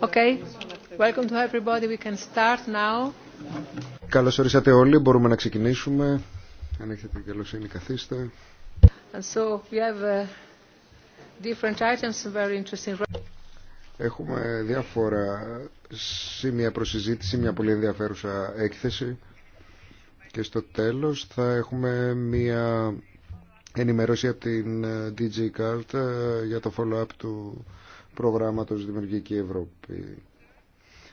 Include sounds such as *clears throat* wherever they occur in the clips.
Okay. Welcome to everybody. We can start now. Καλώς ορίσατε όλοι. Μπορούμε να ξεκινήσουμε. Αν έχετε την καλοσύνη καθίστε. And so we have uh, different items, very interesting. Έχουμε διάφορα σημεία προσυζήτηση, μια πολύ ενδιαφέρουσα έκθεση και στο τέλος θα έχουμε μια ενημέρωση από την ε, DG Cult ε, για το follow-up του προγράμματος Δημιουργική Ευρώπη.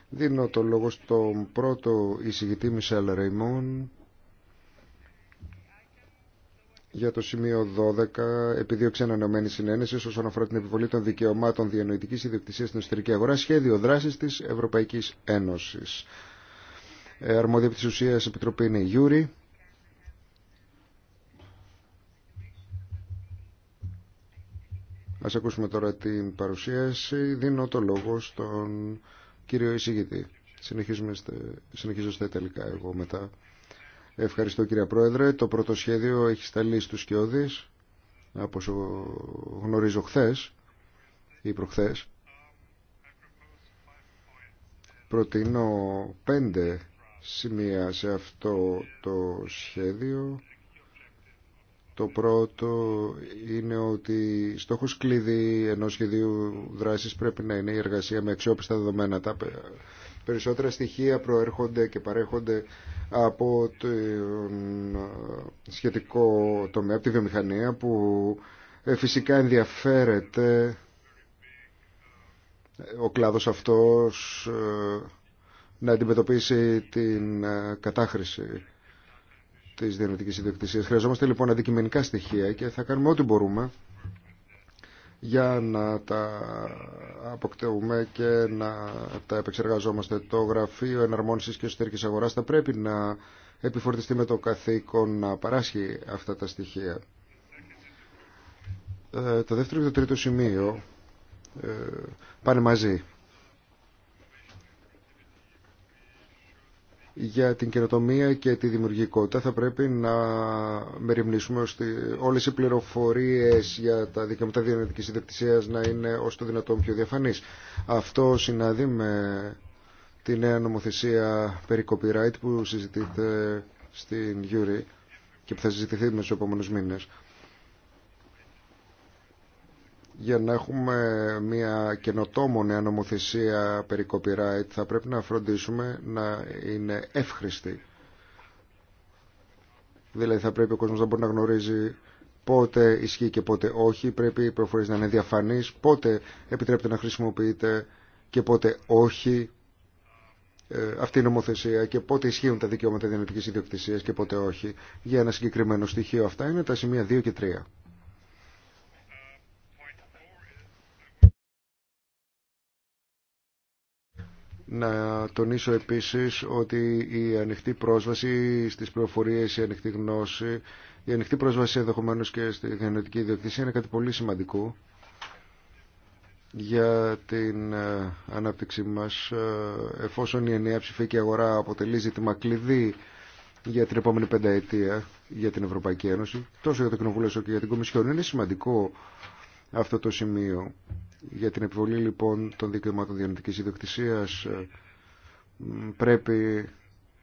Δίνω το λόγο στον πρώτο εισηγητή Μισελ Ρεϊμόν για το σημείο 12, επιδίωξη ανανεωμένη συνένεση όσον αφορά την επιβολή των δικαιωμάτων διανοητική ιδιοκτησία στην εσωτερική αγορά, σχέδιο δράσης της Ευρωπαϊκής Ένωσης. Ε, αρμόδια τη ουσία επιτροπή είναι η Γιούρη. Ας ακούσουμε τώρα την παρουσίαση. Δίνω το λόγο στον κύριο εισηγητή. Συνεχίζουμε συνεχίζω στα τελικά εγώ μετά. Ευχαριστώ κύριε Πρόεδρε. Το πρώτο σχέδιο έχει σταλεί στους Σκιώδης, από γνωρίζω χθες ή προχθές. Προτείνω πέντε σημεία σε αυτό το σχέδιο το πρώτο είναι ότι στόχος κλειδί ενός σχεδίου δράσης πρέπει να είναι η εργασία με αξιόπιστα δεδομένα. Τα περισσότερα στοιχεία προέρχονται και παρέχονται από τον ε, σχετικό τομέα, από τη βιομηχανία που ε, φυσικά ενδιαφέρεται ε, ο κλάδος αυτός να αντιμετωπίσει την κατάχρηση τη διανοητική ιδιοκτησία. Χρειαζόμαστε λοιπόν αντικειμενικά στοιχεία και θα κάνουμε ό,τι μπορούμε για να τα αποκτέουμε και να τα επεξεργαζόμαστε. Το Γραφείο Εναρμόνισης και Εσωτερικής Αγοράς θα πρέπει να επιφορτιστεί με το καθήκον να παράσχει αυτά τα στοιχεία. Ε, το δεύτερο και το τρίτο σημείο ε, πάνε μαζί. για την καινοτομία και τη δημιουργικότητα θα πρέπει να μεριμνήσουμε ώστε όλες οι πληροφορίες για τα δικαιώματα διανοητικής ιδιοκτησίας να είναι ως το δυνατόν πιο διαφανείς. Αυτό συνάδει με τη νέα νομοθεσία περί copyright που συζητείται στην Γιούρη και που θα συζητηθεί με στους επόμενους μήνες για να έχουμε μια καινοτόμο νέα νομοθεσία περί copyright θα πρέπει να φροντίσουμε να είναι εύχρηστη. Δηλαδή θα πρέπει ο κόσμος να μπορεί να γνωρίζει πότε ισχύει και πότε όχι, πρέπει οι προφορές να είναι διαφανείς, πότε επιτρέπεται να χρησιμοποιείται και πότε όχι ε, αυτή η νομοθεσία και πότε ισχύουν τα δικαιώματα διανοητικής ιδιοκτησίας και πότε όχι για ένα συγκεκριμένο στοιχείο. Αυτά είναι τα σημεία 2 και 3. Να τονίσω επίσης ότι η ανοιχτή πρόσβαση στις πληροφορίες, η ανοιχτή γνώση, η ανοιχτή πρόσβαση ενδεχομένω και στη γενετική ιδιοκτησία είναι κάτι πολύ σημαντικό για την ε, ανάπτυξή μας ε, εφόσον η ενιαία ψηφιακή αγορά αποτελεί ζήτημα κλειδί για την επόμενη πενταετία για την Ευρωπαϊκή Ένωση τόσο για το Κοινοβούλιο όσο και για την Κομισιόν είναι σημαντικό αυτό το σημείο για την επιβολή λοιπόν των δικαιωμάτων διανοητικής ιδιοκτησίας ε, πρέπει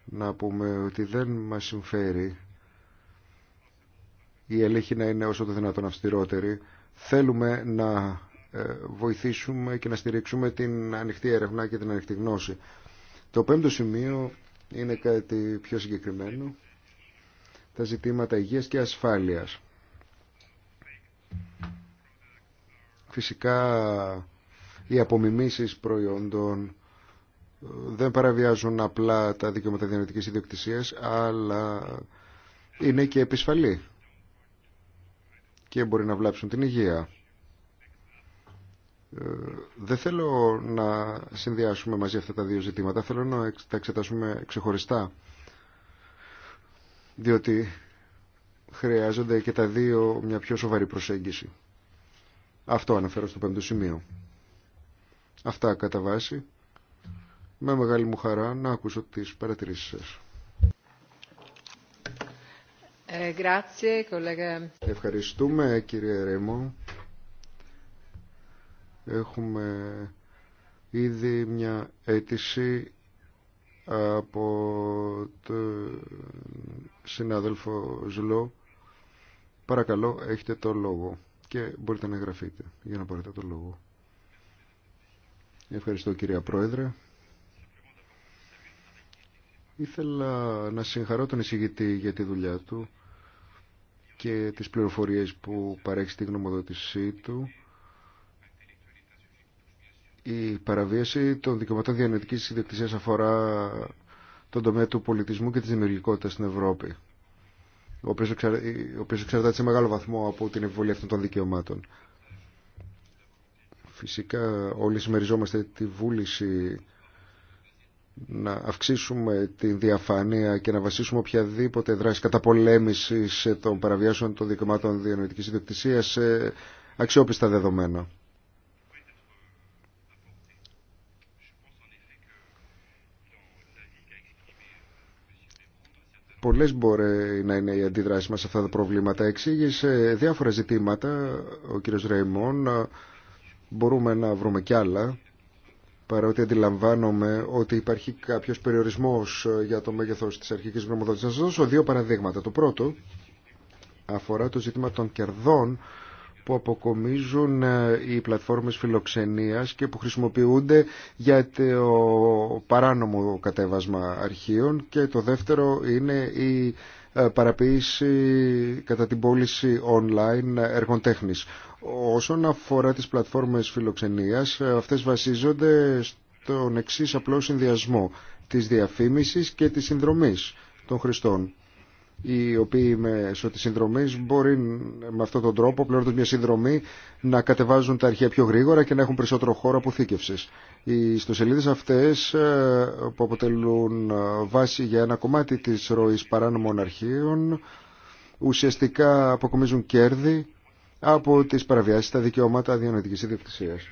να πούμε ότι δεν μας συμφέρει η ελέγχη να είναι όσο το δυνατόν αυστηρότερη. Θέλουμε να ε, βοηθήσουμε και να στηρίξουμε την ανοιχτή έρευνα και την ανοιχτή γνώση. Το πέμπτο σημείο είναι κάτι πιο συγκεκριμένο. Τα ζητήματα υγείας και ασφάλειας. Φυσικά οι απομιμήσεις προϊόντων ε, δεν παραβιάζουν απλά τα δικαιώματα διανοητικής ιδιοκτησίας, αλλά είναι και επισφαλή και μπορεί να βλάψουν την υγεία. Ε, δεν θέλω να συνδυάσουμε μαζί αυτά τα δύο ζητήματα, θέλω να τα εξετάσουμε ξεχωριστά, διότι χρειάζονται και τα δύο μια πιο σοβαρή προσέγγιση. Αυτό αναφέρω στο πέμπτο σημείο. Αυτά κατά βάση. Με μεγάλη μου χαρά να ακούσω τις παρατηρήσεις σας. Ε, Ευχαριστούμε κύριε Ρέμο. Έχουμε ήδη μια αίτηση από τον συνάδελφο Ζουλό. Παρακαλώ, έχετε το λόγο και μπορείτε να εγγραφείτε για να πάρετε το λόγο. Ευχαριστώ κυρία Πρόεδρε. Ήθελα να συγχαρώ τον εισηγητή για τη δουλειά του και τις πληροφορίες που παρέχει στη γνωμοδότησή του. Η παραβίαση των δικαιωμάτων διανοητικής ιδιοκτησίας αφορά τον τομέα του πολιτισμού και της δημιουργικότητας στην Ευρώπη ο οποίο εξαρτάται σε μεγάλο βαθμό από την επιβολή αυτών των δικαιωμάτων. Φυσικά όλοι συμμεριζόμαστε τη βούληση να αυξήσουμε τη διαφάνεια και να βασίσουμε οποιαδήποτε δράση καταπολέμησης των παραβιάσεων των δικαιωμάτων διανοητικής ιδιοκτησίας σε αξιόπιστα δεδομένα. Πολλέ μπορεί να είναι οι αντιδράσει μας σε αυτά τα προβλήματα. Εξήγησε διάφορα ζητήματα ο κύριος Ρέιμον. Μπορούμε να βρούμε κι άλλα, παρότι αντιλαμβάνομαι ότι υπάρχει κάποιο περιορισμό για το μέγεθος της αρχικής γνωμοδότηση. Να σα δώσω δύο παραδείγματα. Το πρώτο αφορά το ζήτημα των κερδών που αποκομίζουν ε, οι πλατφόρμες φιλοξενίας και που χρησιμοποιούνται για το παράνομο κατέβασμα αρχείων και το δεύτερο είναι η ε, παραποίηση κατά την πώληση online έργων τέχνης. Όσον αφορά τις πλατφόρμες φιλοξενίας, ε, αυτές βασίζονται στον εξής απλό συνδυασμό της διαφήμισης και της συνδρομής των χρηστών οι οποίοι με τη συνδρομή μπορεί με αυτόν τον τρόπο, πληρώνοντα μια συνδρομή, να κατεβάζουν τα αρχεία πιο γρήγορα και να έχουν περισσότερο χώρο αποθήκευση. Οι ιστοσελίδε αυτέ ε, που αποτελούν ε, βάση για ένα κομμάτι τη ροή παράνομων αρχείων ουσιαστικά αποκομίζουν κέρδη από τις παραβιάσεις στα δικαιώματα διανοητικής ιδιοκτησίας.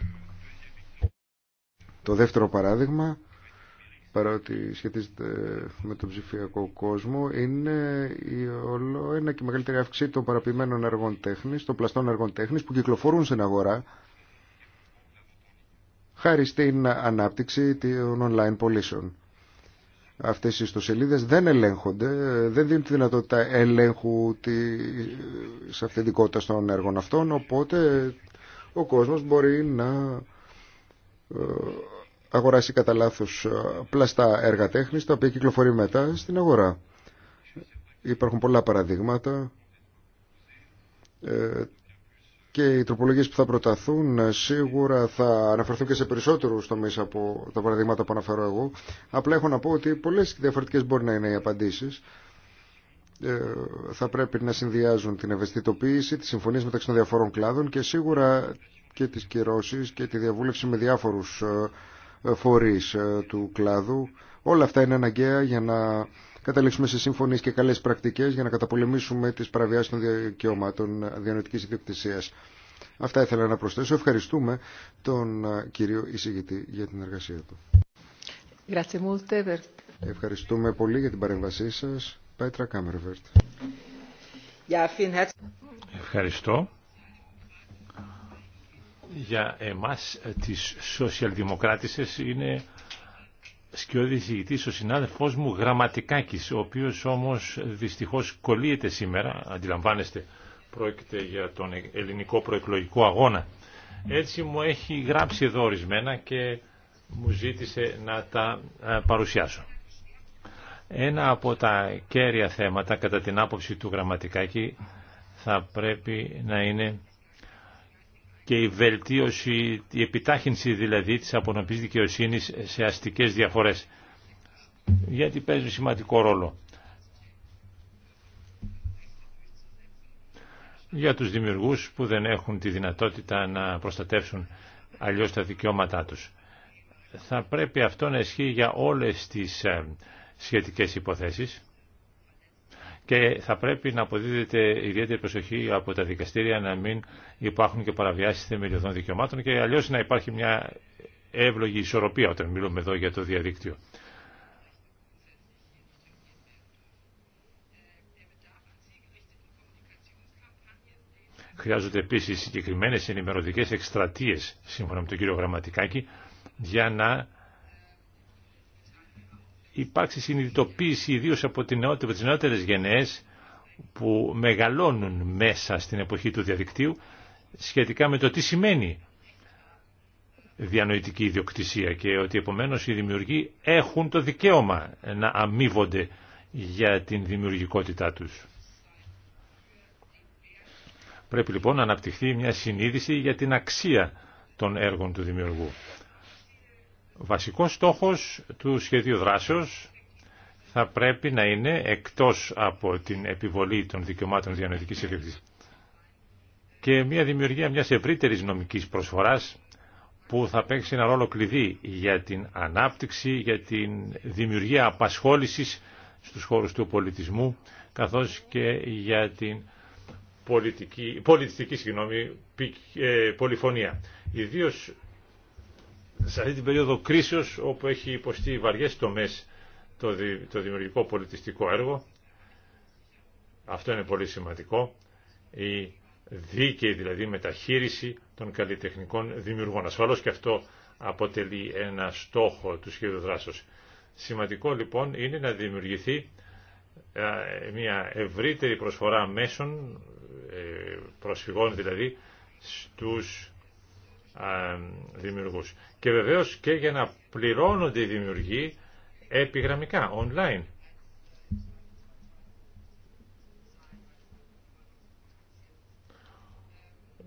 Το δεύτερο παράδειγμα παρότι σχετίζεται με τον ψηφιακό κόσμο, είναι η όλο ένα και μεγαλύτερη αύξηση των παραποιημένων εργών τέχνης, των πλαστών εργών τέχνης που κυκλοφορούν στην αγορά χάρη στην ανάπτυξη των online πωλήσεων. Αυτές οι ιστοσελίδες δεν ελέγχονται, δεν δίνουν τη δυνατότητα ελέγχου της αυθεντικότητας των έργων αυτών, οπότε ο κόσμος μπορεί να ε, αγοράσει κατά λάθο ε, πλαστά έργα τέχνης τα οποία κυκλοφορεί μετά στην αγορά. Υπάρχουν πολλά παραδείγματα ε, και οι τροπολογίες που θα προταθούν ε, σίγουρα θα αναφερθούν και σε περισσότερους τομείς από τα παραδείγματα που αναφέρω εγώ. Απλά έχω να πω ότι πολλές διαφορετικές μπορεί να είναι οι απαντήσεις θα πρέπει να συνδυάζουν την ευαισθητοποίηση, τι συμφωνίε μεταξύ των διαφόρων κλάδων και σίγουρα και τις κυρώσεις και τη διαβούλευση με διάφορου φορείς ε, του κλάδου. Όλα αυτά είναι αναγκαία για να καταλήξουμε σε σύμφωνες και καλές πρακτικές για να καταπολεμήσουμε τις παραβιάσεις των δικαιωμάτων διανοητικής ιδιοκτησίας. Αυτά ήθελα να προσθέσω. Ευχαριστούμε τον ε, κύριο εισηγητή για την εργασία του. Ευχαριστούμε πολύ για την παρέμβασή σας. Πέτρα Κάμερβερτ. Ευχαριστώ για εμάς ε, τις σοσιαλδημοκράτησες είναι σκιώδη ηγητής ο συνάδελφός μου Γραμματικάκης, ο οποίος όμως δυστυχώς κολλείεται σήμερα, αντιλαμβάνεστε, πρόκειται για τον ε, ελληνικό προεκλογικό αγώνα. Έτσι μου έχει γράψει εδώ ορισμένα και μου ζήτησε να τα ε, παρουσιάσω. Ένα από τα κέρια θέματα κατά την άποψη του Γραμματικάκη θα πρέπει να είναι και η βελτίωση, η επιτάχυνση δηλαδή της απονομής δικαιοσύνης σε αστικές διαφορές. Γιατί παίζει σημαντικό ρόλο. για τους δημιουργούς που δεν έχουν τη δυνατότητα να προστατεύσουν αλλιώς τα δικαιώματά τους. Θα πρέπει αυτό να ισχύει για όλες τις ε, σχετικές υποθέσεις και θα πρέπει να αποδίδεται ιδιαίτερη προσοχή από τα δικαστήρια να μην υπάρχουν και παραβιάσει θεμελιωδών δικαιωμάτων και αλλιώ να υπάρχει μια εύλογη ισορροπία όταν μιλούμε εδώ για το διαδίκτυο. Χρειάζονται επίσης συγκεκριμένες ενημερωτικές εκστρατείες, σύμφωνα με τον κύριο Γραμματικάκη, για να υπάρξει συνειδητοποίηση ιδίως από τις νεότερες γενναίες που μεγαλώνουν μέσα στην εποχή του διαδικτύου σχετικά με το τι σημαίνει διανοητική ιδιοκτησία και ότι επομένως οι δημιουργοί έχουν το δικαίωμα να αμείβονται για την δημιουργικότητά τους. Πρέπει λοιπόν να αναπτυχθεί μια συνείδηση για την αξία των έργων του δημιουργού βασικός στόχος του σχεδίου δράσεως θα πρέπει να είναι εκτός από την επιβολή των δικαιωμάτων διανοητικής ελευθερίας και μια δημιουργία μιας ευρύτερης νομικής προσφοράς που θα παίξει ένα ρόλο κλειδί για την ανάπτυξη, για την δημιουργία απασχόλησης στους χώρους του πολιτισμού, καθώς και για την πολιτική, πολιτιστική συγγνώμη, ε, πολυφωνία. Ιδίως σε αυτή την περίοδο κρίσεως όπου έχει υποστεί βαριές τομές το, το δημιουργικό πολιτιστικό έργο. Αυτό είναι πολύ σημαντικό. Η δίκαιη δηλαδή μεταχείριση των καλλιτεχνικών δημιουργών. Ασφαλώς και αυτό αποτελεί ένα στόχο του σχέδιου δράσεως. Σημαντικό λοιπόν είναι να δημιουργηθεί ε, μια ευρύτερη προσφορά μέσων, ε, προσφυγών δηλαδή, στους δημιουργούς. Και βεβαίως και για να πληρώνονται οι δημιουργοί επιγραμμικά, online.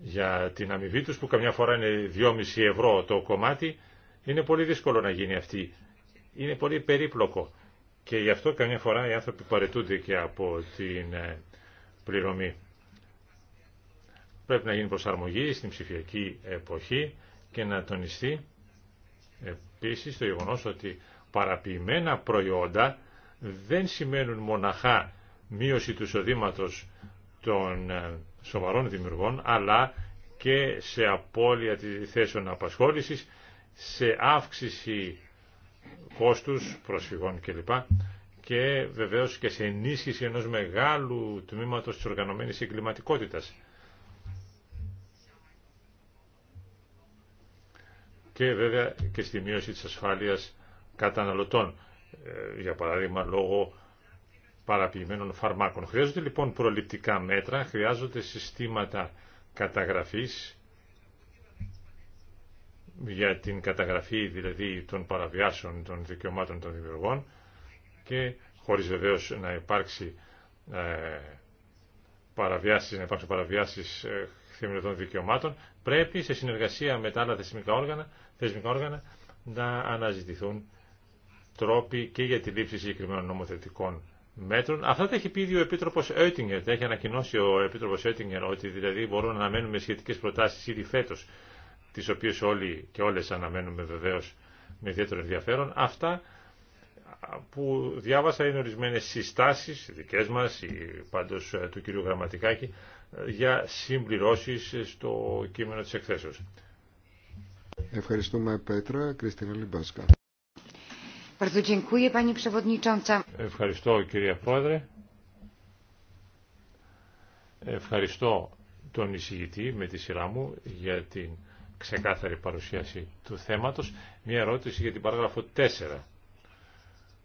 Για την αμοιβή τους που καμιά φορά είναι 2,5 ευρώ το κομμάτι, είναι πολύ δύσκολο να γίνει αυτή. Είναι πολύ περίπλοκο. Και γι' αυτό καμιά φορά οι άνθρωποι παρετούνται και από την ε, πληρωμή. Πρέπει να γίνει προσαρμογή στην ψηφιακή εποχή και να τονιστεί επίσης το γεγονός ότι παραποιημένα προϊόντα δεν σημαίνουν μοναχά μείωση του εισοδήματο των ε, σοβαρών δημιουργών, αλλά και σε απώλεια της θέσεων απασχόλησης, σε αύξηση κόστους προσφυγών κλπ. Και βεβαίως και σε ενίσχυση ενός μεγάλου τμήματος της οργανωμένης εγκληματικότητας. και βέβαια και στη μείωση της ασφάλειας καταναλωτών, ε, για παράδειγμα λόγω παραποιημένων φαρμάκων. Χρειάζονται λοιπόν προληπτικά μέτρα, χρειάζονται συστήματα καταγραφής για την καταγραφή δηλαδή των παραβιάσεων των δικαιωμάτων των δημιουργών και χωρίς βεβαίως να υπάρξει ε, παραβιάσεις, να υπάρξουν ε, θεμελιωδών δικαιωμάτων, πρέπει σε συνεργασία με τα άλλα θεσμικά όργανα, θεσμικά όργανα να αναζητηθούν τρόποι και για τη λήψη συγκεκριμένων νομοθετικών μέτρων. Αυτά τα έχει πει ήδη ο Επίτροπος Oettinger, έχει ανακοινώσει ο Επίτροπος Oettinger, ότι δηλαδή μπορούν να αναμένουμε σχετικές προτάσεις ήδη φέτος, τις οποίες όλοι και όλες αναμένουμε βεβαίως με ιδιαίτερο ενδιαφέρον. Αυτά που διάβασα είναι ορισμένες συστάσεις δικές μας, ή πάντως ε, του κυρίου Γραμματικάκη, για συμπληρώσεις στο κείμενο της εκθέσεως. Ευχαριστούμε Πέτρα. Κριστίνα Λιμπάσκα. Ευχαριστώ κυρία Πρόεδρε. Ευχαριστώ τον εισηγητή με τη σειρά μου για την ξεκάθαρη παρουσίαση του θέματος. Μια ερώτηση για την παράγραφο 4.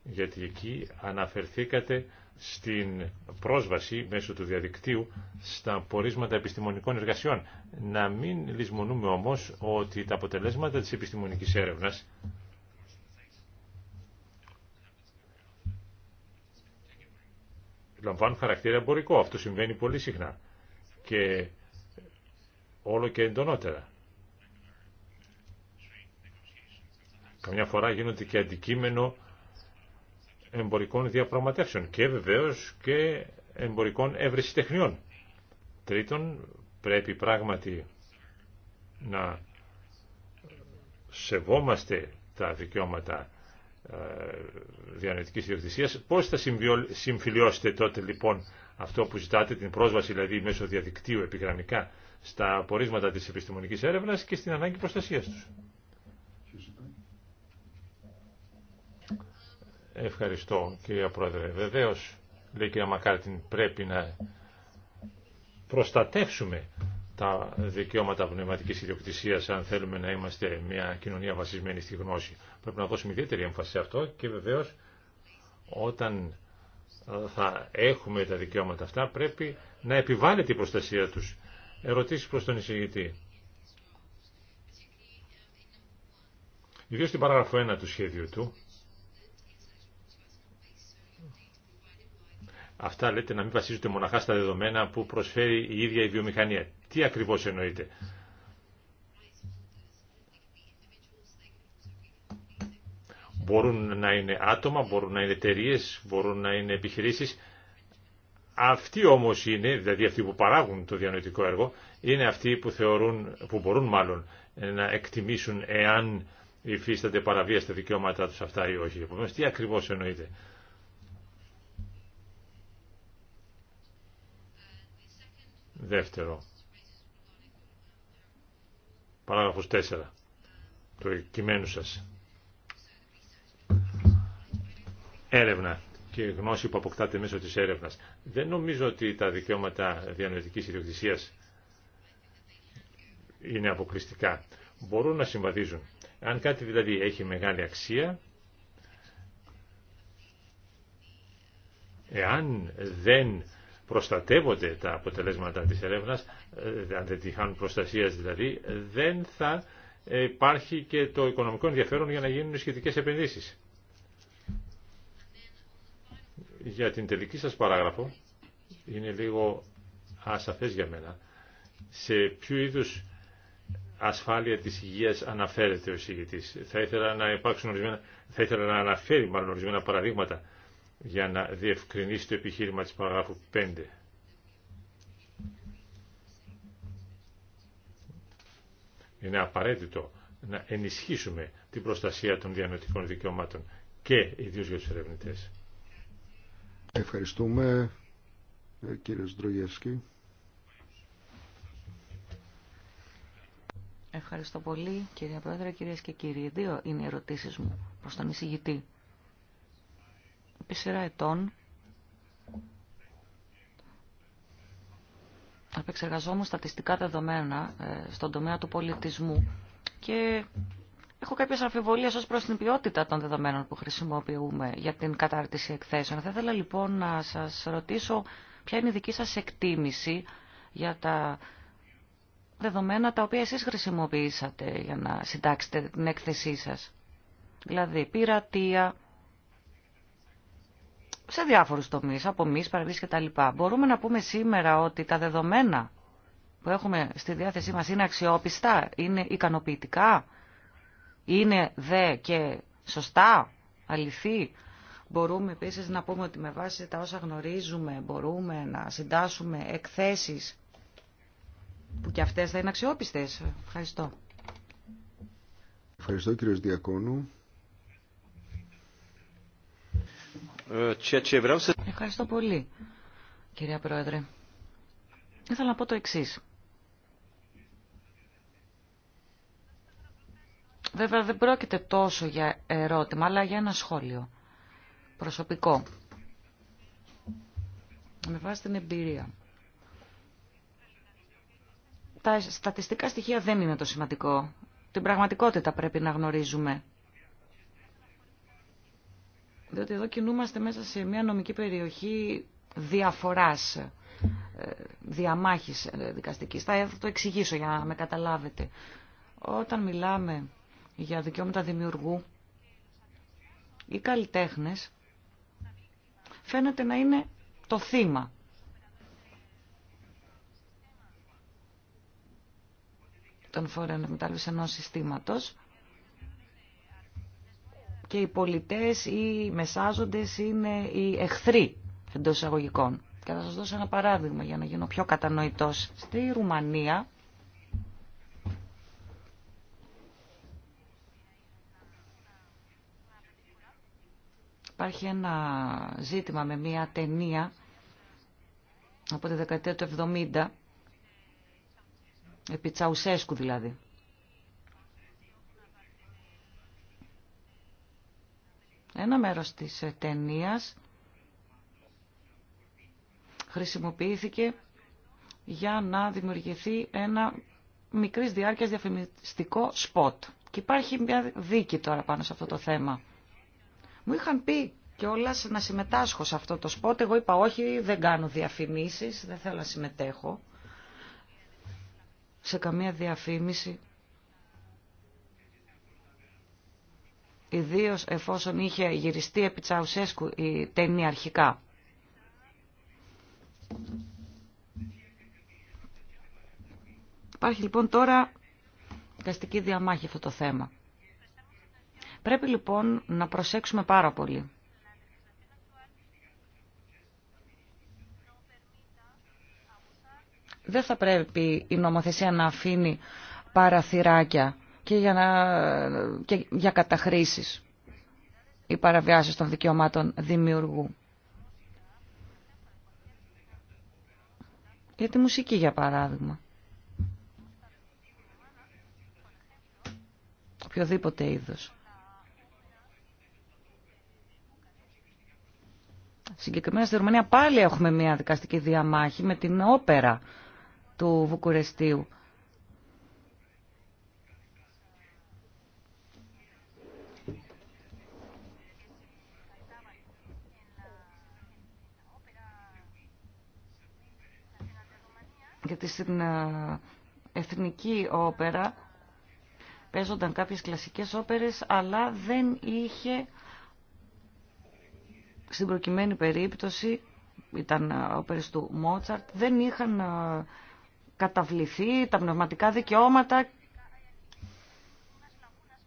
Γιατί εκεί αναφερθήκατε στην πρόσβαση μέσω του διαδικτύου στα πορίσματα επιστημονικών εργασιών. Να μην λησμονούμε όμως ότι τα αποτελέσματα της επιστημονικής έρευνας λαμβάνουν χαρακτήρα εμπορικό. Αυτό συμβαίνει πολύ συχνά και όλο και εντονότερα. Καμιά φορά γίνονται και αντικείμενο εμπορικών διαπραγματεύσεων και βεβαίως και εμπορικών ευρεσιτεχνιών. Τρίτον, πρέπει πράγματι να σεβόμαστε τα δικαιώματα ε, διανοητικής ιδιοκτησίας. Πώς θα συμφιλιώσετε τότε λοιπόν αυτό που ζητάτε, την πρόσβαση δηλαδή μέσω διαδικτύου επιγραμμικά στα απορίσματα της επιστημονικής έρευνας και στην ανάγκη προστασίας τους. Ευχαριστώ κυρία Πρόεδρε. Βεβαίως, λέει κυρία Μακάρτιν, πρέπει να προστατεύσουμε τα δικαιώματα πνευματικής ιδιοκτησίας αν θέλουμε να είμαστε μια κοινωνία βασισμένη στη γνώση. Πρέπει να δώσουμε ιδιαίτερη έμφαση σε αυτό και βεβαίως όταν ε, θα έχουμε τα δικαιώματα αυτά πρέπει να επιβάλλεται η προστασία τους. Ερωτήσεις προς τον εισηγητή. Ιδίως στην παράγραφο 1 του σχέδιου του αυτά λέτε να μην βασίζονται μοναχά στα δεδομένα που προσφέρει η ίδια η βιομηχανία. Τι ακριβώς εννοείτε. Μπορούν να είναι άτομα, μπορούν να είναι εταιρείε, μπορούν να είναι επιχειρήσεις. Αυτοί όμως είναι, δηλαδή αυτοί που παράγουν το διανοητικό έργο, είναι αυτοί που, θεωρούν, που μπορούν μάλλον να εκτιμήσουν εάν υφίστανται παραβία στα δικαιώματά τους αυτά ή όχι. τι ακριβώς εννοείται. Δεύτερο. Παράγραφος 4 του κειμένου σας. Έρευνα και γνώση που αποκτάτε μέσω της έρευνας. Δεν νομίζω ότι τα δικαιώματα διανοητικής ιδιοκτησίας είναι αποκλειστικά. Μπορούν να συμβαδίζουν. Αν κάτι δηλαδή έχει μεγάλη αξία, εάν δεν προστατεύονται τα αποτελέσματα της έρευνας, ε, αν δεν τυχάνουν προστασίας δηλαδή, δεν θα υπάρχει και το οικονομικό ενδιαφέρον για να γίνουν σχετικές επενδύσεις. Για την τελική σας παράγραφο, είναι λίγο ασαφές για μένα, σε ποιο είδους ασφάλεια της υγείας αναφέρεται ο εισηγητής. Θα ήθελα να υπάρξουν ορισμένα, θα ήθελα να αναφέρει μάλλον ορισμένα παραδείγματα για να διευκρινίσει το επιχείρημα της παράγραφου 5. Είναι απαραίτητο να ενισχύσουμε την προστασία των διανοητικών δικαιωμάτων και ιδίως για τους ερευνητές. Ευχαριστούμε ε, κύριε Στρογεύσκη. Ευχαριστώ πολύ κύριε Πρόεδρε, κυρίες και κύριοι. Δύο είναι οι ερωτήσεις μου προς τον εισηγητή επί σειρά ετών επεξεργαζόμουν στατιστικά δεδομένα ε, στον τομέα του πολιτισμού και έχω κάποιες αμφιβολίες ως προς την ποιότητα των δεδομένων που χρησιμοποιούμε για την κατάρτιση εκθέσεων. Θα ήθελα λοιπόν να σας ρωτήσω ποια είναι η δική σας εκτίμηση για τα δεδομένα τα οποία εσείς χρησιμοποιήσατε για να συντάξετε την έκθεσή σας. Δηλαδή πειρατεία, σε διάφορους τομείς, από μυς, παραδείς και τα λοιπά. Μπορούμε να πούμε σήμερα ότι τα δεδομένα που έχουμε στη διάθεσή μας είναι αξιόπιστα, είναι ικανοποιητικά, είναι δε και σωστά, αληθή. Μπορούμε επίσης να πούμε ότι με βάση τα όσα γνωρίζουμε μπορούμε να συντάσουμε εκθέσεις που και αυτές θα είναι αξιόπιστες. Ευχαριστώ. Ευχαριστώ κύριος Διακόνου. Ευχαριστώ πολύ, κυρία Πρόεδρε. Ήθελα να πω το εξής. Βέβαια δεν πρόκειται τόσο για ερώτημα, αλλά για ένα σχόλιο προσωπικό. Με βάση την εμπειρία. Τα στατιστικά στοιχεία δεν είναι το σημαντικό. Την πραγματικότητα πρέπει να γνωρίζουμε διότι εδώ κινούμαστε μέσα σε μια νομική περιοχή διαφοράς, ε, διαμάχης ε, δικαστικής. Θα ε, το εξηγήσω για να με καταλάβετε. Όταν μιλάμε για δικαιώματα δημιουργού, οι καλλιτέχνες φαίνεται να είναι το θύμα. των φορέων μετάλλευση ενός συστήματος και οι πολιτές ή οι μεσάζοντες είναι οι εχθροί εντό εισαγωγικών. Και θα σας δώσω ένα παράδειγμα για να γίνω πιο κατανοητός. Στη Ρουμανία υπάρχει ένα ζήτημα με μια ταινία από τη δεκαετία του 70 επί Τσαουσέσκου δηλαδή Ένα μέρος της ε, ταινία χρησιμοποιήθηκε για να δημιουργηθεί ένα μικρής διάρκειας διαφημιστικό σποτ. Και υπάρχει μια δίκη τώρα πάνω σε αυτό το θέμα. Μου είχαν πει και όλα να συμμετάσχω σε αυτό το σποτ. Εγώ είπα όχι, δεν κάνω διαφημίσεις, δεν θέλω να συμμετέχω σε καμία διαφήμιση. Ιδίω εφόσον είχε γυριστεί επί Τσαουσέσκου η ταινία αρχικά. Υπάρχει λοιπόν τώρα καστική διαμάχη αυτό το θέμα. Πρέπει λοιπόν να προσέξουμε πάρα πολύ. Δεν θα πρέπει η νομοθεσία να αφήνει παραθυράκια και για, να, και για καταχρήσεις ή παραβιάσεις των δικαιωμάτων δημιουργού. Για τη μουσική, για παράδειγμα. Οποιοδήποτε είδος. Συγκεκριμένα στη Ρουμανία πάλι έχουμε μια δικαστική διαμάχη με την όπερα του Βουκουρεστίου. γιατί στην ε, Εθνική Όπερα παίζονταν κάποιες κλασικές όπερες, αλλά δεν είχε στην προκειμένη περίπτωση, ήταν ε, όπερες του Μότσαρτ, δεν είχαν ε, καταβληθεί τα πνευματικά δικαιώματα.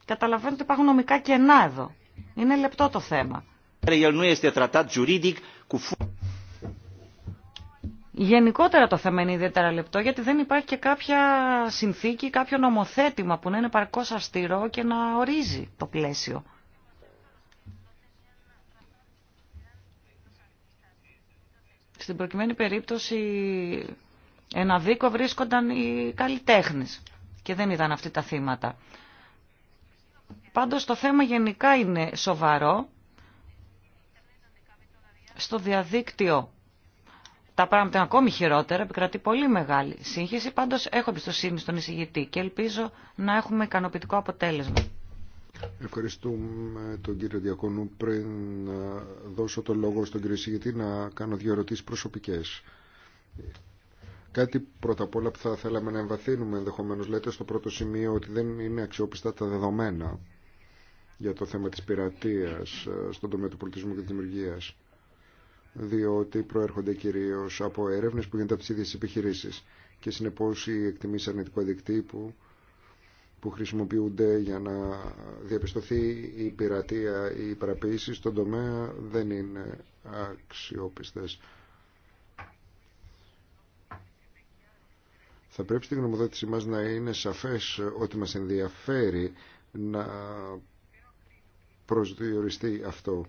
Καταλαβαίνετε ότι υπάρχουν νομικά κενά εδώ. Είναι λεπτό το θέμα. Γενικότερα το θέμα είναι ιδιαίτερα λεπτό γιατί δεν υπάρχει και κάποια συνθήκη, κάποιο νομοθέτημα που να είναι παρκώς αυστηρό και να ορίζει το πλαίσιο. Στην προκειμένη περίπτωση ένα δίκο βρίσκονταν οι καλλιτέχνες και δεν ήταν αυτοί τα θύματα. Πάντως το θέμα γενικά είναι σοβαρό. Στο διαδίκτυο τα πράγματα είναι ακόμη χειρότερα, επικρατεί πολύ μεγάλη σύγχυση. Πάντω έχω εμπιστοσύνη στον εισηγητή και ελπίζω να έχουμε ικανοποιητικό αποτέλεσμα. Ευχαριστούμε τον κύριο Διακονού. Πριν ε, δώσω το λόγο στον κύριο εισηγητή, να κάνω δύο ερωτήσει προσωπικέ. Κάτι πρώτα απ' όλα που θα θέλαμε να εμβαθύνουμε ενδεχομένω. Λέτε στο πρώτο σημείο ότι δεν είναι αξιόπιστα τα δεδομένα για το θέμα της πειρατείας ε, στον τομέα του πολιτισμού και της δημιουργίας διότι προέρχονται κυρίως από έρευνες που γίνονται από τις επιχειρήσεις και συνεπώς οι εκτιμήσει αρνητικού αντικτύπου που χρησιμοποιούνται για να διαπιστωθεί η πειρατεία ή η παραποίηση στον τομέα δεν είναι αξιόπιστες. Θα πρέπει στην γνωμοδότησή μας να είναι σαφές ότι μας ενδιαφέρει να προσδιοριστεί αυτό.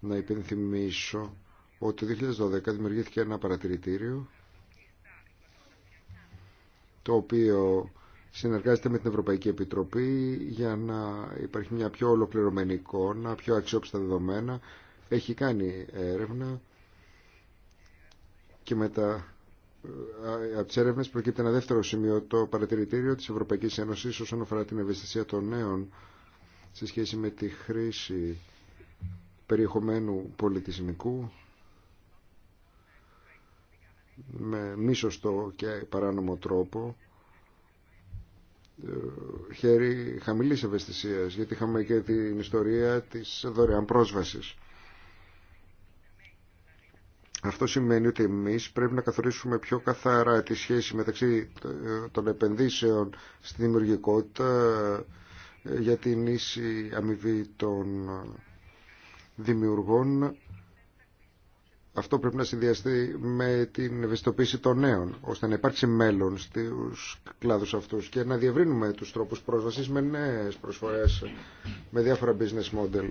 Να υπενθυμίσω ότι το 2012 δημιουργήθηκε ένα παρατηρητήριο το οποίο συνεργάζεται με την Ευρωπαϊκή Επιτροπή για να υπάρχει μια πιο ολοκληρωμένη εικόνα, πιο αξιόπιστα δεδομένα. Έχει κάνει έρευνα και μετά ε, από τι έρευνε προκύπτει ένα δεύτερο σημείο, το παρατηρητήριο της Ευρωπαϊκής Ένωσης όσον αφορά την ευαισθησία των νέων σε σχέση με τη χρήση περιεχομένου πολιτισμικού με μη σωστό και παράνομο τρόπο ε, χέρι χαμηλής ευαισθησίας γιατί είχαμε και την ιστορία της δωρεάν πρόσβασης. Αυτό σημαίνει ότι εμείς πρέπει να καθορίσουμε πιο καθαρά τη σχέση μεταξύ των επενδύσεων στη δημιουργικότητα ε, για την ίση αμοιβή των ε, δημιουργών αυτό πρέπει να συνδυαστεί με την ευαισθητοποίηση των νέων, ώστε να υπάρξει μέλλον στους κλάδους αυτούς και να διευρύνουμε τους τρόπους πρόσβασης με νέες προσφορές, με διάφορα business model,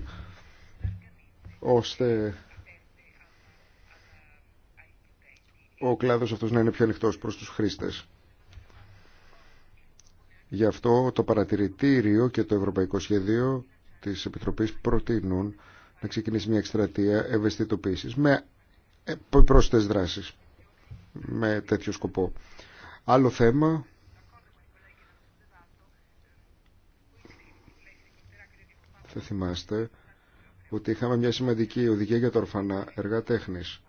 ώστε ο κλάδος αυτός να είναι πιο ανοιχτός προς τους χρήστες. Γι' αυτό το παρατηρητήριο και το Ευρωπαϊκό Σχέδιο της Επιτροπής προτείνουν να ξεκινήσει μια εκστρατεία ευαισθητοποίησης με ε, πρόσθετες δράσεις με τέτοιο σκοπό. Άλλο θέμα θα θυμάστε ότι είχαμε μια σημαντική οδηγία για τα ορφανά έργα τέχνης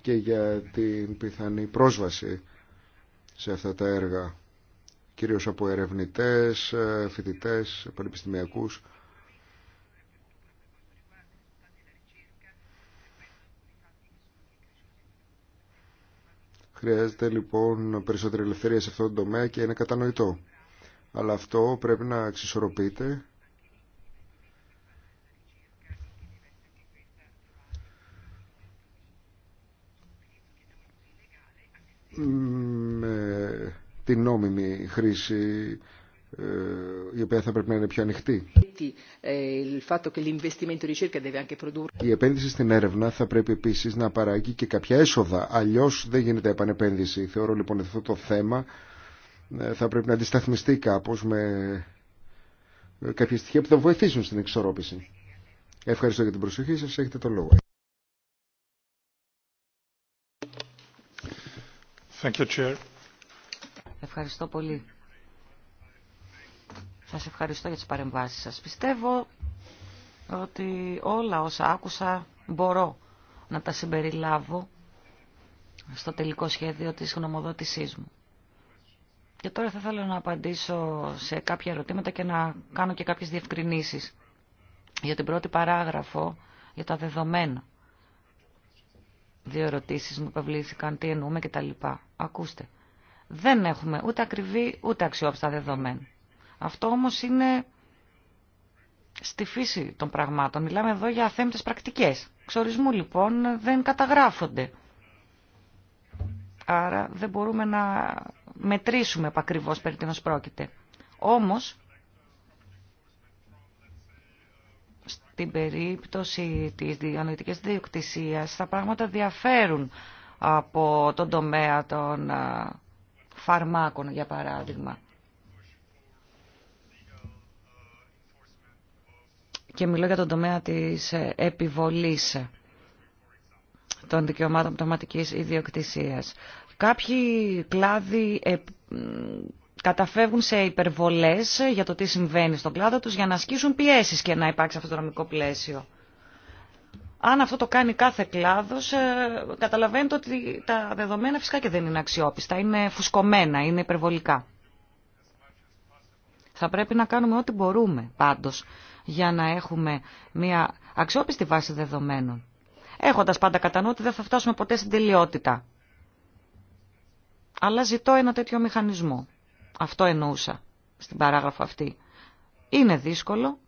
και για την πιθανή πρόσβαση σε αυτά τα έργα κυρίως από ερευνητές, ε, φοιτητές, πανεπιστημιακούς Χρειάζεται λοιπόν περισσότερη ελευθερία σε αυτόν τον τομέα και είναι κατανοητό. Αλλά αυτό πρέπει να εξισορροπείται με την νόμιμη χρήση ε, η οποία θα πρέπει να είναι πιο ανοιχτή. Ε, η επένδυση στην έρευνα θα πρέπει επίση να παράγει και κάποια έσοδα, Αλλιώ δεν γίνεται επανεπένδυση. Θεωρώ λοιπόν ότι αυτό το θέμα ε, θα πρέπει να αντισταθμιστεί κάπω με κάποια στοιχεία που θα βοηθήσουν στην εξορρόπηση. Ευχαριστώ για την προσοχή σα. έχετε το λόγο. Thank you, Chair. Ευχαριστώ πολύ. Σας ευχαριστώ για τις παρεμβάσεις σας. Πιστεύω ότι όλα όσα άκουσα μπορώ να τα συμπεριλάβω στο τελικό σχέδιο της γνωμοδότησής μου. Και τώρα θα ήθελα να απαντήσω σε κάποια ερωτήματα και να κάνω και κάποιες διευκρινήσεις για την πρώτη παράγραφο για τα δεδομένα. Δύο ερωτήσεις μου υπευλήθηκαν, τι εννοούμε κτλ. Ακούστε. Δεν έχουμε ούτε ακριβή ούτε αξιόπιστα δεδομένα. Αυτό όμως είναι στη φύση των πραγμάτων. Μιλάμε εδώ για αθέμητες πρακτικές. Ξορισμού λοιπόν δεν καταγράφονται. Άρα δεν μπορούμε να μετρήσουμε επακριβώς περί τίνος πρόκειται. Όμως, στην περίπτωση της διανοητικής διοκτησίας, τα πράγματα διαφέρουν από τον τομέα των φαρμάκων, για παράδειγμα. και μιλώ για τον τομέα της ε, επιβολής των δικαιωμάτων πνευματικής ιδιοκτησίας. Κάποιοι κλάδοι ε, καταφεύγουν σε υπερβολές για το τι συμβαίνει στον κλάδο τους για να ασκήσουν πιέσεις και να υπάρξει αυτό το νομικό πλαίσιο. Αν αυτό το κάνει κάθε κλάδος, ε, καταλαβαίνετε ότι τα δεδομένα φυσικά και δεν είναι αξιόπιστα, είναι φουσκωμένα, είναι υπερβολικά. Θα πρέπει να κάνουμε ό,τι μπορούμε πάντως για να έχουμε μια αξιόπιστη βάση δεδομένων. Έχοντας πάντα κατά νου ότι δεν θα φτάσουμε ποτέ στην τελειότητα. Αλλά ζητώ ένα τέτοιο μηχανισμό. Αυτό εννοούσα στην παράγραφο αυτή. Είναι δύσκολο.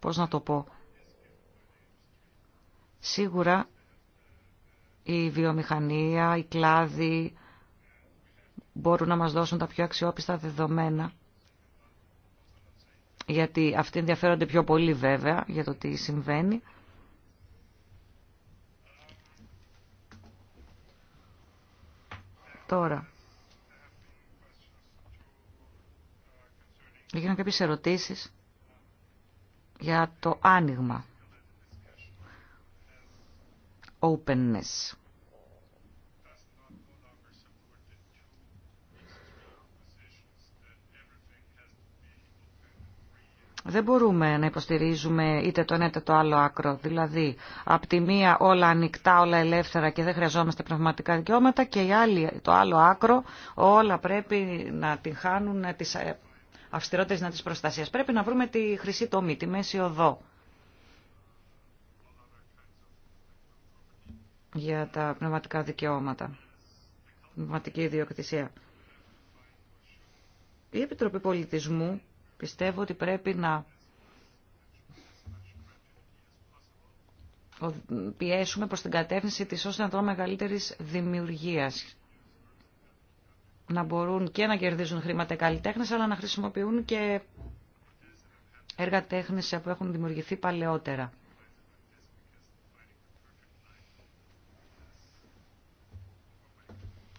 Πώς να το πω. Σίγουρα η βιομηχανία, η κλάδη μπορούν να μας δώσουν τα πιο αξιόπιστα δεδομένα. Γιατί αυτοί ενδιαφέρονται πιο πολύ βέβαια για το τι συμβαίνει. Τώρα, έγιναν κάποιες ερωτήσεις για το άνοιγμα. Openness. δεν μπορούμε να υποστηρίζουμε είτε το ένα είτε το άλλο άκρο. Δηλαδή, από τη μία όλα ανοιχτά, όλα ελεύθερα και δεν χρειαζόμαστε πνευματικά δικαιώματα και η άλλη, το άλλο άκρο όλα πρέπει να την χάνουν τις ε, αυστηρότερες να τις προστασίες. Πρέπει να βρούμε τη χρυσή τομή, τη μέση οδό. για τα πνευματικά δικαιώματα, πνευματική ιδιοκτησία. Η Επιτροπή Πολιτισμού Πιστεύω ότι πρέπει να πιέσουμε προς την κατεύθυνση της ώστε να τρώμε μεγαλύτερης δημιουργίας. Να μπορούν και να κερδίζουν χρήματα οι καλλιτέχνες, αλλά να χρησιμοποιούν και έργα τέχνης που έχουν δημιουργηθεί παλαιότερα.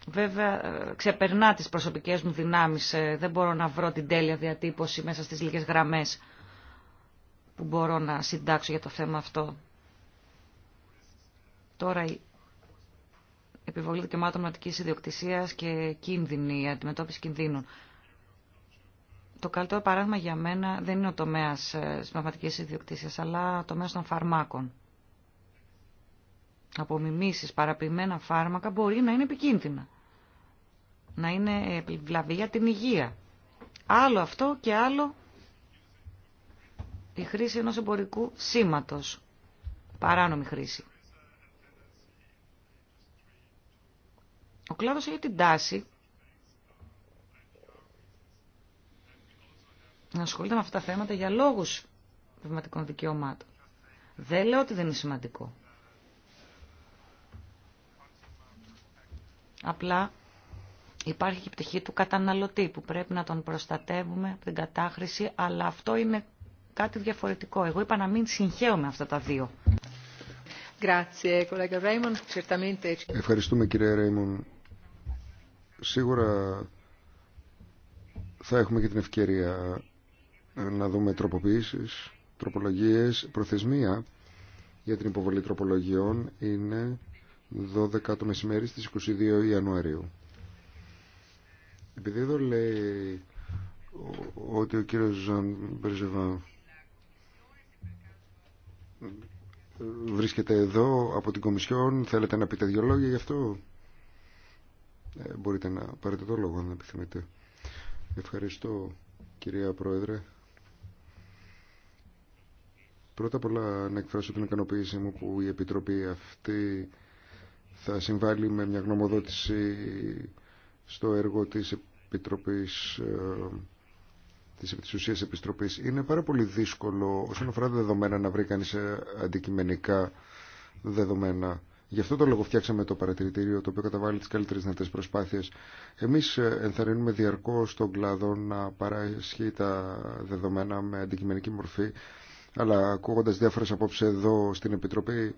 Βέβαια, ε, ξεπερνά τις προσωπικές μου δυνάμεις. Ε, δεν μπορώ να βρω την τέλεια διατύπωση μέσα στις λίγες γραμμές που μπορώ να συντάξω για το θέμα αυτό. Τώρα η επιβολή δικαιωμάτων ματικής ιδιοκτησίας και κίνδυνη, η αντιμετώπιση κινδύνων. Το καλύτερο παράδειγμα για μένα δεν είναι ο τομέας ε, της πνευματικής ιδιοκτησίας, αλλά ο τομέας των φαρμάκων. Απομιμήσεις, παραποιημένα φάρμακα μπορεί να είναι επικίνδυνα να είναι επιβλαβή για την υγεία. Άλλο αυτό και άλλο η χρήση ενός εμπορικού σήματος. Παράνομη χρήση. Ο κλάδος έχει την τάση να ασχολείται με αυτά τα θέματα για λόγους πνευματικών δικαιωμάτων. Δεν λέω ότι δεν είναι σημαντικό. Απλά Υπάρχει και η πτυχή του καταναλωτή που πρέπει να τον προστατεύουμε από την κατάχρηση, αλλά αυτό είναι κάτι διαφορετικό. Εγώ είπα να μην με αυτά τα δύο. Ευχαριστούμε κύριε Ρέιμον. Σίγουρα θα έχουμε και την ευκαιρία να δούμε τροποποιήσεις, τροπολογίες, προθεσμία για την υποβολή τροπολογιών είναι 12 το μεσημέρι στις 22 Ιανουαρίου. Επειδή εδώ λέει ότι ο κύριος Ζαν Μπερζεβά βρίσκεται εδώ από την Κομισιόν, θέλετε να πείτε δυο λόγια γι' αυτό. Ε, μπορείτε να πάρετε το λόγο αν επιθυμείτε. Ευχαριστώ κυρία Πρόεδρε. Πρώτα απ' όλα να εκφράσω την ικανοποίησή μου που η Επιτροπή αυτή θα συμβάλλει με μια γνωμοδότηση στο έργο της Επιτροπής, ε, της ουσίας Επιστροπής. Είναι πάρα πολύ δύσκολο όσον αφορά τα δεδομένα να βρει κανείς ε, αντικειμενικά δεδομένα. Γι' αυτό το λόγο φτιάξαμε το παρατηρητήριο το οποίο καταβάλει τις καλύτερες δυνατές προσπάθειες. Εμείς ε, ενθαρρύνουμε διαρκώς τον κλάδο να παράσχει τα δεδομένα με αντικειμενική μορφή αλλά ακούγοντα διάφορες απόψεις εδώ στην Επιτροπή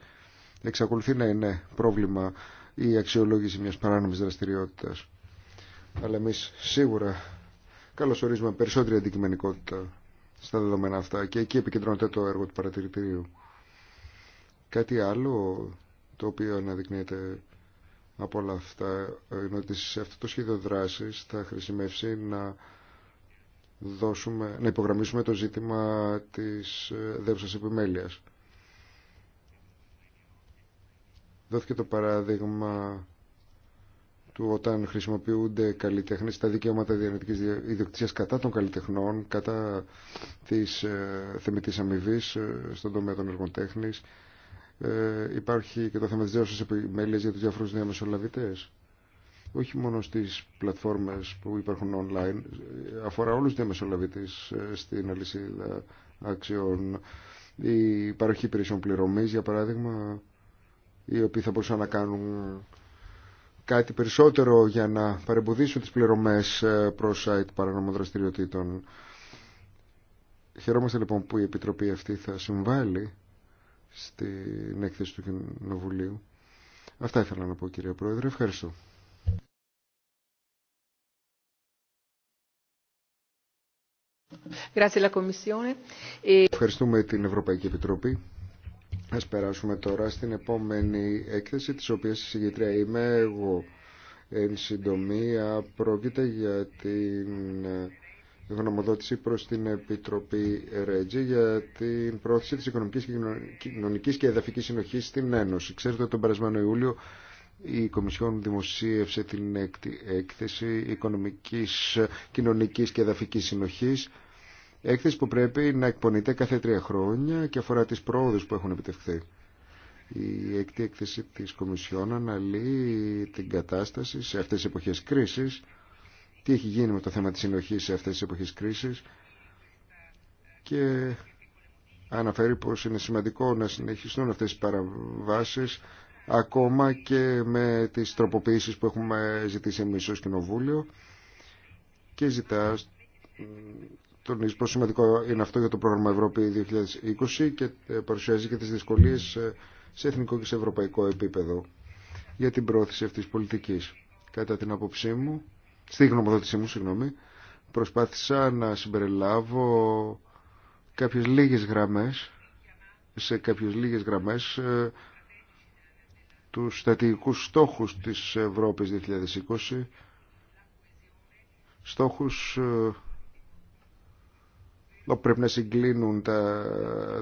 εξακολουθεί να είναι πρόβλημα η αξιολόγηση μιας παράνομης δραστηριότητας αλλά εμείς σίγουρα καλωσορίζουμε περισσότερη αντικειμενικότητα στα δεδομένα αυτά και εκεί επικεντρώνεται το έργο του παρατηρητηρίου. Κάτι άλλο το οποίο αναδεικνύεται από όλα αυτά είναι ότι σε αυτό το σχέδιο δράσης θα χρησιμεύσει να, δώσουμε, να υπογραμμίσουμε το ζήτημα της ε, δεύτερη επιμέλειας. Δόθηκε το παράδειγμα του όταν χρησιμοποιούνται καλλιτέχνες τα δικαιώματα διανοητικής ιδιοκτησίας κατά των καλλιτεχνών, κατά της ε, θεμητής αμοιβή ε, στον τομέα των έργων ε, υπάρχει και το θέμα της δέωσης επιμέλειας για τους διάφορους διαμεσολαβητές. Όχι μόνο στις πλατφόρμες που υπάρχουν online, αφορά όλους τους διαμεσολαβητές στην αλυσίδα αξιών. Η παροχή υπηρεσιών πληρωμής, για παράδειγμα, οι οποίοι θα μπορούσαν να κάνουν κάτι περισσότερο για να παρεμποδίσουν τις πληρωμές ε, προς site παρανομών δραστηριοτήτων. Χαιρόμαστε λοιπόν που η Επιτροπή αυτή θα συμβάλλει στην έκθεση του Κοινοβουλίου. Αυτά ήθελα να πω κύριε Πρόεδρε. Ευχαριστώ. Ευχαριστούμε την Ευρωπαϊκή Επιτροπή. Ας περάσουμε τώρα στην επόμενη έκθεση της οποίας η συγγετρία είμαι εγώ. Εν συντομία πρόκειται για την γνωμοδότηση προς την Επιτροπή Ρέτζη για την πρόθεση της οικονομικής και κοινωνικής και εδαφικής συνοχής στην Ένωση. Ξέρετε ότι τον περασμένο Ιούλιο η Κομισιόν δημοσίευσε την έκθεση οικονομικής, κοινωνικής και εδαφικής συνοχής έκθεση που πρέπει να εκπονείται κάθε τρία χρόνια και αφορά τις πρόοδους που έχουν επιτευχθεί. Η έκτη έκθεση της Κομισιόν αναλύει την κατάσταση σε αυτές τις εποχές κρίσης, τι έχει γίνει με το θέμα της συνοχής σε αυτές τις εποχές κρίσης και αναφέρει πως είναι σημαντικό να συνεχιστούν αυτές οι παραβάσεις ακόμα και με τις τροποποιήσεις που έχουμε ζητήσει εμείς ως Κοινοβούλιο και ζητά τονίζει πόσο σημαντικό είναι αυτό για το πρόγραμμα Ευρώπη 2020 και ε, παρουσιάζει και τις δυσκολίες ε, σε εθνικό και σε ευρωπαϊκό επίπεδο για την πρόθεση αυτής της πολιτικής. Κατά την απόψή μου, στη γνωμοδότησή μου, συγγνώμη, προσπάθησα να συμπεριλάβω κάποιες λίγες γραμμές σε κάποιες λίγες γραμμές ε, του στρατηγικούς στόχους της Ευρώπης 2020 στόχους όπου πρέπει να συγκλίνουν τα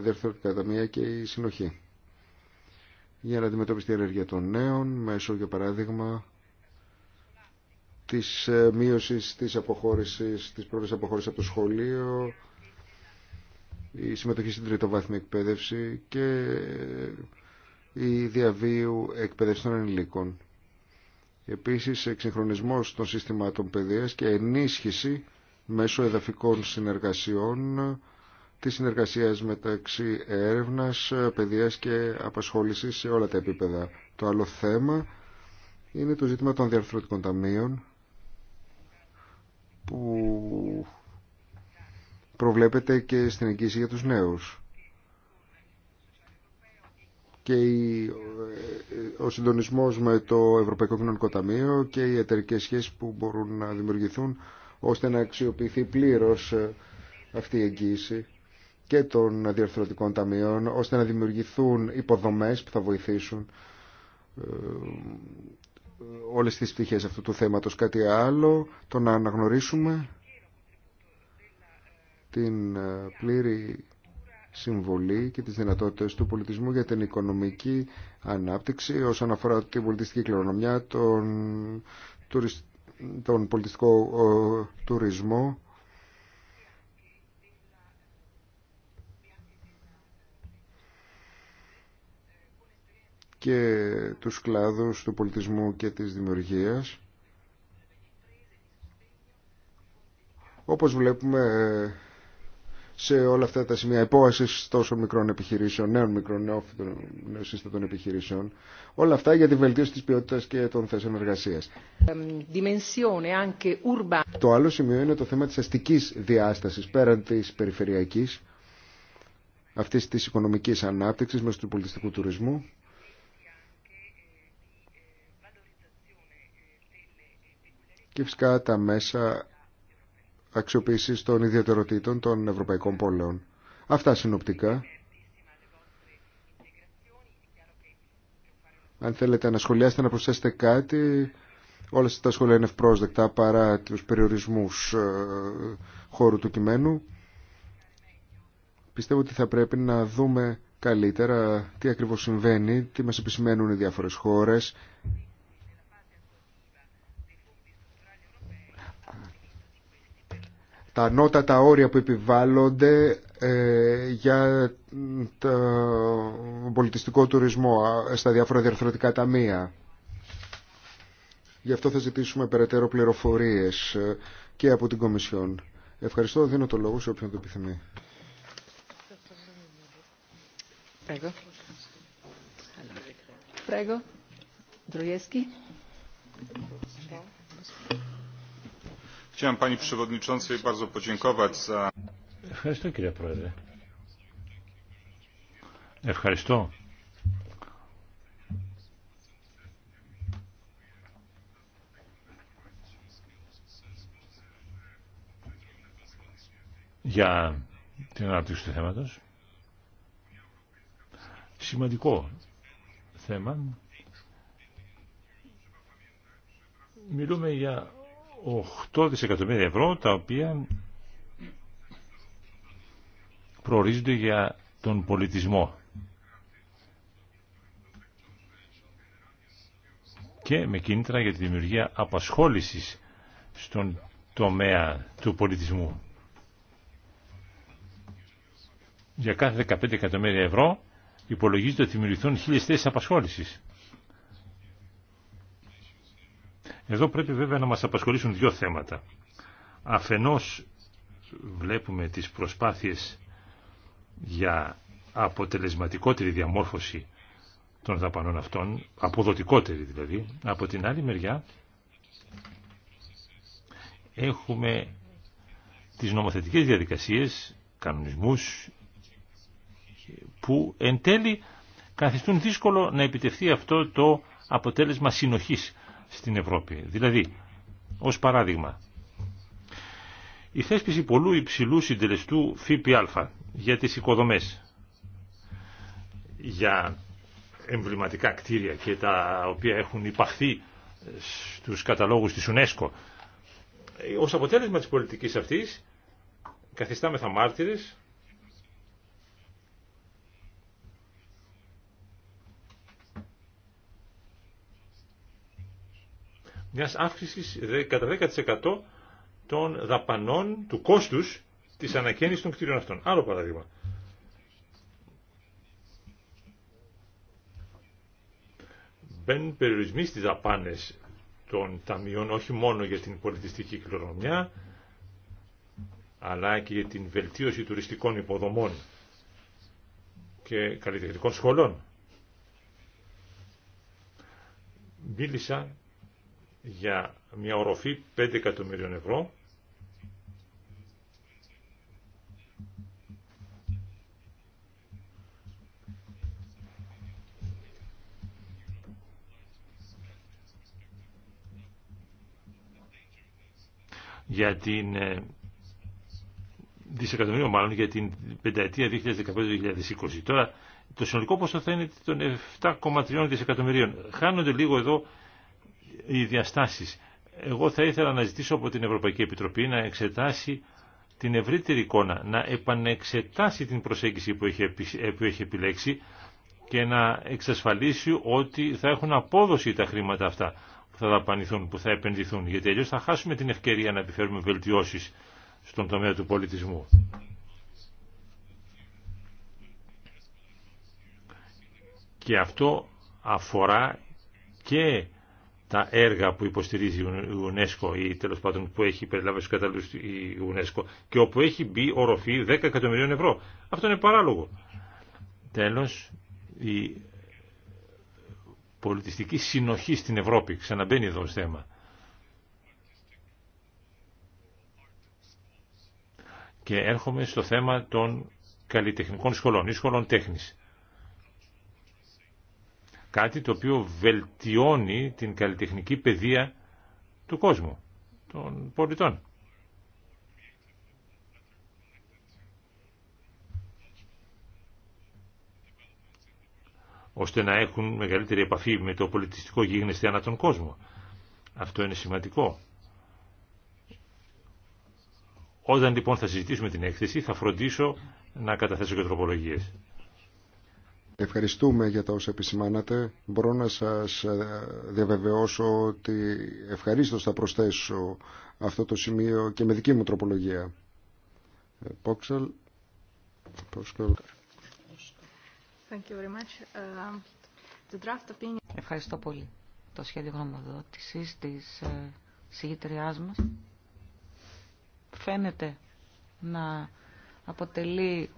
διευθυντικά ταμεία και η συνοχή. Για να αντιμετωπιστεί η ενέργεια των νέων, μέσω για παράδειγμα της ε, μείωση της αποχώρησης, της πρώτης αποχώρησης από το σχολείο, η συμμετοχή στην τριτοβάθμια εκπαίδευση και ε, η διαβίου εκπαίδευση των ενηλίκων. Επίσης, εξυγχρονισμός των συστημάτων παιδείας και ενίσχυση μέσω εδαφικών συνεργασιών, της συνεργασίας μεταξύ έρευνας, παιδείας και απασχόλησης σε όλα τα επίπεδα. Το άλλο θέμα είναι το ζήτημα των διαρθρωτικών ταμείων που προβλέπεται και στην εγγύηση για τους νέους. Και ε, ο συντονισμός με το Ευρωπαϊκό Κοινωνικό Ταμείο και οι εταιρικές σχέσεις που μπορούν να δημιουργηθούν ώστε να αξιοποιηθεί πλήρως ε, αυτή η εγγύηση και των διορθωτικών ταμείων ώστε να δημιουργηθούν υποδομές που θα βοηθήσουν ε, όλες τις πτυχές αυτού του θέματος. Κάτι άλλο, το να αναγνωρίσουμε την ε, πλήρη συμβολή και τις δυνατότητες του πολιτισμού για την οικονομική ανάπτυξη όσον αφορά την πολιτιστική κληρονομιά, τουριστικών τον πολιτιστικό τουρισμό και τους κλάδους του πολιτισμού και της δημιουργίας. Όπως βλέπουμε ε, σε όλα αυτά τα σημεία υπόαση τόσο μικρών επιχειρήσεων, νέων μικρών συστατών επιχειρήσεων. Όλα αυτά για τη βελτίωση τη ποιότητα και των θέσεων εργασία. Το άλλο σημείο είναι το θέμα τη αστική διάσταση πέραν τη περιφερειακή αυτής της οικονομικής ανάπτυξης μέσω του πολιτιστικού τουρισμού. Και φυσικά τα μέσα Αξιοποίηση των ιδιαιτεροτήτων των ευρωπαϊκών πόλεων. Αυτά συνοπτικά. Αν θέλετε να σχολιάσετε, να προσθέσετε κάτι, όλα τα σχόλια είναι ευπρόσδεκτα παρά τους περιορισμούς ε, χώρου του κειμένου. Πιστεύω ότι θα πρέπει να δούμε καλύτερα τι ακριβώς συμβαίνει, τι μας επισημαίνουν οι διάφορες χώρες τα ανώτατα όρια που επιβάλλονται ε, για τον πολιτιστικό τουρισμό στα διάφορα διαρθρωτικά ταμεία. Γι' αυτό θα ζητήσουμε περαιτέρω πληροφορίες ε, και από την Κομισιόν. Ευχαριστώ. Δίνω το λόγο σε όποιον το επιθυμεί. Ευχαριστώ κύριε Πρόεδρε. Ευχαριστώ. για την ανάπτυξη του θέματος. Σημαντικό θέμα. Μιλούμε για 8 δισεκατομμύρια ευρώ τα οποία προορίζονται για τον πολιτισμό. και με κίνητρα για τη δημιουργία απασχόλησης στον τομέα του πολιτισμού. Για κάθε 15 εκατομμύρια ευρώ υπολογίζεται ότι δημιουργηθούν 1.000 θέσεις απασχόλησης. Εδώ πρέπει βέβαια να μας απασχολήσουν δύο θέματα. Αφενός βλέπουμε τις προσπάθειες για αποτελεσματικότερη διαμόρφωση των δαπανών αυτών, αποδοτικότερη δηλαδή. Από την άλλη μεριά έχουμε τις νομοθετικές διαδικασίες, κανονισμούς που εν τέλει καθιστούν δύσκολο να επιτευχθεί αυτό το αποτέλεσμα συνοχής στην Ευρώπη. Δηλαδή, ως παράδειγμα, η θέσπιση πολλού υψηλού συντελεστού ΦΠΑ για τις οικοδομές, για εμβληματικά κτίρια και τα οποία έχουν υπαχθεί στους καταλόγους της UNESCO. Ε, ως αποτέλεσμα της πολιτικής αυτής καθιστάμεθα μάρτυρες μιας αύξησης κατά 10% των δαπανών του κόστους της ανακαίνησης των κτίριων αυτών. Άλλο παράδειγμα. Μπαίνουν περιορισμοί στις δαπάνες των ταμείων όχι μόνο για την πολιτιστική κληρονομιά αλλά και για την βελτίωση τουριστικών υποδομών και καλλιτεχνικών σχολών. Μίλησα για μια οροφή 5 εκατομμυρίων ευρώ για την ε, δισεκατομμύριο μάλλον για την πενταετία 2015-2020. Τώρα το συνολικό ποσό θα είναι των 7,3 δισεκατομμυρίων. Χάνονται λίγο εδώ οι διαστάσεις. Εγώ θα ήθελα να ζητήσω από την Ευρωπαϊκή Επιτροπή να εξετάσει την ευρύτερη εικόνα, να επανεξετάσει την προσέγγιση που έχει επιλέξει και να εξασφαλίσει ότι θα έχουν απόδοση τα χρήματα αυτά που θα δαπανηθούν, που θα επενδυθούν, γιατί αλλιώς θα χάσουμε την ευκαιρία να επιφέρουμε βελτιώσεις στον τομέα του πολιτισμού. Και αυτό αφορά και τα έργα που υποστηρίζει η UNESCO ή τέλο πάντων που έχει περιλάβει στου καταλληλού η UNESCO και όπου έχει μπει οροφή 10 εκατομμυρίων ευρώ. Αυτό είναι παράλογο. Τέλο, η πολιτιστική συνοχή στην Ευρώπη ξαναμπαίνει εδώ ως θέμα. Και έρχομαι στο θέμα των καλλιτεχνικών σχολών ή σχολών τέχνης. Κάτι το οποίο βελτιώνει την καλλιτεχνική παιδεία του κόσμου, των πολιτών. ώστε να έχουν μεγαλύτερη επαφή με το πολιτιστικό γίγνεσθε ανά τον κόσμο. Αυτό είναι σημαντικό. Όταν λοιπόν θα συζητήσουμε την έκθεση θα φροντίσω να καταθέσω και τροπολογίες. Ευχαριστούμε για τα όσα επισημάνατε. Μπορώ να σας ε, διαβεβαιώσω ότι ευχαρίστως θα προσθέσω αυτό το σημείο και με δική μου τροπολογία. Ε, um, Ευχαριστώ πολύ. Το σχέδιο γνωμοδότησης της ε, συγγητριάς μας φαίνεται να αποτελεί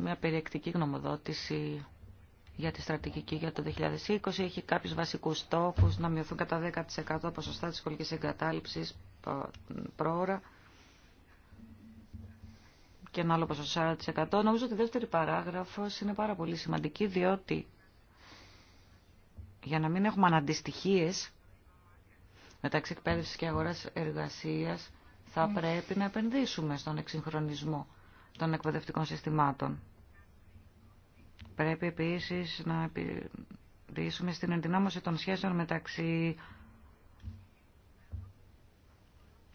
μια περιεκτική γνωμοδότηση για τη στρατηγική για το 2020. Έχει κάποιους βασικούς στόχους να μειωθούν κατά 10% ποσοστά της σχολικής εγκατάλειψης πρόωρα και ένα άλλο ποσοστό 40%. Νομίζω ότι η δεύτερη παράγραφος είναι πάρα πολύ σημαντική διότι για να μην έχουμε αναντιστοιχίες μεταξύ εκπαίδευσης και αγοράς εργασίας θα πρέπει να επενδύσουμε στον εξυγχρονισμό των εκπαιδευτικών συστημάτων. Πρέπει επίσης να επιδείσουμε στην ενδυνάμωση των σχέσεων μεταξύ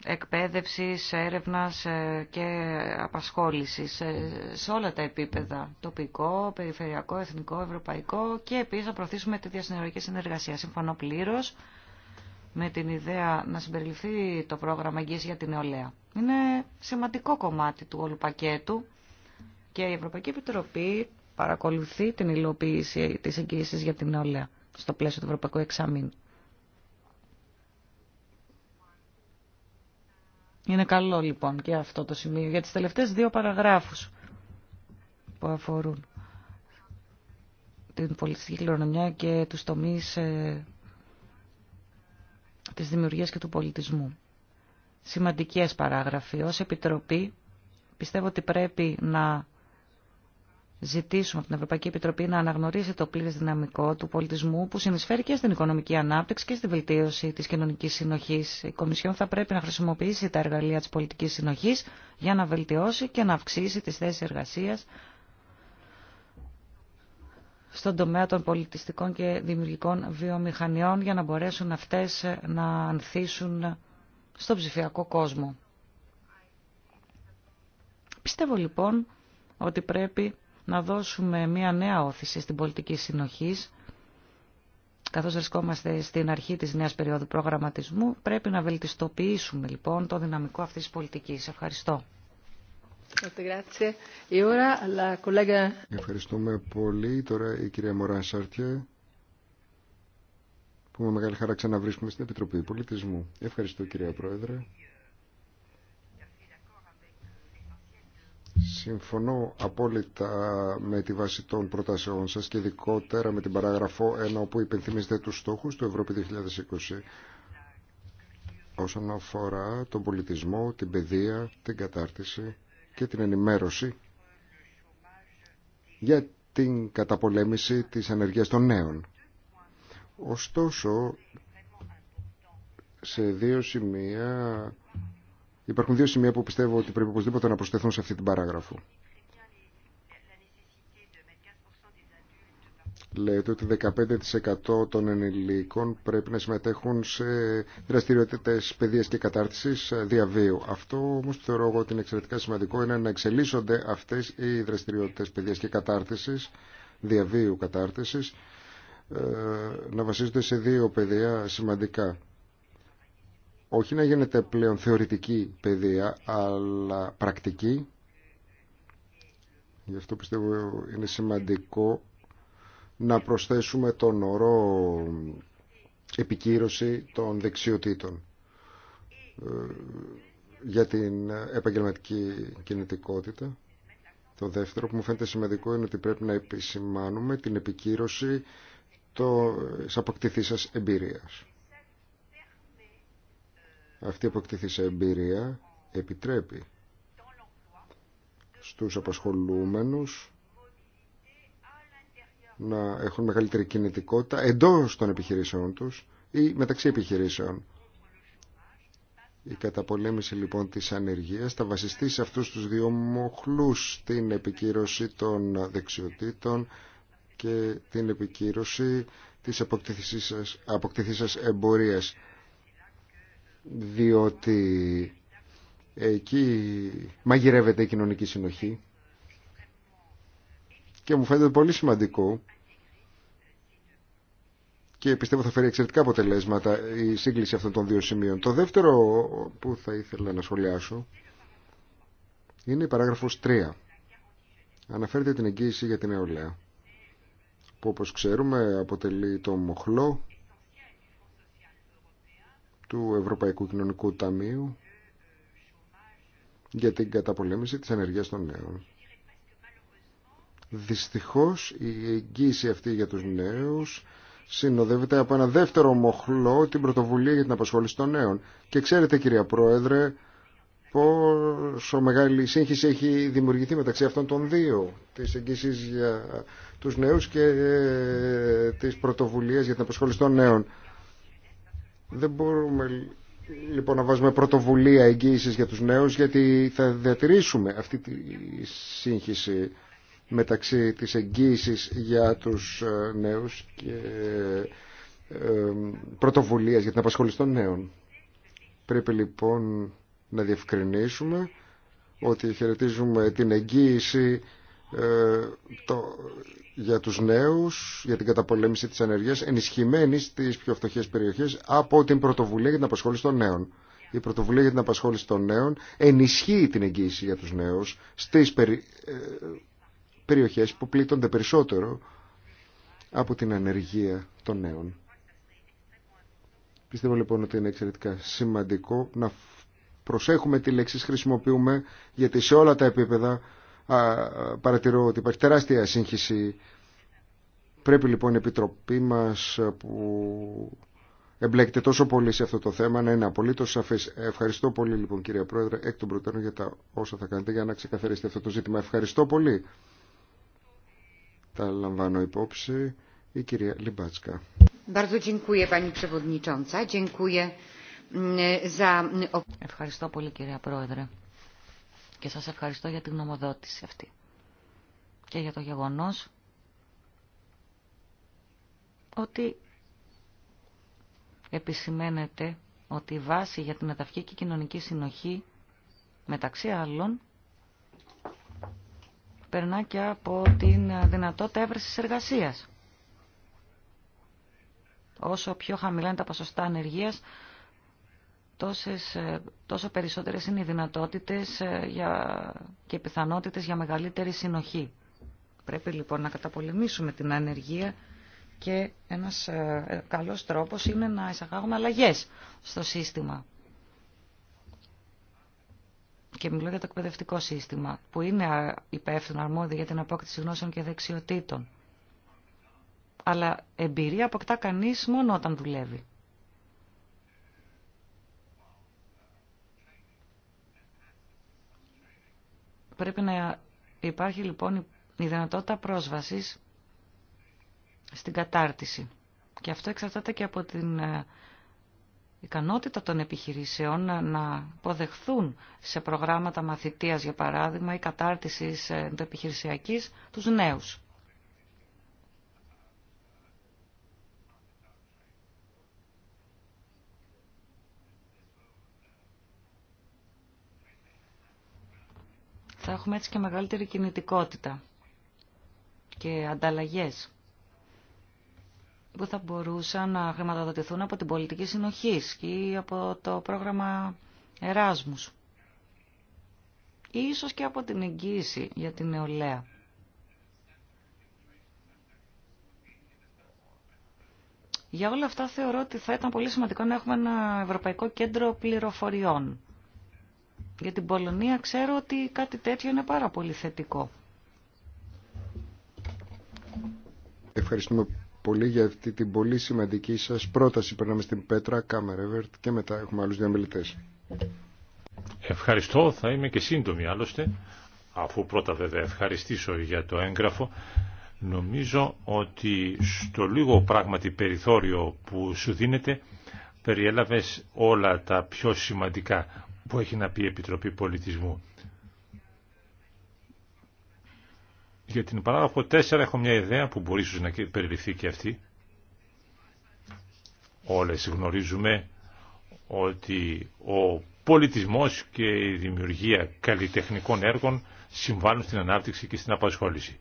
εκπαίδευσης, έρευνα ε, και απασχόλησης σε όλα τα επίπεδα, τοπικό, περιφερειακό, εθνικό, ευρωπαϊκό και επίσης να προωθήσουμε τη διασυνεργική συνεργασία. Συμφωνώ πλήρως με την ιδέα να συμπεριληφθεί το πρόγραμμα εγγύηση για την νεολαία. Είναι σημαντικό κομμάτι του όλου πακέτου και η Ευρωπαϊκή Επιτροπή παρακολουθεί την υλοποίηση της εγγύησης για την νεολαία στο πλαίσιο του Ευρωπαϊκού Εξαμήνου. Είναι καλό λοιπόν και αυτό το σημείο για τις τελευταίες δύο παραγράφους που αφορούν την πολιτιστική κληρονομιά και τους τομείς ε, της δημιουργίας και του πολιτισμού. Σημαντικές παράγραφοι. Ως Επιτροπή πιστεύω ότι πρέπει να ζητήσουμε από την Ευρωπαϊκή Επιτροπή να αναγνωρίσει το πλήρε δυναμικό του πολιτισμού που συνεισφέρει και στην οικονομική ανάπτυξη και στη βελτίωση τη κοινωνική συνοχή. Η Κομισιόν θα πρέπει να χρησιμοποιήσει τα εργαλεία τη πολιτική συνοχή για να βελτιώσει και να αυξήσει τι θέσει εργασία στον τομέα των πολιτιστικών και δημιουργικών βιομηχανιών για να μπορέσουν αυτές να ανθίσουν στον ψηφιακό κόσμο. Πιστεύω λοιπόν ότι πρέπει να δώσουμε μια νέα όθηση στην πολιτική συνοχής, καθώς βρισκόμαστε στην αρχή της νέας περίοδου προγραμματισμού, πρέπει να βελτιστοποιήσουμε λοιπόν το δυναμικό αυτής της πολιτικής. Ευχαριστώ. Ευχαριστούμε πολύ. Τώρα η κυρία Μωράν Σάρτια, που με μεγάλη χαρά ξαναβρίσκουμε στην Επιτροπή Πολιτισμού. Ευχαριστώ κυρία Πρόεδρε. Συμφωνώ απόλυτα με τη βάση των προτάσεών σας και ειδικότερα με την παράγραφο 1 όπου υπενθυμίζετε τους στόχους του Ευρώπη 2020 όσον αφορά τον πολιτισμό, την παιδεία, την κατάρτιση και την ενημέρωση για την καταπολέμηση της ανεργίας των νέων. Ωστόσο, σε δύο σημεία Υπάρχουν δύο σημεία που πιστεύω ότι πρέπει οπωσδήποτε να προσθεθούν σε αυτή την παράγραφο. Λέτε ότι 15% των ενηλίκων πρέπει να συμμετέχουν σε δραστηριότητες παιδείας και κατάρτισης διαβίου. Αυτό όμω θεωρώ εγώ ότι είναι εξαιρετικά σημαντικό είναι να εξελίσσονται αυτές οι δραστηριότητες παιδείας και κατάρτισης, διαβίου κατάρτισης, ε, να βασίζονται σε δύο παιδεία σημαντικά όχι να γίνεται πλέον θεωρητική παιδεία, αλλά πρακτική. Γι' αυτό πιστεύω είναι σημαντικό να προσθέσουμε τον όρο επικύρωση των δεξιοτήτων ε, για την επαγγελματική κινητικότητα. Το δεύτερο που μου φαίνεται σημαντικό είναι ότι πρέπει να επισημάνουμε την επικύρωση της αποκτηθής σας εμπειρίας αυτή η αποκτηθήσα εμπειρία επιτρέπει στους απασχολούμενους να έχουν μεγαλύτερη κινητικότητα εντός των επιχειρήσεών τους ή μεταξύ επιχειρήσεων. Η καταπολέμηση λοιπόν της ανεργίας θα βασιστεί σε αυτούς τους δύο μοχλούς την επικύρωση των δεξιοτήτων και την επικύρωση της αποκτήθησα εμπορίας διότι εκεί μαγειρεύεται η κοινωνική συνοχή και μου φαίνεται πολύ σημαντικό και πιστεύω θα φέρει εξαιρετικά αποτελέσματα η σύγκληση αυτών των δύο σημείων. Το δεύτερο που θα ήθελα να σχολιάσω είναι η παράγραφος 3. Αναφέρεται την εγγύηση για την νεολαία που όπως ξέρουμε αποτελεί το μοχλό του Ευρωπαϊκού Κοινωνικού Ταμείου για την καταπολέμηση της ενεργείας των νέων. Δυστυχώς η εγγύηση αυτή για τους νέους συνοδεύεται από ένα δεύτερο μοχλό την πρωτοβουλία για την απασχόληση των νέων. Και ξέρετε κυρία Πρόεδρε πόσο μεγάλη σύγχυση έχει δημιουργηθεί μεταξύ αυτών των δύο της εγγύησης για τους νέους και ε, της πρωτοβουλίας για την απασχόληση των νέων. Δεν μπορούμε λοιπόν να βάζουμε πρωτοβουλία εγγύησης για τους νέους γιατί θα διατηρήσουμε αυτή τη σύγχυση μεταξύ της εγγύησης για τους ε, νέους και ε, πρωτοβουλίας για την απασχόληση των νέων. Πρέπει λοιπόν να διευκρινίσουμε ότι χαιρετίζουμε την εγγύηση ε, το, για τους νέους, για την καταπολέμηση της ανεργίας, ενισχυμένη στις πιο φτωχές περιοχές από την πρωτοβουλία για την απασχόληση των νέων. Η πρωτοβουλία για την απασχόληση των νέων ενισχύει την εγγύηση για τους νέους στις περι... Ε, περιοχές που πλήττονται περισσότερο από την ανεργία των νέων. Πιστεύω λοιπόν ότι είναι εξαιρετικά σημαντικό να προσέχουμε τι λέξεις χρησιμοποιούμε γιατί σε όλα τα επίπεδα παρατηρώ ότι υπάρχει τεράστια σύγχυση. Πρέπει λοιπόν η Επιτροπή μας που εμπλέκεται τόσο πολύ σε αυτό το θέμα να είναι απολύτω σαφή. Ευχαριστώ πολύ λοιπόν κύριε Πρόεδρε εκ των προτέρων για τα όσα θα κάνετε για να ξεκαθαρίσετε αυτό το ζήτημα. Ευχαριστώ πολύ. Τα λαμβάνω υπόψη. Η κυρία Λιμπάτσκα. Mm, Ευχαριστώ πολύ κυρία Πρόεδρε και σας ευχαριστώ για την γνωμοδότηση αυτή και για το γεγονός ότι επισημαίνεται ότι η βάση για την μεταφική και κοινωνική συνοχή μεταξύ άλλων περνά και από την δυνατότητα έβρεσης εργασίας. Όσο πιο χαμηλά είναι τα ποσοστά ανεργίας, τόσες, ε, τόσο περισσότερες είναι οι δυνατότητες ε, για, και οι πιθανότητες για μεγαλύτερη συνοχή. Πρέπει λοιπόν να καταπολεμήσουμε την ανεργία και ένας ε, καλός τρόπος είναι να εισαγάγουμε αλλαγές στο σύστημα. Και μιλώ για το εκπαιδευτικό σύστημα, που είναι υπεύθυνο αρμόδιο για την απόκτηση γνώσεων και δεξιοτήτων. Αλλά εμπειρία αποκτά κανείς μόνο όταν δουλεύει. Πρέπει να υπάρχει λοιπόν η δυνατότητα πρόσβασης στην κατάρτιση. Και αυτό εξαρτάται και από την ε, ικανότητα των επιχειρήσεων να υποδεχθούν σε προγράμματα μαθητείας, για παράδειγμα, ή κατάρτισης επιχειρησιακής τους νέους. Θα έχουμε έτσι και μεγαλύτερη κινητικότητα και ανταλλαγές που θα μπορούσαν να χρηματοδοτηθούν από την πολιτική συνοχή ή από το πρόγραμμα Εράσμους. Ή ίσως και από την εγγύηση για την νεολαία. Για όλα αυτά θεωρώ ότι θα ήταν πολύ σημαντικό να έχουμε ένα Ευρωπαϊκό Κέντρο Πληροφοριών για την Πολωνία ξέρω ότι κάτι τέτοιο είναι πάρα πολύ θετικό. Ευχαριστούμε πολύ για αυτή την πολύ σημαντική σας πρόταση. Περνάμε στην Πέτρα, Κάμερεβερτ και μετά έχουμε άλλους διαμελητές. Ευχαριστώ, θα είμαι και σύντομη άλλωστε, αφού πρώτα βέβαια ευχαριστήσω για το έγγραφο. Νομίζω ότι στο λίγο πράγματι περιθώριο που σου δίνεται περιέλαβες όλα τα πιο σημαντικά που έχει να πει η Επιτροπή Πολιτισμού. Για την παράγραφο 4 έχω μια ιδέα που μπορεί ίσως να περιληφθεί και αυτή. Όλες γνωρίζουμε ότι ο πολιτισμός και η δημιουργία καλλιτεχνικών έργων συμβάλλουν στην ανάπτυξη και στην απασχόληση.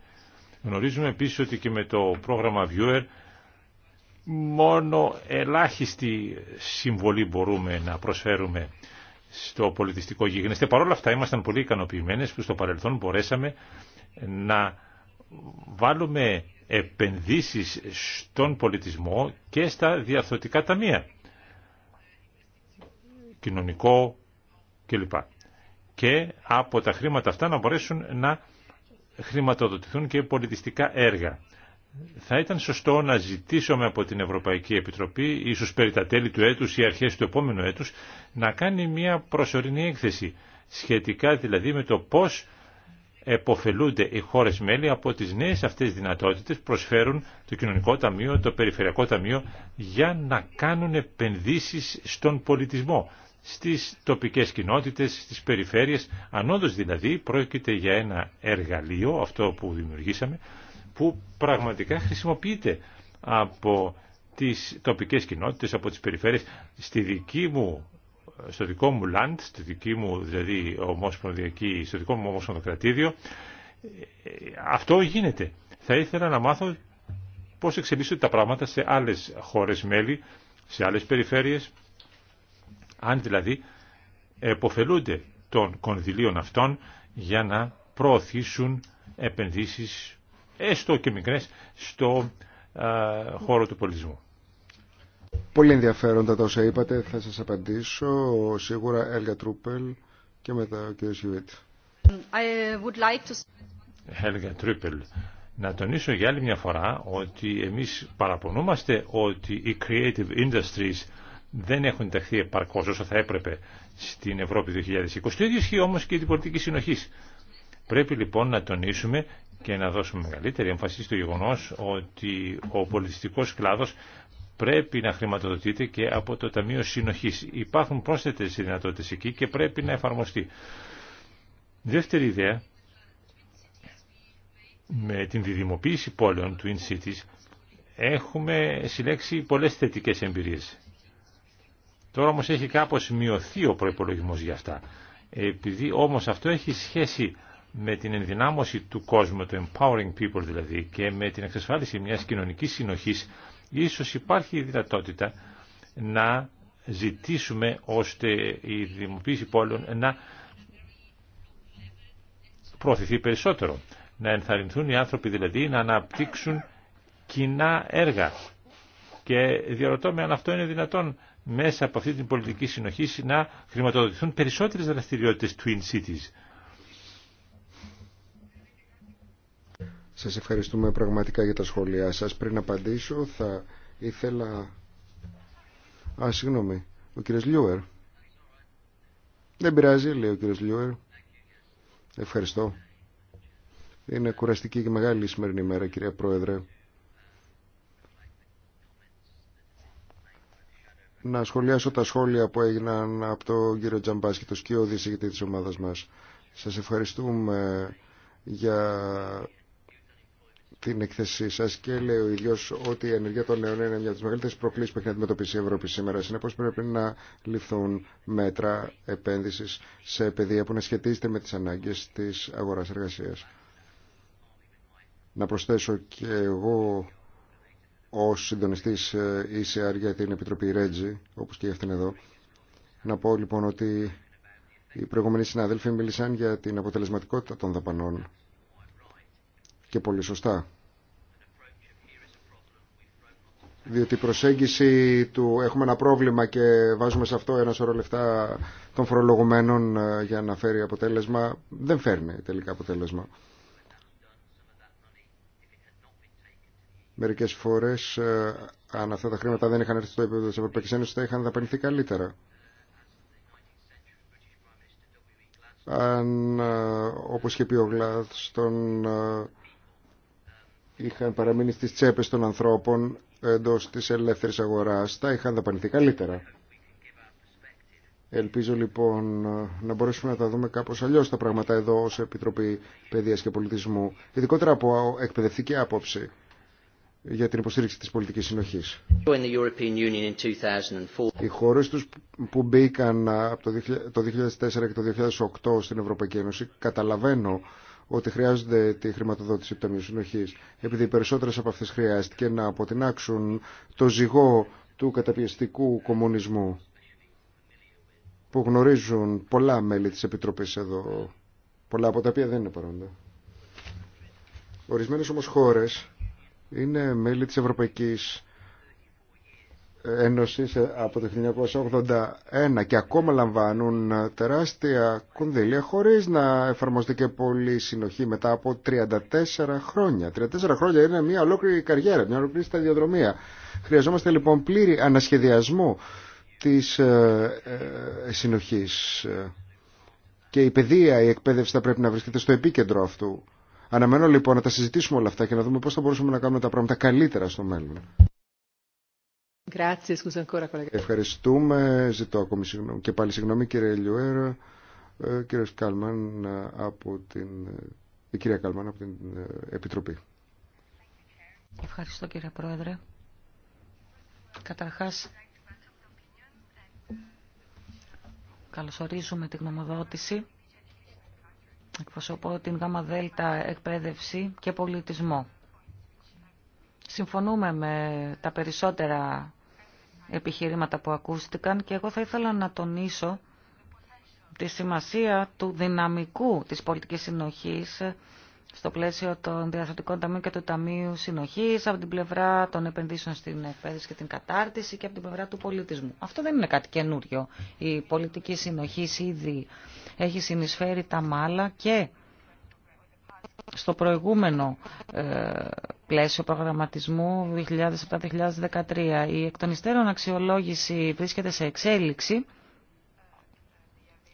Γνωρίζουμε επίσης ότι και με το πρόγραμμα Viewer μόνο ελάχιστη συμβολή μπορούμε να προσφέρουμε στο πολιτιστικό γίγνεσθε. Παρόλα αυτά ήμασταν πολύ ικανοποιημένες που στο παρελθόν μπορέσαμε να βάλουμε επενδύσεις στον πολιτισμό και στα διαφθορτικά ταμεία. Κοινωνικό κλπ. Και από τα χρήματα αυτά να μπορέσουν να χρηματοδοτηθούν και πολιτιστικά έργα θα ήταν σωστό να ζητήσουμε από την Ευρωπαϊκή Επιτροπή, ίσως περί τα τέλη του έτους ή αρχές του επόμενου έτους, να κάνει μια προσωρινή έκθεση, σχετικά δηλαδή με το πώς εποφελούνται οι χώρες μέλη από τις νέες αυτές δυνατότητες προσφέρουν το Κοινωνικό Ταμείο, το Περιφερειακό Ταμείο για να κάνουν επενδύσεις στον πολιτισμό, στις τοπικές κοινότητες, στις περιφέρειες, αν δηλαδή πρόκειται για ένα εργαλείο, αυτό που δημιουργήσαμε, που πραγματικά χρησιμοποιείται από τις τοπικές κοινότητες, από τις περιφέρειες. Στη δική μου, στο δικό μου land, στη δική μου δηλαδή ομοσπονδιακή, στο δικό μου ομοσπονδοκρατήδιο, αυτό γίνεται. Θα ήθελα να μάθω πώς εξελίσσονται τα πράγματα σε άλλες χώρες μέλη, σε άλλες περιφέρειες, αν δηλαδή εποφελούνται των κονδυλίων αυτών για να προωθήσουν επενδύσεις έστω και μικρέ στο χώρο του πολιτισμού. Πολύ ενδιαφέροντα τα όσα είπατε. Θα σα απαντήσω σίγουρα Έλγα Τρούπελ και μετά ο κ. Σιβέτη. Έλγα Τρούπελ. Να τονίσω για άλλη μια φορά ότι εμείς παραπονούμαστε ότι οι creative industries δεν έχουν ενταχθεί επαρκώς όσο θα έπρεπε στην Ευρώπη 2020. Το ίδιο ισχύει όμως και την πολιτική συνοχής. Πρέπει λοιπόν να τονίσουμε και να δώσουμε μεγαλύτερη έμφαση στο γεγονός ότι ο πολιτιστικός κλάδος πρέπει να χρηματοδοτείται και από το Ταμείο Συνοχής. Υπάρχουν πρόσθετες δυνατότητες εκεί και πρέπει να εφαρμοστεί. Δεύτερη ιδέα, με την διδημοποίηση πόλεων του In Cities, έχουμε συλλέξει πολλές θετικές εμπειρίες. Τώρα όμως έχει κάπως μειωθεί ο προϋπολογισμός για αυτά. Επειδή όμως αυτό έχει σχέση με την ενδυνάμωση του κόσμου, το empowering people δηλαδή, και με την εξασφάλιση μιας κοινωνικής συνοχής, ίσως υπάρχει η δυνατότητα να ζητήσουμε ώστε η δημοποίηση πόλεων να προωθηθεί περισσότερο. Να ενθαρρυνθούν οι άνθρωποι δηλαδή να αναπτύξουν κοινά έργα. Και διαρωτώ με αν αυτό είναι δυνατόν μέσα από αυτή την πολιτική συνοχή να χρηματοδοτηθούν περισσότερες δραστηριότητες Twin Cities. Σας ευχαριστούμε πραγματικά για τα σχόλιά σας. Πριν απαντήσω θα ήθελα... Α, συγγνώμη, ο κύριος Λιούερ. Δεν πειράζει, λέει ο κύριος Λιούερ. Ευχαριστώ. Είναι κουραστική και μεγάλη η σημερινή ημέρα, κυρία Πρόεδρε. Να σχολιάσω τα σχόλια που έγιναν από τον κύριο Τζαμπάσκη, το σκιώδη συγκεκριτή της ομάδας μας. Σας ευχαριστούμε για την εκθέσή σα και λέει ο ίδιο ότι η ενεργεια των νέων είναι μια από τι μεγαλύτερε προκλήσει που έχει να αντιμετωπίσει η Ευρώπη σήμερα. Συνεπώ πρέπει να ληφθούν μέτρα επένδυση σε παιδεία που να σχετίζεται με τι ανάγκε τη αγορά εργασία. Να προσθέσω και εγώ ω συντονιστή ECR ε, για την Επιτροπή Ρέτζη, όπω και αυτήν εδώ, να πω λοιπόν ότι οι προηγούμενοι συνάδελφοι μίλησαν για την αποτελεσματικότητα των δαπανών και πολύ σωστά. Διότι η προσέγγιση του έχουμε ένα πρόβλημα και βάζουμε σε αυτό ένα σωρό λεφτά των φορολογουμένων ε, για να φέρει αποτέλεσμα, δεν φέρνει τελικά αποτέλεσμα. Μερικές φορές ε, αν αυτά τα χρήματα δεν είχαν έρθει στο επίπεδο της Ευρωπαϊκής Ένωσης θα είχαν δαπανηθεί καλύτερα. Αν ε, όπως είχε πει ο Γλάθ, είχαν παραμείνει στις τσέπες των ανθρώπων εντός της ελεύθερης αγοράς τα είχαν δαπανηθεί καλύτερα. Ελπίζω λοιπόν να μπορέσουμε να τα δούμε κάπως αλλιώς τα πράγματα εδώ ως Επιτροπή Παιδείας και Πολιτισμού, ειδικότερα από εκπαιδευτική άποψη για την υποστήριξη της πολιτικής συνοχής. Οι χώρες τους που μπήκαν από το 2004 και το 2008 στην Ευρωπαϊκή Ένωση, καταλαβαίνω ότι χρειάζονται τη χρηματοδότηση του Ταμείου συνοχή, Επειδή οι περισσότερε από αυτέ χρειάστηκε να αποτινάξουν το ζυγό του καταπιεστικού κομμουνισμού που γνωρίζουν πολλά μέλη της Επιτροπής εδώ, πολλά από τα οποία δεν είναι παρόντα. Ορισμένες όμως χώρες είναι μέλη της Ευρωπαϊκής Ένωσης από το 1981 και ακόμα λαμβάνουν τεράστια κονδύλια χωρίς να εφαρμοστεί και πολύ συνοχή μετά από 34 χρόνια. 34 χρόνια είναι μια ολόκληρη καριέρα, μια ολόκληρη σταδιοδρομία. Χρειαζόμαστε λοιπόν πλήρη ανασχεδιασμό της ε, ε, συνοχής και η παιδεία, η εκπαίδευση θα πρέπει να βρίσκεται στο επίκεντρο αυτού. Αναμένω λοιπόν να τα συζητήσουμε όλα αυτά και να δούμε πώς θα μπορούσαμε να κάνουμε τα πράγματα καλύτερα στο μέλλον. Ευχαριστούμε. Ζητώ ακόμη συγγνώμη. Και πάλι συγγνώμη κύριε Λιούερ ε, κύριε Κάλμαν από την... Ε, η κυρία Κάλμαν από την ε, Επιτροπή. Ευχαριστώ κύριε Πρόεδρε. Καταρχάς, καλωσορίζουμε την γνωμοδότηση. Εκπροσωπώ την ΓΑΜΑ ΔΕΛΤΑ εκπαίδευση και πολιτισμό. Συμφωνούμε με τα περισσότερα επιχειρήματα που ακούστηκαν και εγώ θα ήθελα να τονίσω τη σημασία του δυναμικού της πολιτικής συνοχής στο πλαίσιο των διαθετικών ταμείων και του Ταμείου Συνοχής, από την πλευρά των επενδύσεων στην εκπαίδευση και την κατάρτιση και από την πλευρά του πολιτισμού. Αυτό δεν είναι κάτι καινούριο. Η πολιτική συνοχή ήδη έχει συνεισφέρει τα μάλα και στο προηγούμενο ε, πλαίσιο προγραμματισμού 2007-2013. Η εκτονιστέρων αξιολόγηση βρίσκεται σε εξέλιξη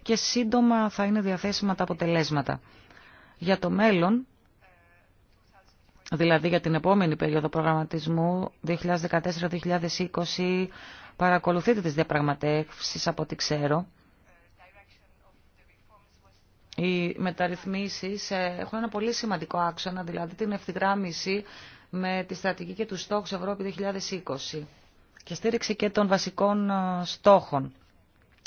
και σύντομα θα είναι διαθέσιμα τα αποτελέσματα. Για το μέλλον, δηλαδή για την επόμενη περίοδο προγραμματισμού 2014-2020, παρακολουθείτε τις διαπραγματεύσεις από ό,τι ξέρω οι μεταρρυθμίσεις ε, έχουν ένα πολύ σημαντικό άξονα, δηλαδή την ευθυγράμμιση με τη στρατηγική και του στόχους Ευρώπη 2020 και στήριξη και των βασικών ε, στόχων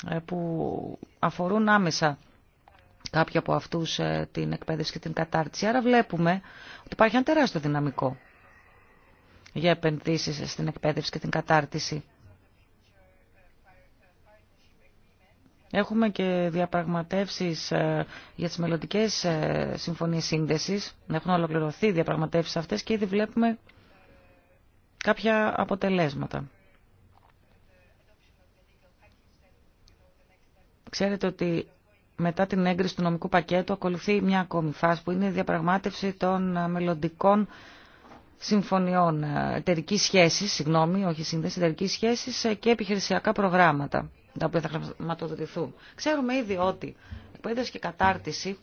ε, που αφορούν άμεσα κάποια από αυτούς την εκπαίδευση και την κατάρτιση. Άρα βλέπουμε ότι υπάρχει ένα τεράστιο δυναμικό για επενδύσεις στην εκπαίδευση και την κατάρτιση. Έχουμε και διαπραγματεύσεις ε, για τις μελλοντικέ ε, συμφωνίες σύνδεσης, έχουν ολοκληρωθεί οι διαπραγματεύσεις αυτές και ήδη βλέπουμε κάποια αποτελέσματα. Ξέρετε ότι μετά την έγκριση του νομικού πακέτου ακολουθεί μια ακόμη φάση που είναι η διαπραγμάτευση των ε, μελλοντικών συμφωνιών εταιρική σχέση, συγγνώμη, όχι σύνδεση, εταιρικής σχέσης και επιχειρησιακά προγράμματα τα οποία θα χρηματοδοτηθούν. Ξέρουμε ήδη ότι εκπαίδευση και κατάρτιση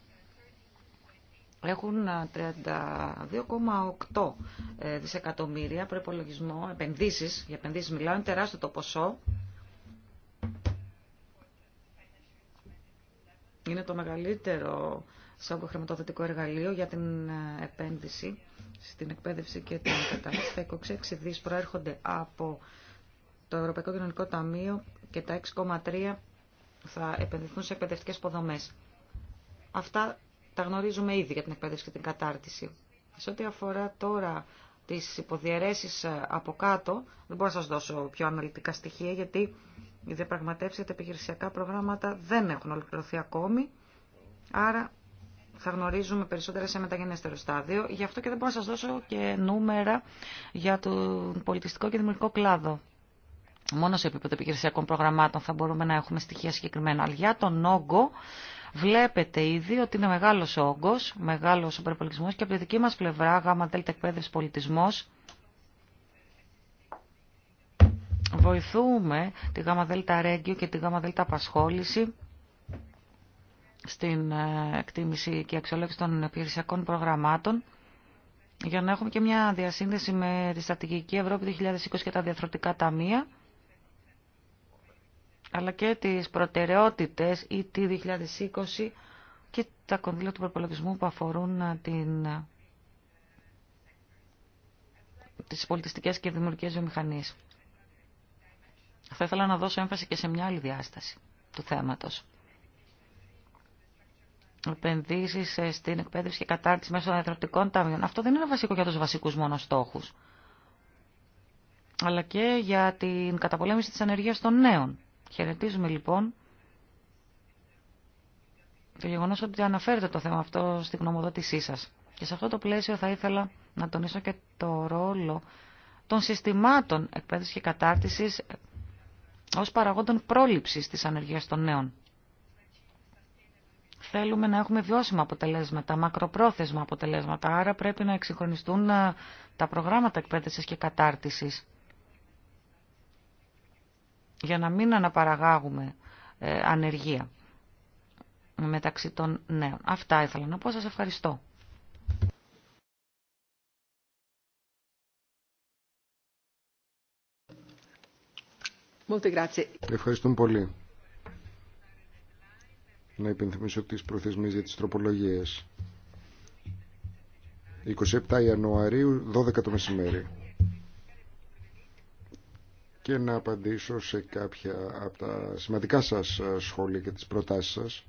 έχουν 32,8 ε, ε, δισεκατομμύρια προπολογισμό, επενδύσεις, για επενδύσεις μιλάω, είναι τεράστιο το ποσό. Είναι το μεγαλύτερο σαν χρηματοδοτικό εργαλείο για την ε, επένδυση στην εκπαίδευση και την κατάρτιση. Τα 26 δις προέρχονται από το Ευρωπαϊκό Κοινωνικό Ταμείο και τα 6,3 θα επενδυθούν σε εκπαιδευτικές υποδομές. Αυτά τα γνωρίζουμε ήδη για την εκπαίδευση και την κατάρτιση. Σε ό,τι αφορά τώρα τις υποδιαιρέσεις ε, από κάτω, δεν μπορώ να σας δώσω πιο αναλυτικά στοιχεία, γιατί οι διαπραγματεύσεις για τα επιχειρησιακά προγράμματα δεν έχουν ολοκληρωθεί ακόμη, άρα θα γνωρίζουμε περισσότερα σε μεταγενέστερο στάδιο. Γι' αυτό και δεν μπορώ να σας δώσω και νούμερα για τον πολιτιστικό και δημιουργικό κλάδο μόνο σε επίπεδο επιχειρησιακών προγραμμάτων θα μπορούμε να έχουμε στοιχεία συγκεκριμένα. Αλλά για τον όγκο βλέπετε ήδη ότι είναι μεγάλος όγκος, μεγάλος ο και από τη δική μας πλευρά, γάμα δέλτα εκπαίδευση πολιτισμός, βοηθούμε τη γάμα δέλτα Ρέγγιο και τη γάμα δέλτα απασχόληση στην ε, εκτίμηση και αξιολόγηση των επιχειρησιακών προγραμμάτων για να έχουμε και μια διασύνδεση με τη Στρατηγική Ευρώπη 2020 και τα διαθροτικά ταμεία αλλά και τις προτεραιότητες ή τη 2020 και τα κονδύλια του προπολογισμού που αφορούν ε, την, ε, τις πολιτιστικές και δημιουργικές βιομηχανίες. Θα ήθελα να δώσω έμφαση και σε μια άλλη διάσταση του θέματος. Επενδύσει ε, στην εκπαίδευση και κατάρτιση μέσω των εθνοτικών ταμείων. Αυτό δεν είναι βασικό για τους βασικούς μόνο στόχους, αλλά και για την καταπολέμηση της ανεργίας των νέων. Χαιρετίζουμε λοιπόν το γεγονός ότι αναφέρετε το θέμα αυτό στην γνωμοδότησή σας. Και σε αυτό το πλαίσιο θα ήθελα να τονίσω και το ρόλο των συστημάτων εκπαίδευσης και κατάρτισης ως παραγόντων πρόληψης της ανεργίας των νέων. Θέλουμε να έχουμε βιώσιμα αποτελέσματα, μακροπρόθεσμα αποτελέσματα, άρα πρέπει να εξυγχρονιστούν ε, τα προγράμματα εκπαίδευσης και κατάρτισης για να μην αναπαραγάγουμε ε, ανεργία μεταξύ των νέων. Αυτά ήθελα να πω. Σας ευχαριστώ. Ευχαριστούμε πολύ. Να υπενθυμίσω τις προθεσμίες για τις τροπολογίες. 27 Ιανουαρίου, 12 το μεσημέρι και να απαντήσω σε κάποια από τα σημαντικά σας σχόλια και τις προτάσεις σας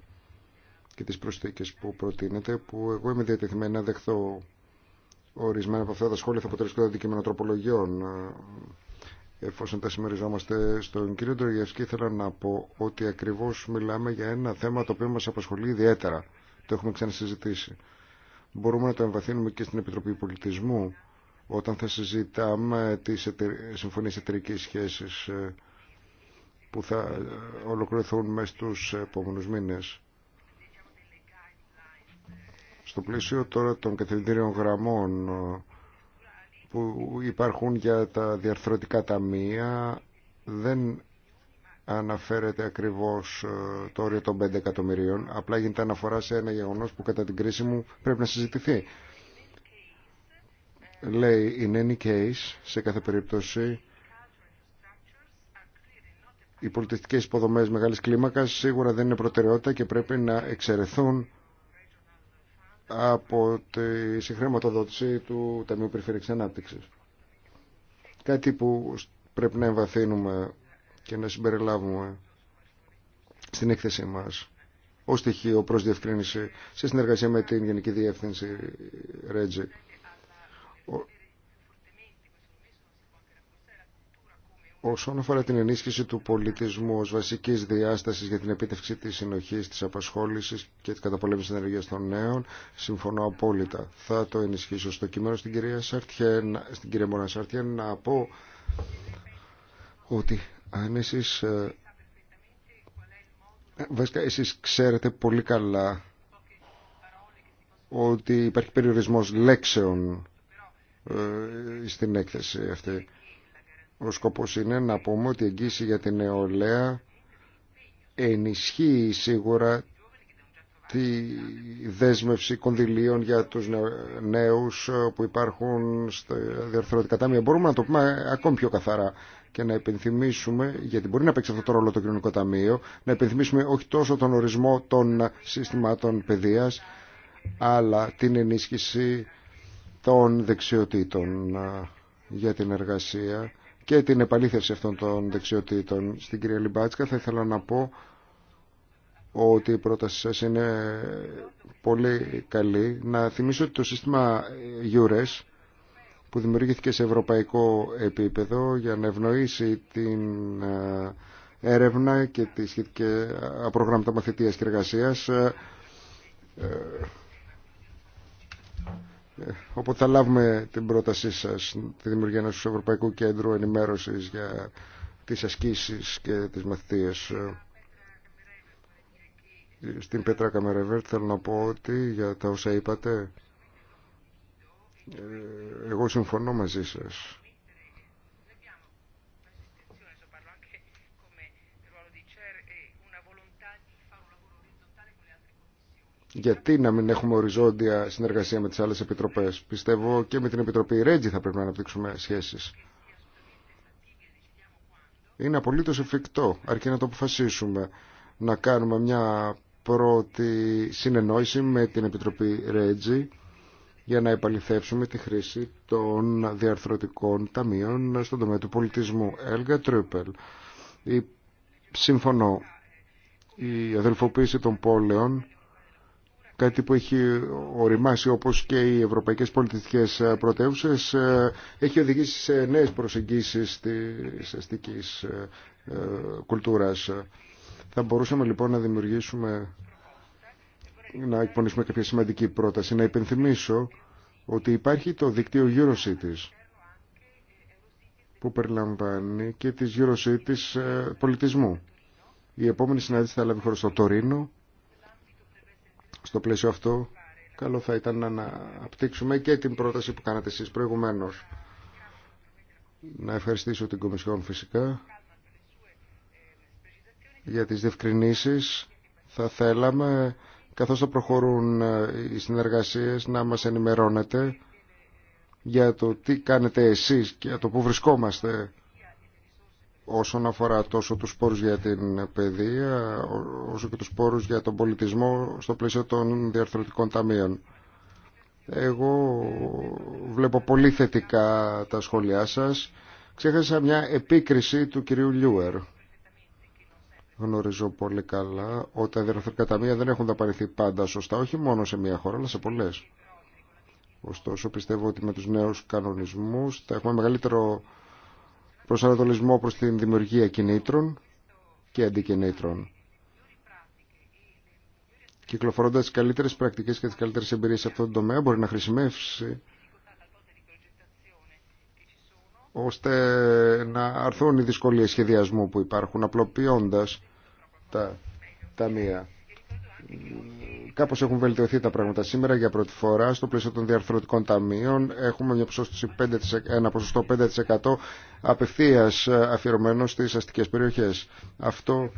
και τις προσθήκες που προτείνετε που εγώ είμαι διατεθειμένη να δεχθώ ορισμένα από αυτά τα σχόλια θα αποτελέσουν το αντικείμενο τροπολογιών εφόσον τα συμμεριζόμαστε στον κύριο Ντοριευσκή ήθελα να πω ότι ακριβώς μιλάμε για ένα θέμα το οποίο μας απασχολεί ιδιαίτερα το έχουμε ξανασυζητήσει μπορούμε να το εμβαθύνουμε και στην Επιτροπή Πολιτισμού όταν θα συζητάμε τις συμφωνίες εταιρικής σχέσης ε, που θα ε, ολοκληρωθούν μέσα στους επόμενους μήνες. Στο πλαίσιο τώρα των καθημερινών γραμμών ε, που υπάρχουν για τα διαρθρωτικά ταμεία δεν αναφέρεται ακριβώς το όριο των 5 εκατομμυρίων, απλά γίνεται αναφορά σε ένα γεγονός που κατά την κρίση μου πρέπει να συζητηθεί λέει in any case, σε κάθε περίπτωση, οι πολιτιστικέ υποδομές μεγάλη κλίμακας σίγουρα δεν είναι προτεραιότητα και πρέπει να εξαιρεθούν από τη συγχρηματοδότηση του Ταμείου Περιφερειακή ανάπτυξη. Κάτι που πρέπει να εμβαθύνουμε και να συμπεριλάβουμε στην έκθεσή μας ω στοιχείο προς διευκρίνηση σε συνεργασία με την Γενική Διεύθυνση Ρέτζη. Όσον αφορά την ενίσχυση του πολιτισμού ως βασικής διάστασης για την επίτευξη της συνοχής, της απασχόλησης και της καταπολέμησης της ενεργείας των νέων, συμφωνώ απόλυτα. Θα το ενισχύσω στο κείμενο στην κυρία, Σαρτιέ, στην κυρία Μόνα Σαρτιέ να πω ότι αν εσείς, ε, ε, βασικά εσείς ξέρετε πολύ καλά ότι υπάρχει περιορισμός λέξεων ε, στην έκθεση αυτή. Ο σκοπός είναι να πούμε ότι η εγγύηση για την νεολαία ενισχύει σίγουρα τη δέσμευση κονδυλίων για τους νέους που υπάρχουν στα διαρθρωτικά ταμεία. Μπορούμε να το πούμε ακόμη πιο καθαρά και να υπενθυμίσουμε, γιατί μπορεί να παίξει αυτό το ρόλο το κοινωνικό ταμείο, να υπενθυμίσουμε όχι τόσο τον ορισμό των συστημάτων παιδείας, αλλά την ενίσχυση των δεξιοτήτων για την εργασία και την επαλήθευση αυτών των δεξιοτήτων. Στην κυρία Λιμπάτσκα θα ήθελα να πω ότι η πρόταση σας είναι πολύ καλή. Να θυμίσω ότι το σύστημα EURES που δημιουργήθηκε σε ευρωπαϊκό επίπεδο για να ευνοήσει την έρευνα και τις σχετικές προγράμματα μαθητείας και εργασίας Οπότε θα λάβουμε την πρότασή σας, τη δημιουργία ενό Ευρωπαϊκού Κέντρου Ενημέρωσης για τις ασκήσεις και τις μαθητείες. Στην Πέτρα Καμερεβέρτ θέλω να πω ότι για τα όσα είπατε, ε, εγώ συμφωνώ μαζί σας. γιατί να μην έχουμε οριζόντια συνεργασία με τις άλλες επιτροπές. Πιστεύω και με την Επιτροπή Ρέτζι θα πρέπει να αναπτύξουμε σχέσεις. Είναι απολύτως εφικτό, αρκεί να το αποφασίσουμε, να κάνουμε μια πρώτη συνεννόηση με την Επιτροπή Ρέτζι για να επαληθεύσουμε τη χρήση των διαρθρωτικών ταμείων στον τομέα του πολιτισμού. Έλγα Τρίπελ, συμφωνώ, η αδελφοποίηση των πόλεων κάτι που έχει οριμάσει όπως και οι ευρωπαϊκές πολιτιστικές πρωτεύουσες ε, έχει οδηγήσει σε νέες προσεγγίσεις της αστικής ε, ε, κουλτούρας. Θα μπορούσαμε λοιπόν να δημιουργήσουμε, να εκπονήσουμε κάποια σημαντική πρόταση, να υπενθυμίσω ότι υπάρχει το δίκτυο EuroCities που περιλαμβάνει και της EuroCities πολιτισμού. Η επόμενη συνάντηση θα λάβει χώρα στο Τωρίνο στο πλαίσιο αυτό, καλό θα ήταν να αναπτύξουμε και την πρόταση που κάνατε εσείς προηγουμένως. Να ευχαριστήσω την Κομισιόν φυσικά για τις διευκρινήσεις. Θα θέλαμε, καθώς θα προχωρούν ε, οι συνεργασίες, να μας ενημερώνετε για το τι κάνετε εσείς και για το που βρισκόμαστε όσον αφορά τόσο τους πόρους για την παιδεία όσο και τους πόρους για τον πολιτισμό στο πλαίσιο των διαρθρωτικών ταμείων. Εγώ βλέπω πολύ θετικά τα σχόλιά σας. Ξέχασα μια επίκριση του κυρίου Λιούερ. Γνωρίζω πολύ καλά ότι τα διαρθρωτικά ταμεία δεν έχουν δαπανηθεί πάντα σωστά, όχι μόνο σε μια χώρα, αλλά σε πολλές. Ωστόσο, πιστεύω ότι με τους νέους κανονισμούς θα έχουμε μεγαλύτερο προσανατολισμό προς την δημιουργία κινήτρων και αντικινήτρων κυκλοφορώντα τι καλύτερε πρακτικέ και τι καλύτερε εμπειρίε σε αυτόν τον τομέα, μπορεί να χρησιμεύσει ώστε να αρθούν οι δυσκολίε σχεδιασμού που υπάρχουν, απλοποιώντα τα ταμεία. Κάπως έχουν βελτιωθεί τα πράγματα σήμερα για πρώτη φορά στο πλαίσιο των διαρθρωτικών ταμείων. Έχουμε μια 5, ένα ποσοστό 5% απευθείας ε, αφιερωμένο στις αστικές περιοχές. Αυτό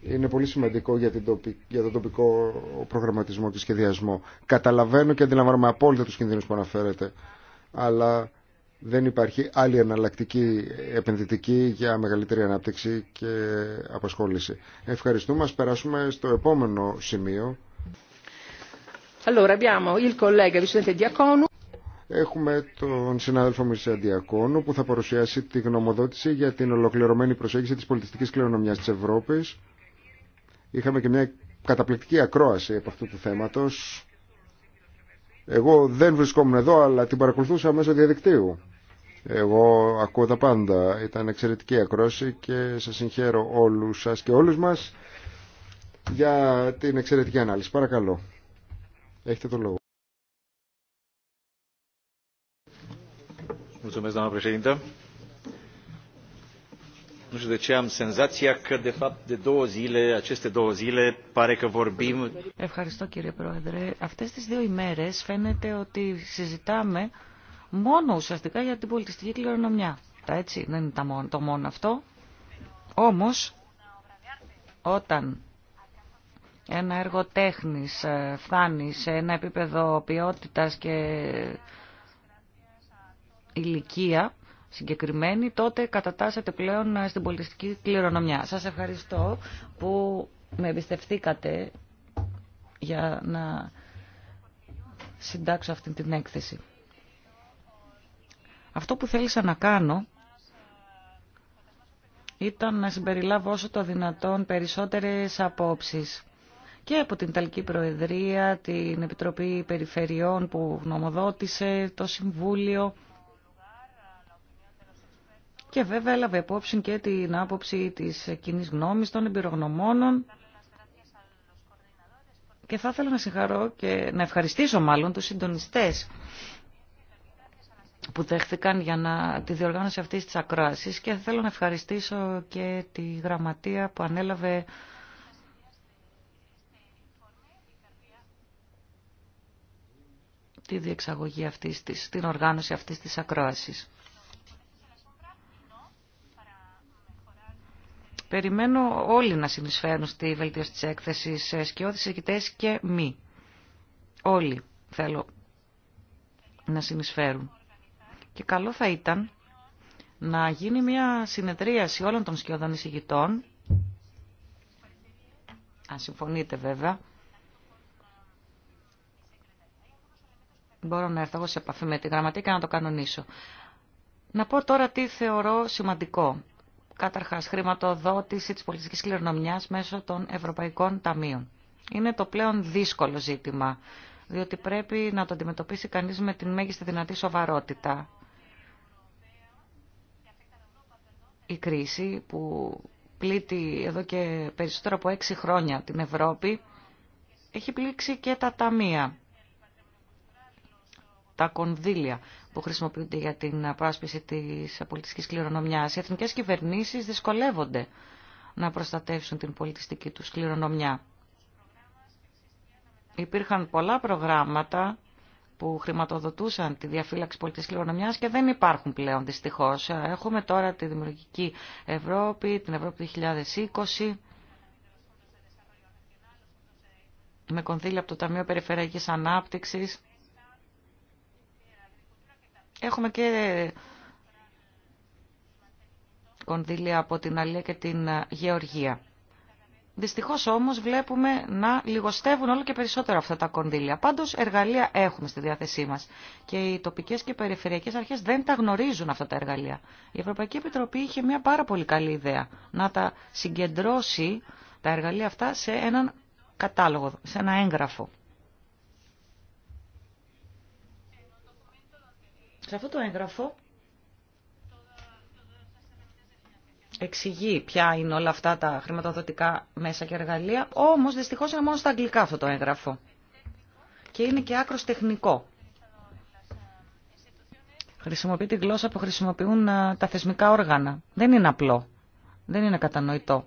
είναι πολύ σημαντικό για, την για τον τοπικό προγραμματισμό και σχεδιασμό. Καταλαβαίνω και αντιλαμβάνομαι απόλυτα τους κινδύνους που αναφέρετε, αλλά δεν υπάρχει άλλη εναλλακτική επενδυτική για μεγαλύτερη ανάπτυξη και απασχόληση. Ευχαριστούμε. Ας περάσουμε στο επόμενο σημείο. Έχουμε τον συνάδελφο Μισελ Διακόνου που θα παρουσιάσει τη γνωμοδότηση για την ολοκληρωμένη προσέγγιση της πολιτιστικής κληρονομιάς της Ευρώπης. Είχαμε και μια καταπληκτική ακρόαση από αυτού του θέματος. Εγώ δεν βρισκόμουν εδώ, αλλά την παρακολουθούσα μέσω διαδικτύου. Εγώ ακούω τα πάντα. Ήταν εξαιρετική ακρόση και σας συγχαίρω όλους σας και όλους μας για την εξαιρετική ανάλυση. Παρακαλώ. Έχετε το λόγο. Nu știu de ce am senzația că, de fapt, de două zile, aceste două zile, Ευχαριστώ, κύριε Πρόεδρε. Αυτές τις δύο ημέρες φαίνεται ότι συζητάμε μόνο ουσιαστικά για την πολιτιστική κληρονομιά. Έτσι, δεν είναι το μόνο αυτό. Όμως, όταν ένα έργο τέχνης ε, φτάνει σε ένα επίπεδο ποιότητας και ηλικία συγκεκριμένη, τότε κατατάσσεται πλέον ε, στην πολιτιστική κληρονομιά. Σας ευχαριστώ που με εμπιστευτήκατε για να συντάξω αυτή την έκθεση. Αυτό που θέλησα να κάνω ήταν να συμπεριλάβω όσο το δυνατόν περισσότερες απόψεις και από την Ιταλική Προεδρία, την Επιτροπή Περιφερειών που γνωμοδότησε, το Συμβούλιο και βέβαια έλαβε υπόψη και την άποψη της κοινή γνώμης των εμπειρογνωμόνων και θα ήθελα να συγχαρώ και να ευχαριστήσω μάλλον τους συντονιστές που δέχθηκαν για να, τη διοργάνωση αυτής της ακρόασης και θέλω να ευχαριστήσω και τη γραμματεία που ανέλαβε τη διεξαγωγή αυτής της, την οργάνωση αυτής της ακρόασης. Περιμένω όλοι να συνεισφέρουν στη βελτίωση της έκθεσης, σκιώδεις εγκητές και μη. Όλοι θέλω να συνεισφέρουν. Και καλό θα ήταν να γίνει μια συνεδρίαση όλων των σκιωδών εισηγητών, αν συμφωνείτε βέβαια, μπορώ να έρθω εγώ σε επαφή με τη γραμματεία και να το κανονίσω. Να πω τώρα τι θεωρώ σημαντικό. Καταρχάς, χρηματοδότηση της πολιτικής κληρονομιάς μέσω των Ευρωπαϊκών Ταμείων. Είναι το πλέον δύσκολο ζήτημα, διότι πρέπει να το αντιμετωπίσει κανείς με την μέγιστη δυνατή σοβαρότητα. η κρίση που πλήττει εδώ και περισσότερο από έξι χρόνια την Ευρώπη έχει πλήξει και τα ταμεία, τα κονδύλια που χρησιμοποιούνται για την πρόσπιση της πολιτιστικής κληρονομιάς. Οι εθνικές κυβερνήσεις δυσκολεύονται να προστατεύσουν την πολιτιστική τους κληρονομιά. Υπήρχαν πολλά προγράμματα που χρηματοδοτούσαν τη διαφύλαξη πολιτική κληρονομιά και δεν υπάρχουν πλέον δυστυχώ. Έχουμε τώρα τη Δημιουργική Ευρώπη, την Ευρώπη 2020 με κονδύλια από το Ταμείο Περιφερειακής Ανάπτυξης. Έχουμε και κονδύλια από την Αλία και την Γεωργία. Δυστυχώ όμως βλέπουμε να λιγοστεύουν όλο και περισσότερο αυτά τα κονδύλια. Πάντως εργαλεία έχουμε στη διάθεσή μας και οι τοπικές και περιφερειακέ περιφερειακές αρχές δεν τα γνωρίζουν αυτά τα εργαλεία. Η Ευρωπαϊκή Επιτροπή είχε μια πάρα πολύ καλή ιδέα να τα συγκεντρώσει τα εργαλεία αυτά σε έναν κατάλογο, σε ένα έγγραφο. Σε αυτό το έγγραφο εξηγεί ποια είναι όλα αυτά τα χρηματοδοτικά μέσα και εργαλεία, όμως δυστυχώς είναι μόνο στα αγγλικά αυτό το έγγραφο. Και είναι και άκρος τεχνικό. Χρησιμοποιεί τη γλώσσα που χρησιμοποιούν ε, τα θεσμικά όργανα. Δεν είναι απλό. Δεν είναι κατανοητό.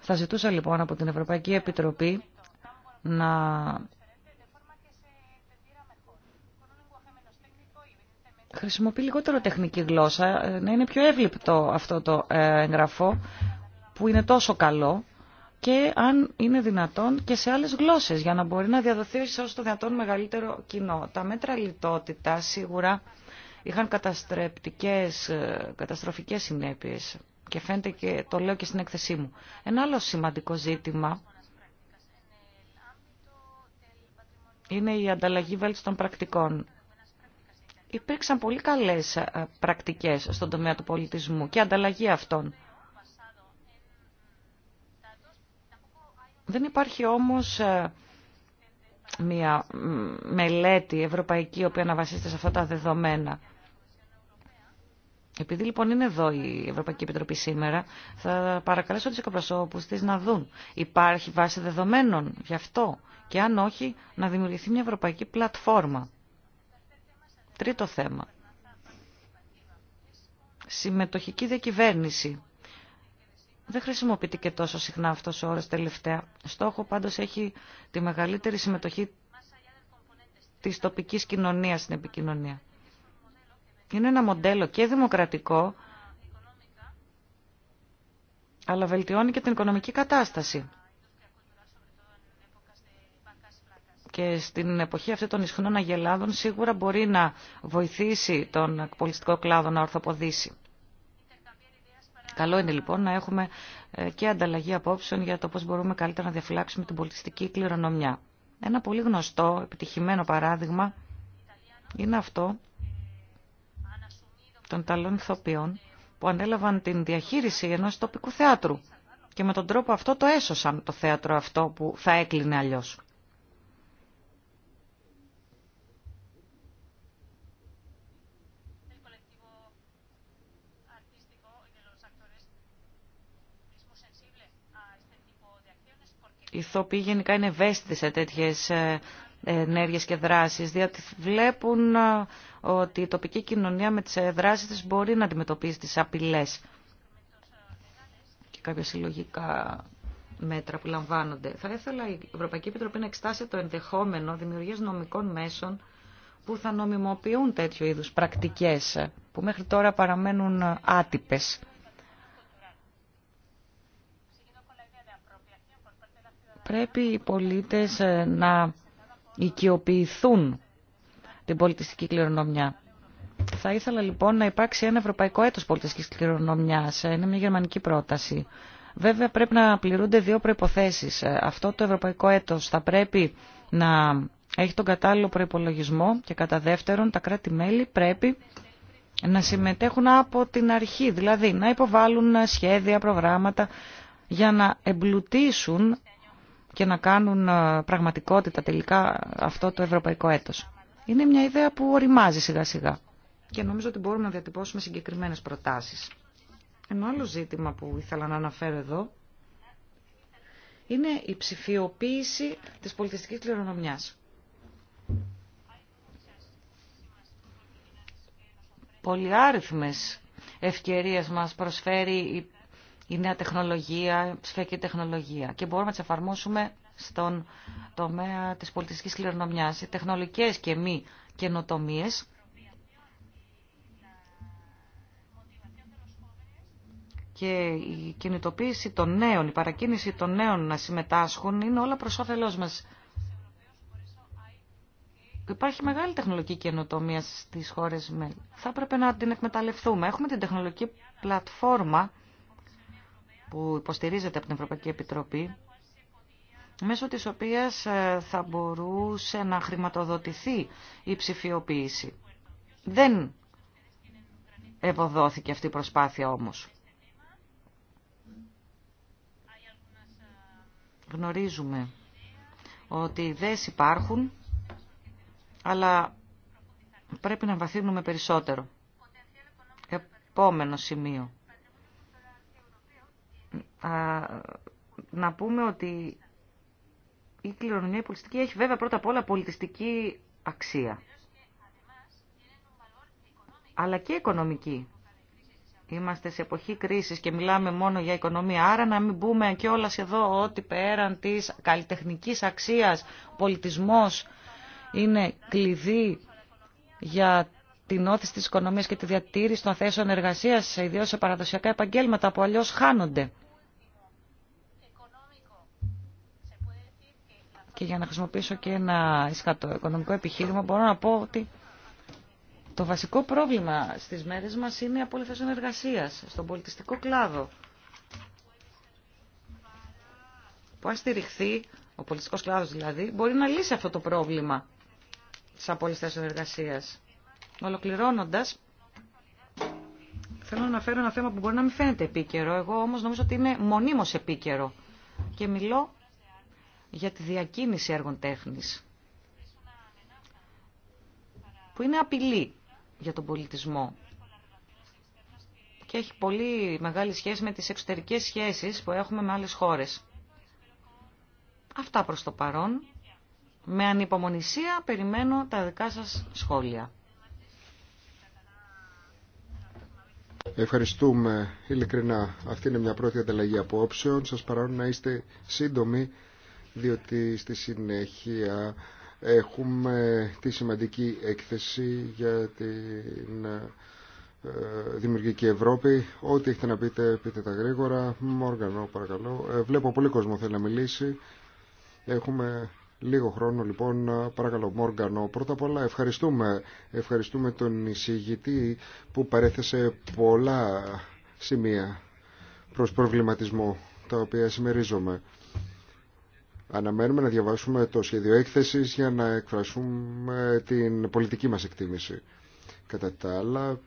Θα ζητούσα λοιπόν από την Ευρωπαϊκή Επιτροπή να χρησιμοποιεί λιγότερο τεχνική γλώσσα, ε, να είναι πιο εύληπτο αυτό το εγγραφό που είναι τόσο καλό και αν είναι δυνατόν και σε άλλες γλώσσες για να μπορεί να διαδοθεί σε όσο το δυνατόν μεγαλύτερο κοινό. Τα μέτρα λιτότητα σίγουρα είχαν καταστρεπτικές, ε, καταστροφικές συνέπειες και φαίνεται και το λέω και στην έκθεσή μου. Ένα άλλο σημαντικό ζήτημα είναι η ανταλλαγή βέλτιστων πρακτικών υπήρξαν πολύ καλές ε, πρακτικές στον τομέα του πολιτισμού και ανταλλαγή αυτών. Δεν υπάρχει όμως ε, μια μελέτη ευρωπαϊκή η οποία να βασίζεται σε αυτά τα δεδομένα. Επειδή λοιπόν είναι εδώ η Ευρωπαϊκή Επιτροπή σήμερα, θα παρακαλέσω τους εκπροσώπους της να δουν. Υπάρχει βάση δεδομένων γι' αυτό και αν όχι να δημιουργηθεί μια ευρωπαϊκή πλατφόρμα Τρίτο θέμα. Συμμετοχική διακυβέρνηση. Δεν χρησιμοποιείται και τόσο συχνά αυτός ο ώρας τελευταία. Στόχο πάντως έχει τη μεγαλύτερη συμμετοχή της τοπικής κοινωνίας στην επικοινωνία. Είναι ένα μοντέλο και δημοκρατικό, αλλά βελτιώνει και την οικονομική κατάσταση. και στην εποχή αυτή των ισχνών αγελάδων σίγουρα μπορεί να βοηθήσει τον πολιτιστικό κλάδο να ορθοποδήσει. Καλό είναι λοιπόν να έχουμε ε, και ανταλλαγή απόψεων για το πώς μπορούμε καλύτερα να διαφυλάξουμε την πολιτιστική κληρονομιά. Ένα πολύ γνωστό, επιτυχημένο παράδειγμα είναι αυτό των Ιταλών ηθοποιών που ανέλαβαν την διαχείριση ενός τοπικού θεάτρου και με τον τρόπο αυτό το έσωσαν το θέατρο αυτό που θα έκλεινε αλλιώς. ηθοποιοί γενικά είναι ευαίσθητοι σε τέτοιες ε, ενέργειες και δράσεις, διότι βλέπουν ε, ότι η τοπική κοινωνία με τις ε, δράσεις της μπορεί να αντιμετωπίσει τις απειλές και κάποια συλλογικά μέτρα που λαμβάνονται. Θα ήθελα η Ευρωπαϊκή Επιτροπή να εξτάσει το ενδεχόμενο δημιουργίας νομικών μέσων που θα νομιμοποιούν τέτοιου είδους πρακτικές που μέχρι τώρα παραμένουν άτυπες. πρέπει οι πολίτες ε, να οικειοποιηθούν την πολιτιστική κληρονομιά. Θα ήθελα λοιπόν να υπάρξει ένα ευρωπαϊκό έτος πολιτιστικής κληρονομιάς. Ε, είναι μια γερμανική πρόταση. Βέβαια πρέπει να πληρούνται δύο προϋποθέσεις. Ε, αυτό το ευρωπαϊκό έτος θα πρέπει να έχει τον κατάλληλο προϋπολογισμό και κατά δεύτερον τα κράτη-μέλη πρέπει να συμμετέχουν από την αρχή, δηλαδή να υποβάλουν σχέδια, προγράμματα για να εμπλουτίσουν και να κάνουν ε, πραγματικότητα τελικά αυτό το ευρωπαϊκό έτος. Είναι μια ιδέα που οριμάζει σιγά σιγά και νομίζω ότι μπορούμε να διατυπώσουμε συγκεκριμένες προτάσεις. Ένα άλλο ζήτημα που ήθελα να αναφέρω εδώ είναι η ψηφιοποίηση της πολιτιστικής κληρονομιάς. Πολυάριθμες ευκαιρίες μας προσφέρει η η νέα τεχνολογία, η ψηφιακή τεχνολογία και μπορούμε να τι εφαρμόσουμε στον τομέα της πολιτιστικής κληρονομιάς. Οι τεχνολογικές και μη καινοτομίε. και η κινητοποίηση των νέων, η παρακίνηση των νέων να συμμετάσχουν είναι όλα προς όφελός μας. Υπάρχει μεγάλη τεχνολογική καινοτομία στις χώρες μέλη. Θα έπρεπε να την εκμεταλλευτούμε. Έχουμε την τεχνολογική πλατφόρμα που υποστηρίζεται από την Ευρωπαϊκή Επιτροπή, μέσω της οποίας ε, θα μπορούσε να χρηματοδοτηθεί η ψηφιοποίηση. Δεν ευωδόθηκε αυτή η προσπάθεια όμως. Γνωρίζουμε ότι ιδέες υπάρχουν, αλλά πρέπει να βαθύνουμε περισσότερο. Επόμενο σημείο να πούμε ότι η κληρονομιά η πολιτιστική έχει βέβαια πρώτα απ' όλα πολιτιστική αξία. Αλλά και οικονομική. Είμαστε σε εποχή κρίσης και μιλάμε μόνο για οικονομία, άρα να μην πούμε και όλα εδώ ότι πέραν της καλλιτεχνικής αξίας πολιτισμός είναι κλειδί για την όθηση της οικονομίας και τη διατήρηση των θέσεων εργασίας, ιδίως σε παραδοσιακά επαγγέλματα που αλλιώς χάνονται. Και για να χρησιμοποιήσω και ένα οικονομικό επιχείρημα, μπορώ να πω ότι το βασικό πρόβλημα στις μέρες μας είναι η απόλυτα εργασίας στον πολιτιστικό κλάδο. Που αν στηριχθεί, ο πολιτιστικός κλάδος δηλαδή, μπορεί να λύσει αυτό το πρόβλημα της απόλυτα εργασία. Ολοκληρώνοντας, θέλω να αναφέρω ένα θέμα που μπορεί να μην φαίνεται επίκαιρο, εγώ όμως νομίζω ότι είναι μονίμως επίκαιρο. Και μιλώ για τη διακίνηση έργων τέχνης, που είναι απειλή για τον πολιτισμό και έχει πολύ μεγάλη σχέση με τις εξωτερικές σχέσεις που έχουμε με άλλες χώρες. Αυτά προς το παρόν. Με ανυπομονησία περιμένω τα δικά σας σχόλια. Ευχαριστούμε ειλικρινά. Αυτή είναι μια πρώτη ανταλλαγή απόψεων. Σας παρόν να είστε σύντομοι διότι στη συνέχεια έχουμε τη σημαντική έκθεση για τη ε, Δημιουργική Ευρώπη. Ό,τι έχετε να πείτε, πείτε τα γρήγορα. Μόργανο, παρακαλώ. Ε, βλέπω πολύ κόσμο θέλει να μιλήσει. Έχουμε λίγο χρόνο, λοιπόν. Παρακαλώ, Μόργανο. Πρώτα απ' όλα, ευχαριστούμε. Ευχαριστούμε τον εισηγητή που παρέθεσε πολλά σημεία προς προβληματισμό, τα οποία συμμερίζομαι. Αναμένουμε να διαβάσουμε το σχέδιο έκθεσης για να εκφράσουμε την πολιτική μας εκτίμηση. Κατά τα άλλα,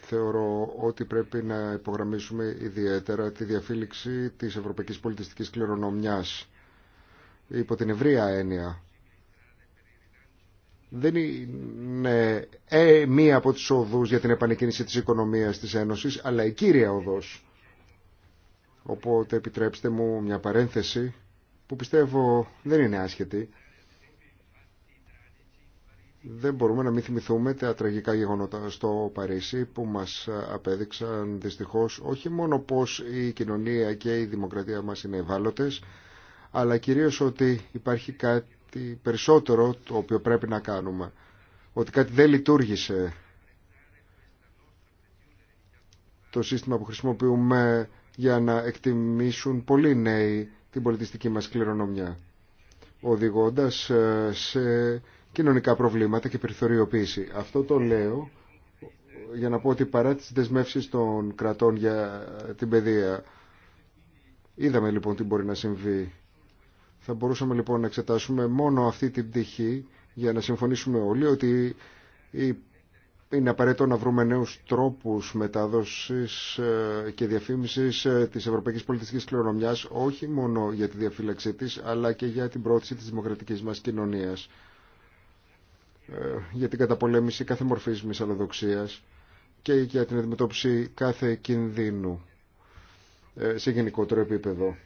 θεωρώ ότι πρέπει να υπογραμμίσουμε ιδιαίτερα τη διαφύλιξη της ευρωπαϊκής πολιτιστικής κληρονομιάς υπό την ευρεία έννοια. Δεν είναι ε, μία από τις οδούς για την επανεκκίνηση της οικονομίας της Ένωσης, αλλά η κύρια οδός. Οπότε επιτρέψτε μου μια παρένθεση που πιστεύω δεν είναι άσχετη. Δεν μπορούμε να μην θυμηθούμε τα τραγικά γεγονότα στο Παρίσι που μας απέδειξαν δυστυχώς όχι μόνο πως η κοινωνία και η δημοκρατία μας είναι ευάλωτες αλλά κυρίως ότι υπάρχει κάτι περισσότερο το οποίο πρέπει να κάνουμε. Ότι κάτι δεν λειτουργήσε το σύστημα που χρησιμοποιούμε για να εκτιμήσουν πολλοί νέοι την πολιτιστική μας κληρονομιά, οδηγώντας ε, σε κοινωνικά προβλήματα και περιθωριοποίηση. Αυτό το λέω για να πω ότι παρά τις δεσμεύσεις των κρατών για την παιδεία, είδαμε λοιπόν τι μπορεί να συμβεί. Θα μπορούσαμε λοιπόν να εξετάσουμε μόνο αυτή την πτυχή για να συμφωνήσουμε όλοι ότι η είναι απαραίτητο να βρούμε νέους τρόπους μετάδοσης ε, και διαφήμισης ε, της ευρωπαϊκής πολιτιστικής κληρονομιάς όχι μόνο για τη διαφύλαξή της αλλά και για την πρόθεση της δημοκρατικής μας κοινωνίας ε, για την καταπολέμηση κάθε μορφής μυσαλλοδοξίας και για την αντιμετώπιση κάθε κινδύνου σε γενικότερο επίπεδο.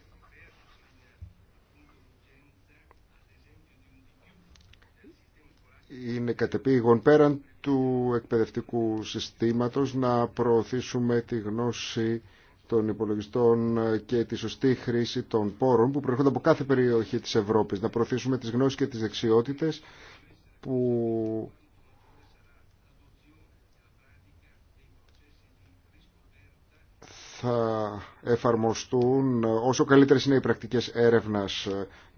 Είναι κατεπήγον πέραν του εκπαιδευτικού συστήματος να προωθήσουμε τη γνώση των υπολογιστών και τη σωστή χρήση των πόρων που προέρχονται από κάθε περιοχή της Ευρώπης. Να προωθήσουμε τις γνώσεις και τις δεξιότητες που θα εφαρμοστούν όσο καλύτερες είναι οι πρακτικές έρευνας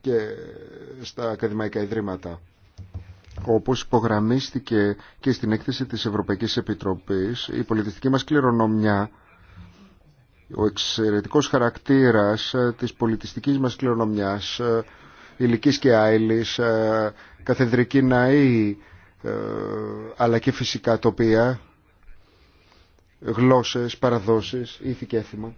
και στα ακαδημαϊκά ιδρύματα. Όπως υπογραμμίστηκε και στην έκθεση της Ευρωπαϊκής Επιτροπής, η πολιτιστική μας κληρονομιά, ο εξαιρετικός χαρακτήρας ε, της πολιτιστικής μας κληρονομιάς, ε, ηλικής και άειλης, ε, καθεδρική ναή, αλλά και φυσικά τοπία, γλώσσες, παραδόσεις, ήθη και έθιμα.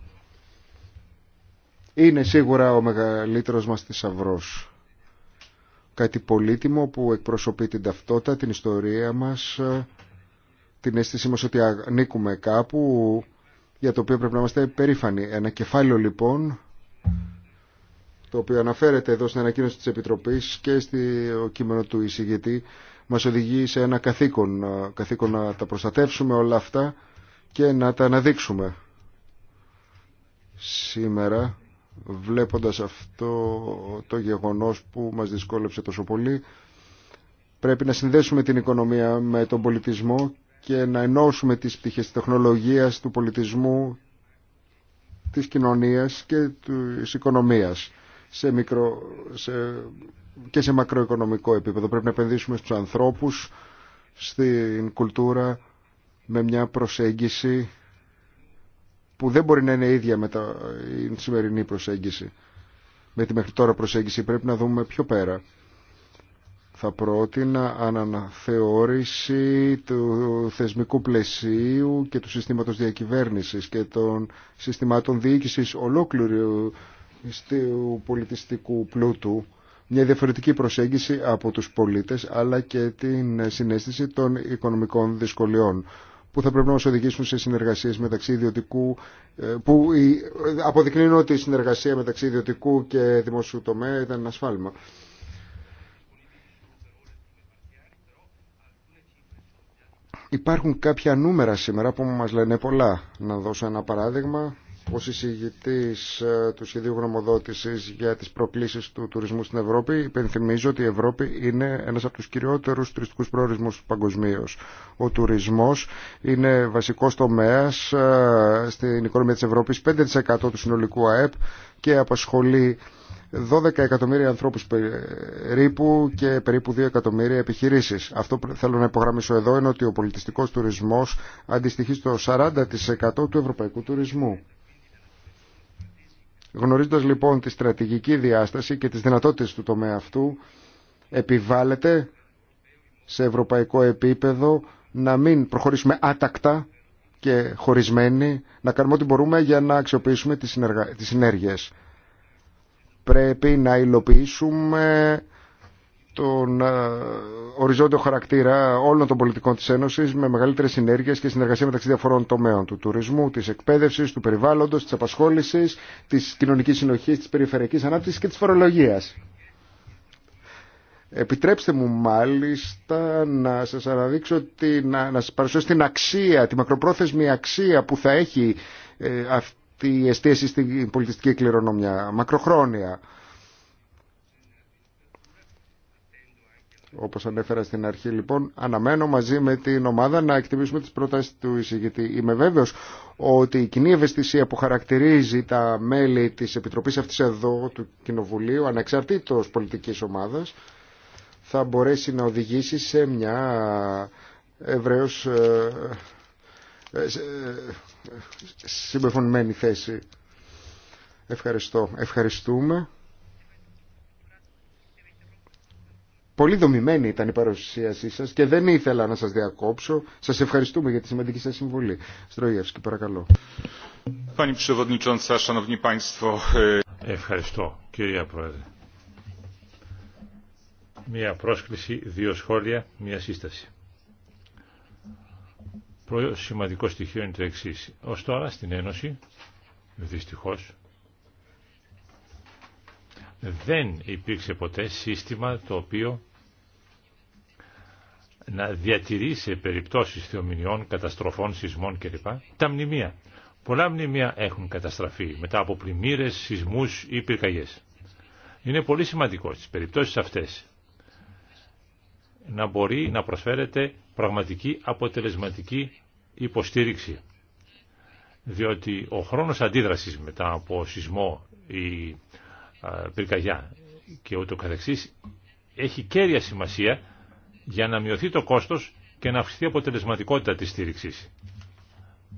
Είναι σίγουρα ο μεγαλύτερος μας θησαυρός κάτι πολύτιμο που εκπροσωπεί την ταυτότητα, την ιστορία μας, την αίσθησή μας ότι ανήκουμε κάπου για το οποίο πρέπει να είμαστε περήφανοι. Ένα κεφάλαιο λοιπόν το οποίο αναφέρεται εδώ στην ανακοίνωση της Επιτροπής και στο κείμενο του εισηγητή μας οδηγεί σε ένα καθήκον, καθήκον να τα προστατεύσουμε όλα αυτά και να τα αναδείξουμε. Σήμερα βλέποντας αυτό το γεγονός που μας δυσκόλεψε τόσο πολύ. Πρέπει να συνδέσουμε την οικονομία με τον πολιτισμό και να ενώσουμε τις πτυχές της τεχνολογίας, του πολιτισμού, της κοινωνίας και της οικονομίας σε και σε μακροοικονομικό επίπεδο. Πρέπει να επενδύσουμε στους ανθρώπους, στην κουλτούρα με μια προσέγγιση που δεν μπορεί να είναι ίδια με την σημερινή προσέγγιση. Με τη μέχρι τώρα προσέγγιση πρέπει να δούμε πιο πέρα. Θα πρότεινα αναθεώρηση του θεσμικού πλαισίου και του συστήματος διακυβέρνησης και των συστημάτων διοίκησης ολόκληρου του πολιτιστικού πλούτου μια διαφορετική προσέγγιση από τους πολίτες αλλά και την συνέστηση των οικονομικών δυσκολιών που θα πρέπει να μας οδηγήσουν σε συνεργασίες μεταξύ ιδιωτικού, ε, που ε, αποδεικνύουν ότι η συνεργασία μεταξύ ιδιωτικού και δημοσίου τομέα ήταν ένα σφάλμα. Υπάρχουν κάποια νούμερα σήμερα που μας λένε πολλά. Να δώσω ένα παράδειγμα ως εισηγητής ε, του σχεδίου γνωμοδότησης για τις προκλήσεις του τουρισμού στην Ευρώπη υπενθυμίζω ότι η Ευρώπη είναι ένας από τους κυριότερους τουριστικούς προορισμούς παγκοσμίω. Ο τουρισμός είναι βασικός τομέας ε, στην οικονομία της Ευρώπης 5% του συνολικού ΑΕΠ και απασχολεί 12 εκατομμύρια ανθρώπους περίπου και περίπου 2 εκατομμύρια επιχειρήσεις. Αυτό που θέλω να υπογραμμίσω εδώ είναι ότι ο πολιτιστικός τουρισμός αντιστοιχεί στο 40% του ευρωπαϊκού τουρισμού. Γνωρίζοντας λοιπόν τη στρατηγική διάσταση και τις δυνατότητες του τομέα αυτού, επιβάλλεται σε ευρωπαϊκό επίπεδο να μην προχωρήσουμε άτακτα και χωρισμένοι, να κάνουμε ό,τι μπορούμε για να αξιοποιήσουμε τις, συνεργα... συνέργειες. Πρέπει να υλοποιήσουμε τον ε, οριζόντιο χαρακτήρα όλων των πολιτικών της Ένωσης με μεγαλύτερες συνέργειες και συνεργασία μεταξύ διαφορών τομέων του τουρισμού, της εκπαίδευσης, του περιβάλλοντος, της απασχόλησης, της κοινωνικής συνοχής, της περιφερειακής ανάπτυξης και της φορολογίας. Επιτρέψτε μου μάλιστα να σας αναδείξω, την, να, να σας παρουσιάσω την αξία, τη μακροπρόθεσμη αξία που θα έχει ε, αυτή η εστίαση στην πολιτιστική κληρονομιά, μακροχρόνια. Όπως ανέφερα στην αρχή λοιπόν, αναμένω μαζί με την ομάδα να εκτιμήσουμε τις προτάσεις του εισηγητή. Είμαι βέβαιος ότι η κοινή ευαισθησία που χαρακτηρίζει τα μέλη της Επιτροπής αυτής εδώ του Κοινοβουλίου, ανεξαρτήτως πολιτικής ομάδας, θα μπορέσει να οδηγήσει σε μια ευρέως ε, ε, ε, συμπεφωνημένη θέση. Ευχαριστώ. Ευχαριστούμε. Πολύ δομημένη ήταν η παρουσίασή σα και δεν ήθελα να σα διακόψω. Σα ευχαριστούμε για τη σημαντική σα συμβολή. Στρογεύσκη, παρακαλώ. Ε, Ευχαριστώ, κυρία Πρόεδρε. Μία πρόσκληση, δύο σχόλια, μία σύσταση. Πρώτο σημαντικό στοιχείο είναι το εξή. Ω τώρα στην Ένωση, δυστυχώ, δεν υπήρξε ποτέ σύστημα το οποίο να διατηρεί σε περιπτώσεις θεομηνιών, καταστροφών, σεισμών κλπ. τα μνημεία. Πολλά μνημεία έχουν καταστραφεί μετά από πλημμύρες, σεισμούς ή πυρκαγιές. Είναι πολύ σημαντικό στις περιπτώσεις αυτές να μπορεί να προσφέρεται πραγματική αποτελεσματική υποστήριξη. Διότι ο χρόνος αντίδρασης μετά από σεισμό ή πυρκαγιά και ούτω καθεξής έχει κέρια σημασία για να μειωθεί το κόστος και να αυξηθεί η αποτελεσματικότητα της στήριξης.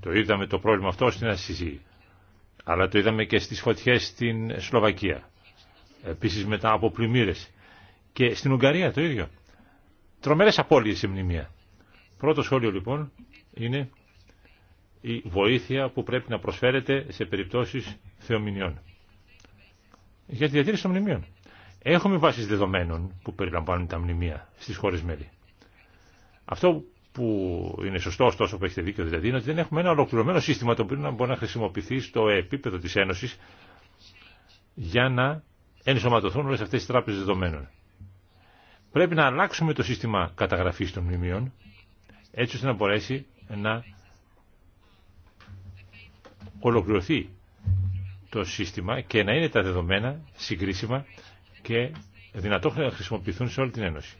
Το είδαμε το πρόβλημα αυτό στην Ασσιζή, αλλά το είδαμε και στις φωτιές στην Σλοβακία, επίσης μετά από πλημμύρες και στην Ουγγαρία το ίδιο. Τρομερές απώλειες η μνημεία. Πρώτο σχόλιο λοιπόν είναι η βοήθεια που πρέπει να προσφέρεται σε περιπτώσεις θεομηνιών. Για τη διατήρηση των μνημείων. Έχουμε βάσει δεδομένων που περιλαμβάνουν τα μνημεία στι χώρε μέλη. Αυτό που είναι σωστό, ωστόσο που έχετε δίκιο δηλαδή, είναι ότι δεν έχουμε ένα ολοκληρωμένο σύστημα το οποίο να μπορεί να χρησιμοποιηθεί στο επίπεδο τη Ένωση για να ενσωματωθούν όλε αυτέ οι τράπεζε δεδομένων. Πρέπει να αλλάξουμε το σύστημα καταγραφή των μνημείων έτσι ώστε να μπορέσει να ολοκληρωθεί το σύστημα και να είναι τα δεδομένα συγκρίσιμα και δυνατόν να χρησιμοποιηθούν σε όλη την Ένωση.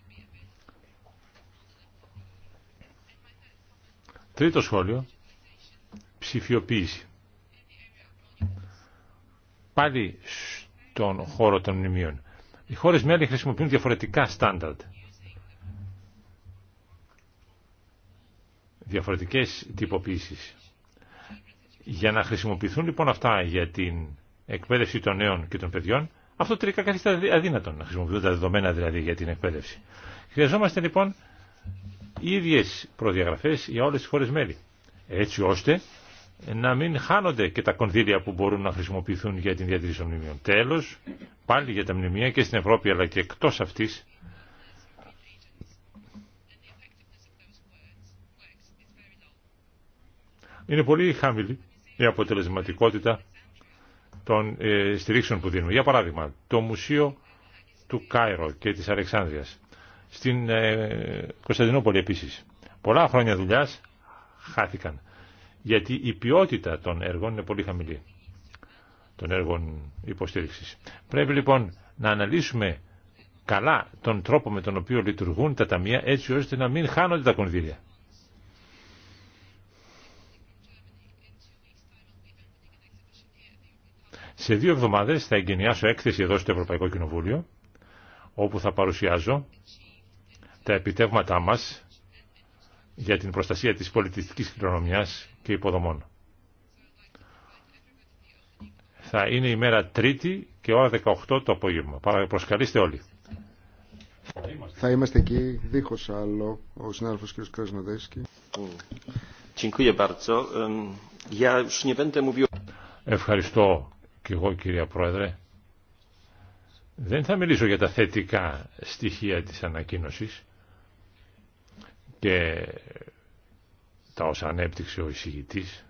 Τρίτο σχόλιο, ψηφιοποίηση. Πάλι στον χώρο των μνημείων. Οι χώρες μέλη χρησιμοποιούν διαφορετικά στάνταρτ. Διαφορετικές τυποποίησεις. Για να χρησιμοποιηθούν λοιπόν αυτά για την εκπαίδευση των νέων και των παιδιών, αυτό τελικά καθιστά αδύνατον να χρησιμοποιούν τα δεδομένα δηλαδή για την εκπαίδευση. Χρειαζόμαστε λοιπόν οι ίδιες προδιαγραφές για όλες τι χώρε μέλη. Έτσι ώστε να μην χάνονται και τα κονδύλια που μπορούν να χρησιμοποιηθούν για την διατήρηση των μνημείων. Τέλος, πάλι για τα μνημεία και στην Ευρώπη αλλά και εκτό αυτή. είναι πολύ χαμηλή η αποτελεσματικότητα των ε, στηρίξεων που δίνουμε. Για παράδειγμα, το Μουσείο του Κάιρο και της Αλεξάνδρειας. Στην ε, Κωνσταντινούπολη επίσης. Πολλά χρόνια δουλειά χάθηκαν. Γιατί η ποιότητα των έργων είναι πολύ χαμηλή. Των έργων υποστήριξης. Πρέπει λοιπόν να αναλύσουμε καλά τον τρόπο με τον οποίο λειτουργούν τα ταμεία έτσι ώστε να μην χάνονται τα κονδύλια. Σε δύο εβδομάδες θα εγκαινιάσω έκθεση εδώ στο Ευρωπαϊκό Κοινοβούλιο, όπου θα παρουσιάζω τα επιτεύγματά μας για την προστασία της πολιτιστικής κληρονομιάς και υποδομών. Θα είναι η μέρα Τρίτη και ώρα 18 το απόγευμα. Προσκαλείστε όλοι. Θα είμαστε εκεί δίχως άλλο ο συνάδελφος κ. Ευχαριστώ. Και εγώ κυρία Πρόεδρε δεν θα μιλήσω για τα θετικά στοιχεία της ανακοίνωσης και τα όσα ανέπτυξε ο εισηγητής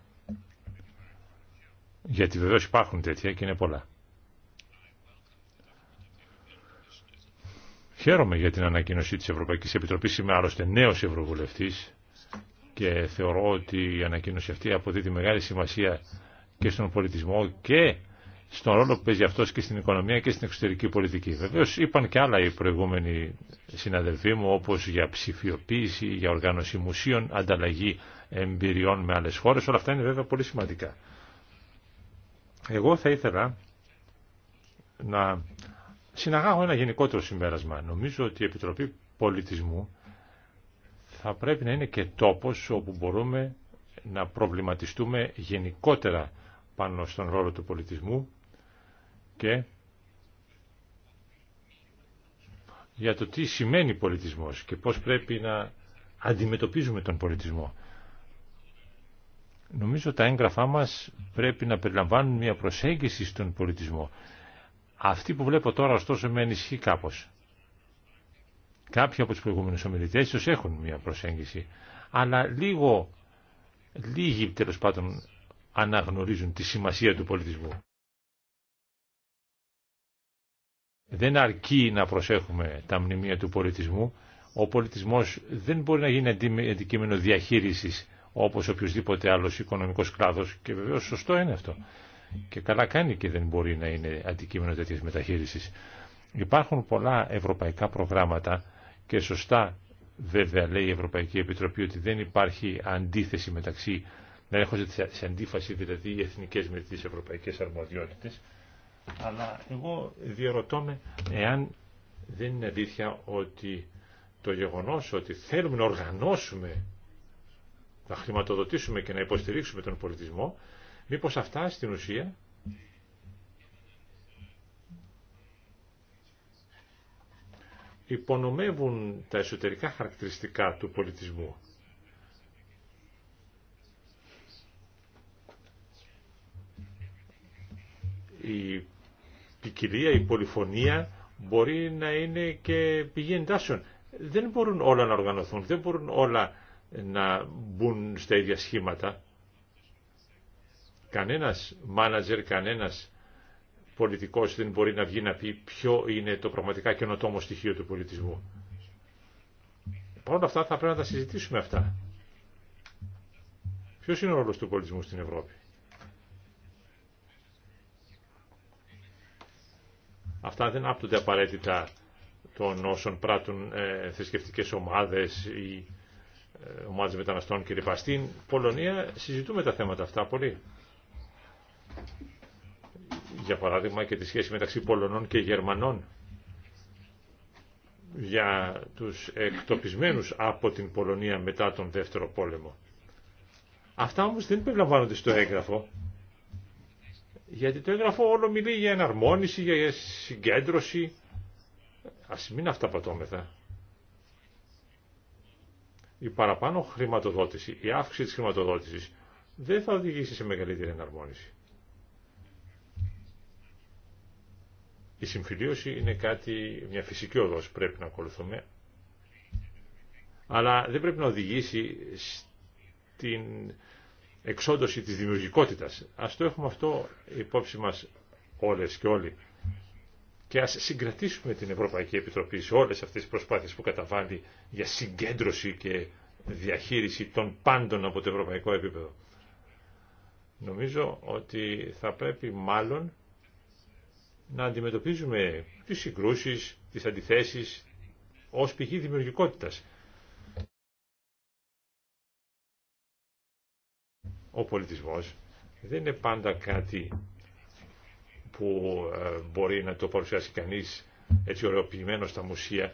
γιατί βεβαίως υπάρχουν τέτοια και είναι πολλά. Χαίρομαι για την ανακοίνωση της Ευρωπαϊκής Επιτροπής. Είμαι άλλωστε νέος Ευρωβουλευτής και θεωρώ ότι η ανακοίνωση αυτή αποδίδει μεγάλη σημασία και στον πολιτισμό και στον ρόλο που παίζει αυτό και στην οικονομία και στην εξωτερική πολιτική. Βεβαίω, είπαν και άλλα οι προηγούμενοι συναδελφοί μου όπω για ψηφιοποίηση, για οργάνωση μουσείων, ανταλλαγή εμπειριών με άλλε χώρε. Όλα αυτά είναι βέβαια πολύ σημαντικά. Εγώ θα ήθελα να συναγάγω ένα γενικότερο συμπέρασμα. Νομίζω ότι η Επιτροπή Πολιτισμού θα πρέπει να είναι και τόπος όπου μπορούμε να προβληματιστούμε γενικότερα πάνω στον ρόλο του πολιτισμού και για το τι σημαίνει πολιτισμός και πώς πρέπει να αντιμετωπίζουμε τον πολιτισμό. Νομίζω τα έγγραφά μας πρέπει να περιλαμβάνουν μια προσέγγιση στον πολιτισμό. Αυτή που βλέπω τώρα ωστόσο με ενισχύει κάπως. Κάποιοι από τους προηγούμενους ομιλητές ίσως έχουν μια προσέγγιση, αλλά λίγο, λίγοι τέλος πάντων αναγνωρίζουν τη σημασία του πολιτισμού. Δεν αρκεί να προσέχουμε τα μνημεία του πολιτισμού. Ο πολιτισμός δεν μπορεί να γίνει αντικείμενο διαχείρισης όπως οποιοδήποτε άλλος οικονομικός κλάδος και βεβαίως σωστό είναι αυτό. Και καλά κάνει και δεν μπορεί να είναι αντικείμενο τέτοιας μεταχείρισης. Υπάρχουν πολλά ευρωπαϊκά προγράμματα και σωστά βέβαια λέει η Ευρωπαϊκή Επιτροπή ότι δεν υπάρχει αντίθεση μεταξύ, να έχω σε αντίφαση δηλαδή οι εθνικές με τις ευρωπαϊκές αρμοδιότητες αλλά εγώ διαρωτώ με εάν δεν είναι αλήθεια ότι το γεγονός ότι θέλουμε να οργανώσουμε, να χρηματοδοτήσουμε και να υποστηρίξουμε τον πολιτισμό, μήπως αυτά στην ουσία υπονομεύουν τα εσωτερικά χαρακτηριστικά του πολιτισμού. Η ποικιλία, η πολυφωνία μπορεί να είναι και πηγή εντάσεων. Δεν μπορούν όλα να οργανωθούν, δεν μπορούν όλα να μπουν στα ίδια σχήματα. Κανένας μάνατζερ, κανένας πολιτικός δεν μπορεί να βγει να πει ποιο είναι το πραγματικά καινοτόμο στοιχείο του πολιτισμού. Παρ' όλα αυτά θα πρέπει να τα συζητήσουμε αυτά. Ποιος είναι ο ρόλος του πολιτισμού στην Ευρώπη. Αυτά δεν άπτονται απαραίτητα των όσων πράττουν ε, θρησκευτικές ομάδες ή ομαδε ομάδες μεταναστών κλπ. Στην Πολωνία συζητούμε τα θέματα αυτά πολύ. Για παράδειγμα και τη σχέση μεταξύ Πολωνών και Γερμανών για τους εκτοπισμένους από την Πολωνία μετά τον Δεύτερο Πόλεμο. Αυτά όμως δεν περιλαμβάνονται στο έγγραφο γιατί το έγγραφο όλο μιλεί για εναρμόνιση, για συγκέντρωση. Ας μην αυταπατώμεθα. Η παραπάνω χρηματοδότηση, η αύξηση τη χρηματοδότησης δεν θα οδηγήσει σε μεγαλύτερη εναρμόνιση. Η συμφιλίωση είναι κάτι, μια φυσική οδός πρέπει να ακολουθούμε, αλλά δεν πρέπει να οδηγήσει στην εξόντωση της δημιουργικότητας. Ας το έχουμε αυτό υπόψη μας όλες και όλοι. Και ας συγκρατήσουμε την Ευρωπαϊκή Επιτροπή σε όλες αυτές τις προσπάθειες που καταβάλει για συγκέντρωση και διαχείριση των πάντων από το ευρωπαϊκό επίπεδο. Νομίζω ότι θα πρέπει μάλλον να αντιμετωπίζουμε τις συγκρούσεις, τις αντιθέσεις ως πηγή δημιουργικότητας. Ο πολιτισμός δεν είναι πάντα κάτι που ε, μπορεί να το παρουσιάσει κανείς έτσι ωραιοποιημένο στα μουσεία.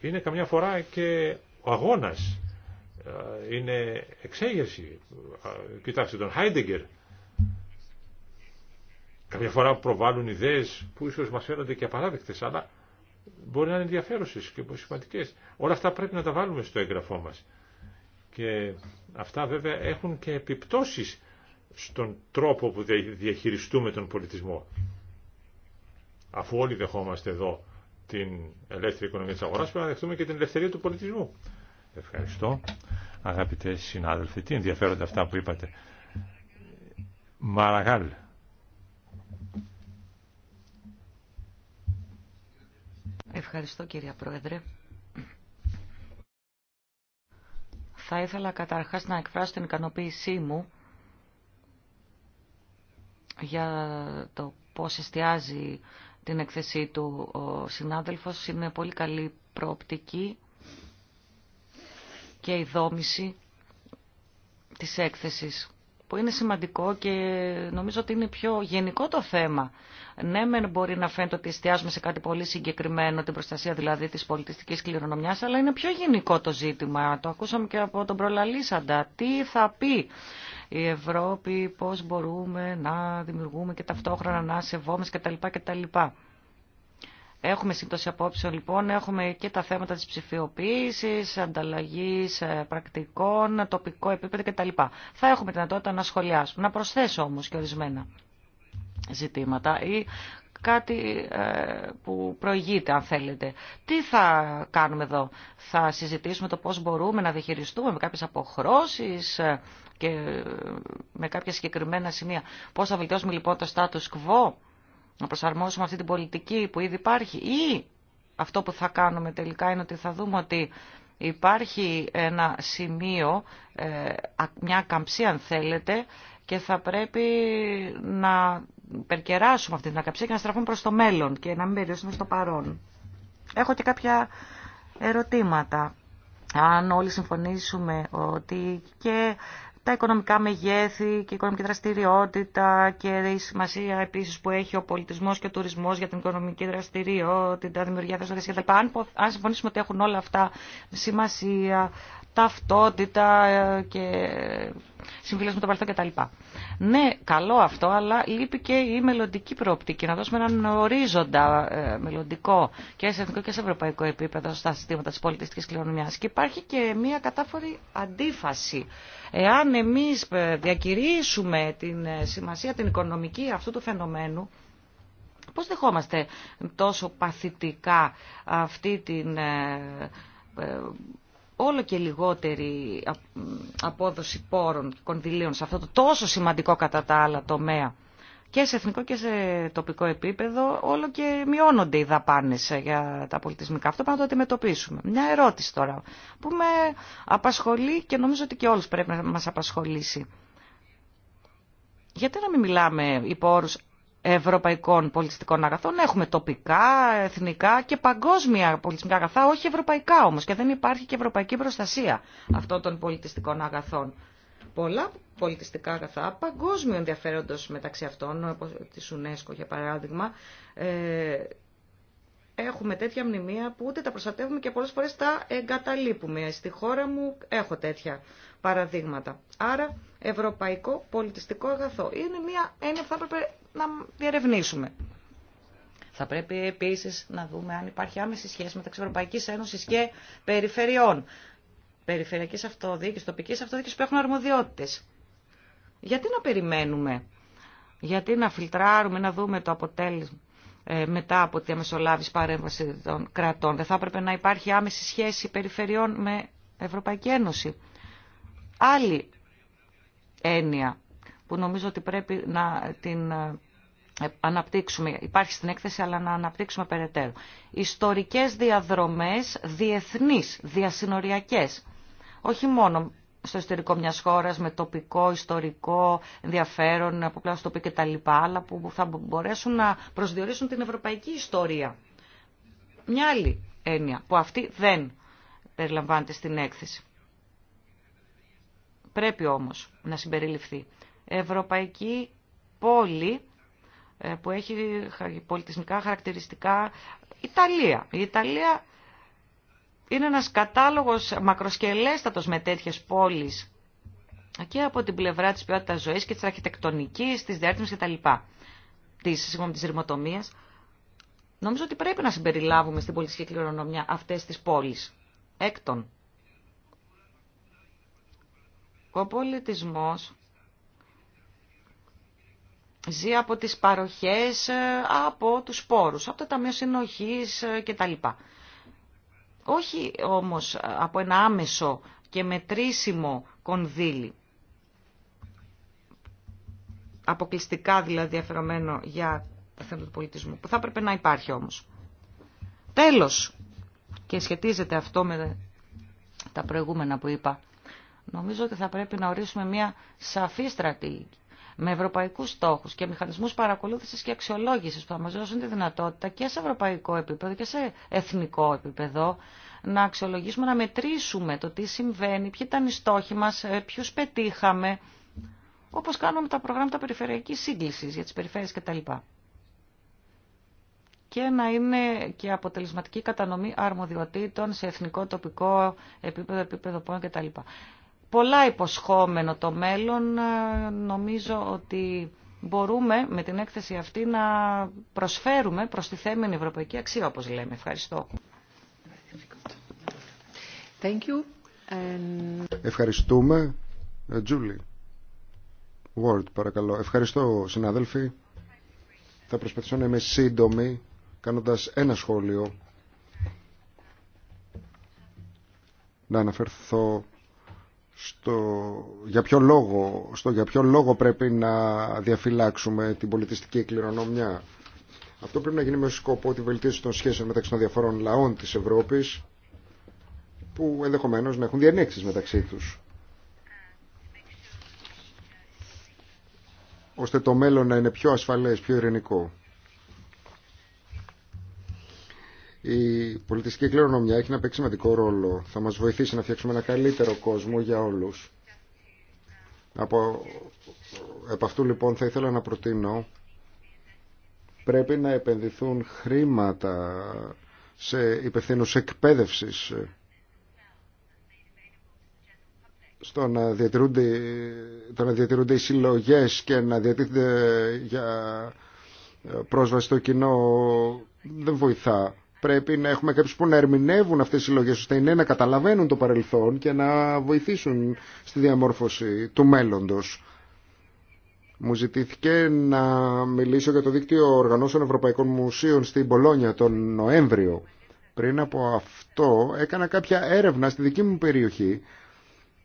Είναι καμιά φορά και ο αγώνας, ε, είναι εξέγερση. Ε, κοιτάξτε τον Χάιντεγκερ. Καμιά φορά προβάλλουν ιδέες που ίσως μας φαίνονται και απαράδεκτες, αλλά μπορεί να είναι ενδιαφέρουσες και σημαντικέ. Όλα αυτά πρέπει να τα βάλουμε στο έγγραφό μας. Και αυτά βέβαια έχουν και επιπτώσεις στον τρόπο που διαχειριστούμε τον πολιτισμό. Αφού όλοι δεχόμαστε εδώ την ελεύθερη οικονομία της αγοράς, πρέπει να δεχτούμε και την ελευθερία του πολιτισμού. Ευχαριστώ. Αγαπητέ συνάδελφοι, τι ενδιαφέρονται αυτά που είπατε. Μαραγάλ. Ευχαριστώ κύριε Πρόεδρε. Θα ήθελα καταρχάς να εκφράσω την ικανοποίησή μου για το πώς εστιάζει την εκθεσή του ο συνάδελφος. Είναι πολύ καλή προοπτική και η δόμηση της έκθεσης που είναι σημαντικό και νομίζω ότι είναι πιο γενικό το θέμα. Ναι, μεν μπορεί να φαίνεται ότι εστιάζουμε σε κάτι πολύ συγκεκριμένο, την προστασία δηλαδή της πολιτιστικής κληρονομιάς, αλλά είναι πιο γενικό το ζήτημα. Το ακούσαμε και από τον προλαλήσαντα. Τι θα πει η Ευρώπη, πώς μπορούμε να δημιουργούμε και ταυτόχρονα να σεβόμαστε κτλ. Έχουμε σύμπτωση απόψεων λοιπόν, έχουμε και τα θέματα της ψηφιοποίησης, ανταλλαγής ε, πρακτικών, τοπικό επίπεδο κτλ. Θα έχουμε δυνατότητα να σχολιάσουμε, να προσθέσω όμως και ορισμένα ζητήματα ή κάτι ε, που προηγείται αν θέλετε. Τι θα κάνουμε εδώ, θα συζητήσουμε το πώς μπορούμε να διαχειριστούμε με κάποιες αποχρώσεις ε, και με κάποια συγκεκριμένα σημεία. Πώς θα βελτιώσουμε λοιπόν το status quo να προσαρμόσουμε αυτή την πολιτική που ήδη υπάρχει ή αυτό που θα κάνουμε τελικά είναι ότι θα δούμε ότι υπάρχει ένα σημείο, ε, μια καμψή αν θέλετε, και θα πρέπει να περκεράσουμε αυτή την καμψή και να στραφούμε προς το μέλλον και να μην περιορίσουμε στο παρόν. Έχω και κάποια ερωτήματα. Αν όλοι συμφωνήσουμε ότι και τα οικονομικά μεγέθη και η οικονομική δραστηριότητα και η σημασία επίση που έχει ο πολιτισμό και ο τουρισμό για την οικονομική δραστηριότητα, δημιουργία θέσεων κλπ. Αν συμφωνήσουμε ότι έχουν όλα αυτά σημασία, ταυτότητα ε, και συμφιλές με το παρελθόν κτλ. Ναι, καλό αυτό, αλλά λείπει και η μελλοντική προοπτική. Να δώσουμε έναν ορίζοντα ε, μελλοντικό και σε εθνικό και σε ευρωπαϊκό επίπεδο στα συστήματα τη πολιτιστική κληρονομιά. Και υπάρχει και μια κατάφορη αντίφαση. Εάν εμεί ε, διακηρύσουμε την σημασία την οικονομική αυτού του φαινομένου, Πώ δεχόμαστε τόσο παθητικά αυτή την όλο και λιγότερη απόδοση πόρων και κονδυλίων σε αυτό το τόσο σημαντικό κατά τα άλλα τομέα και σε εθνικό και σε τοπικό επίπεδο όλο και μειώνονται οι δαπάνες για τα πολιτισμικά. Αυτό πρέπει να το αντιμετωπίσουμε. Μια ερώτηση τώρα που με απασχολεί και νομίζω ότι και όλους πρέπει να μας απασχολήσει. Γιατί να μην μιλάμε υπό όρους ευρωπαϊκών πολιτιστικών αγαθών. Έχουμε τοπικά, εθνικά και παγκόσμια πολιτιστικά αγαθά, όχι ευρωπαϊκά όμως και δεν υπάρχει και ευρωπαϊκή προστασία αυτών των πολιτιστικών αγαθών. Πολλά πολιτιστικά αγαθά παγκόσμιο ενδιαφέροντος μεταξύ αυτών, όπως της UNESCO για παράδειγμα, ε, έχουμε τέτοια μνημεία που ούτε τα προστατεύουμε και πολλές φορές τα εγκαταλείπουμε. Στη χώρα μου έχω τέτοια παραδείγματα. Άρα ευρωπαϊκό πολιτιστικό αγαθό. Είναι μια έννοια που θα έπρεπε να διερευνήσουμε. Θα πρέπει επίση να δούμε αν υπάρχει άμεση σχέση μεταξύ Ευρωπαϊκή Ένωση και περιφερειών. Περιφερειακή αυτοδιοίκηση, τοπική αυτοδιοίκηση που έχουν αρμοδιότητε. Γιατί να περιμένουμε, γιατί να φιλτράρουμε, να δούμε το αποτέλεσμα ε, μετά από τη αμεσολάβηση παρέμβαση των κρατών. Δεν θα έπρεπε να υπάρχει άμεση σχέση περιφερειών με Ευρωπαϊκή Ένωση. Άλλη έννοια που νομίζω ότι πρέπει να την ε, αναπτύξουμε. Υπάρχει στην έκθεση, αλλά να αναπτύξουμε περαιτέρω. Ιστορικές διαδρομές διεθνείς, διασυνοριακές. Όχι μόνο στο ιστορικό μιας χώρας με τοπικό, ιστορικό ενδιαφέρον, από πλάι και τα λοιπά, αλλά που θα μπορέσουν να προσδιορίσουν την ευρωπαϊκή ιστορία. Μια άλλη έννοια που αυτή δεν περιλαμβάνεται στην έκθεση. Πρέπει όμως να συμπεριληφθεί. Ευρωπαϊκή πόλη ε, που έχει πολιτισμικά χαρακτηριστικά Ιταλία. Η Ιταλία είναι ένας κατάλογος μακροσκελέστατος με τέτοιες πόλεις και από την πλευρά της ποιότητας ζωής και της αρχιτεκτονικής, της διάρτημης κτλ. Της, σύμφωνα, της ρημοτομίας. Νομίζω ότι πρέπει να συμπεριλάβουμε στην πολιτική κληρονομιά αυτές τις πόλεις. Έκτον, ο πολιτισμός ζει από τις παροχές, από τους πόρους, από τα ταμείο συνοχής ε, κτλ. Όχι όμως από ένα άμεσο και μετρήσιμο κονδύλι. Αποκλειστικά δηλαδή αφαιρωμένο για τα θέματα του πολιτισμού, που θα έπρεπε να υπάρχει όμως. Τέλος, και σχετίζεται αυτό με τα προηγούμενα που είπα, Νομίζω ότι θα πρέπει να ορίσουμε μια σαφή στρατηγική με ευρωπαϊκούς στόχους και μηχανισμούς παρακολούθησης και αξιολόγησης που θα μας δώσουν τη δυνατότητα και σε ευρωπαϊκό επίπεδο και σε εθνικό επίπεδο να αξιολογήσουμε, να μετρήσουμε το τι συμβαίνει, ποιοι ήταν οι στόχοι μας, ε, ποιους πετύχαμε, όπως κάνουμε τα προγράμματα περιφερειακής σύγκλησης για τις περιφέρειες κτλ. Και να είναι και αποτελεσματική κατανομή αρμοδιοτήτων σε εθνικό, τοπικό επίπεδο, επίπεδο πόνο κτλ πολλά υποσχόμενο το μέλλον. Ε, νομίζω ότι μπορούμε με την έκθεση αυτή να προσφέρουμε προς τη θέμενη ευρωπαϊκή αξία, όπως λέμε. Ευχαριστώ. Thank you. And... Ευχαριστούμε. Ε, Τζούλη. Word, παρακαλώ. Ευχαριστώ, συνάδελφοι. Θα προσπαθήσω να είμαι σύντομη, κάνοντας ένα σχόλιο. Να αναφερθώ στο, για, ποιο λόγο, στο για ποιο λόγο πρέπει να διαφυλάξουμε την πολιτιστική κληρονομιά. Αυτό πρέπει να γίνει με σκοπό τη βελτίωση των σχέσεων μεταξύ των διαφορών λαών της Ευρώπης που ενδεχομένως να έχουν διενέξεις μεταξύ τους. ώστε το μέλλον να είναι πιο ασφαλές, πιο ειρηνικό. η πολιτιστική κληρονομιά έχει ένα παίξει σημαντικό ρόλο. Θα μας βοηθήσει να φτιάξουμε ένα καλύτερο κόσμο για όλους. Από, από αυτού λοιπόν θα ήθελα να προτείνω πρέπει να επενδυθούν χρήματα σε υπευθύνους εκπαίδευσης στο να διατηρούνται, το να διατηρούνται οι συλλογές και να διατηρούνται για πρόσβαση στο κοινό δεν βοηθά πρέπει να έχουμε κάποιους που να ερμηνεύουν αυτές τις συλλογές ώστε είναι να καταλαβαίνουν το παρελθόν και να βοηθήσουν στη διαμόρφωση του μέλλοντος. Μου ζητήθηκε να μιλήσω για το δίκτυο οργανώσεων Ευρωπαϊκών Μουσείων στην Πολόνια τον Νοέμβριο. Πριν από αυτό έκανα κάποια έρευνα στη δική μου περιοχή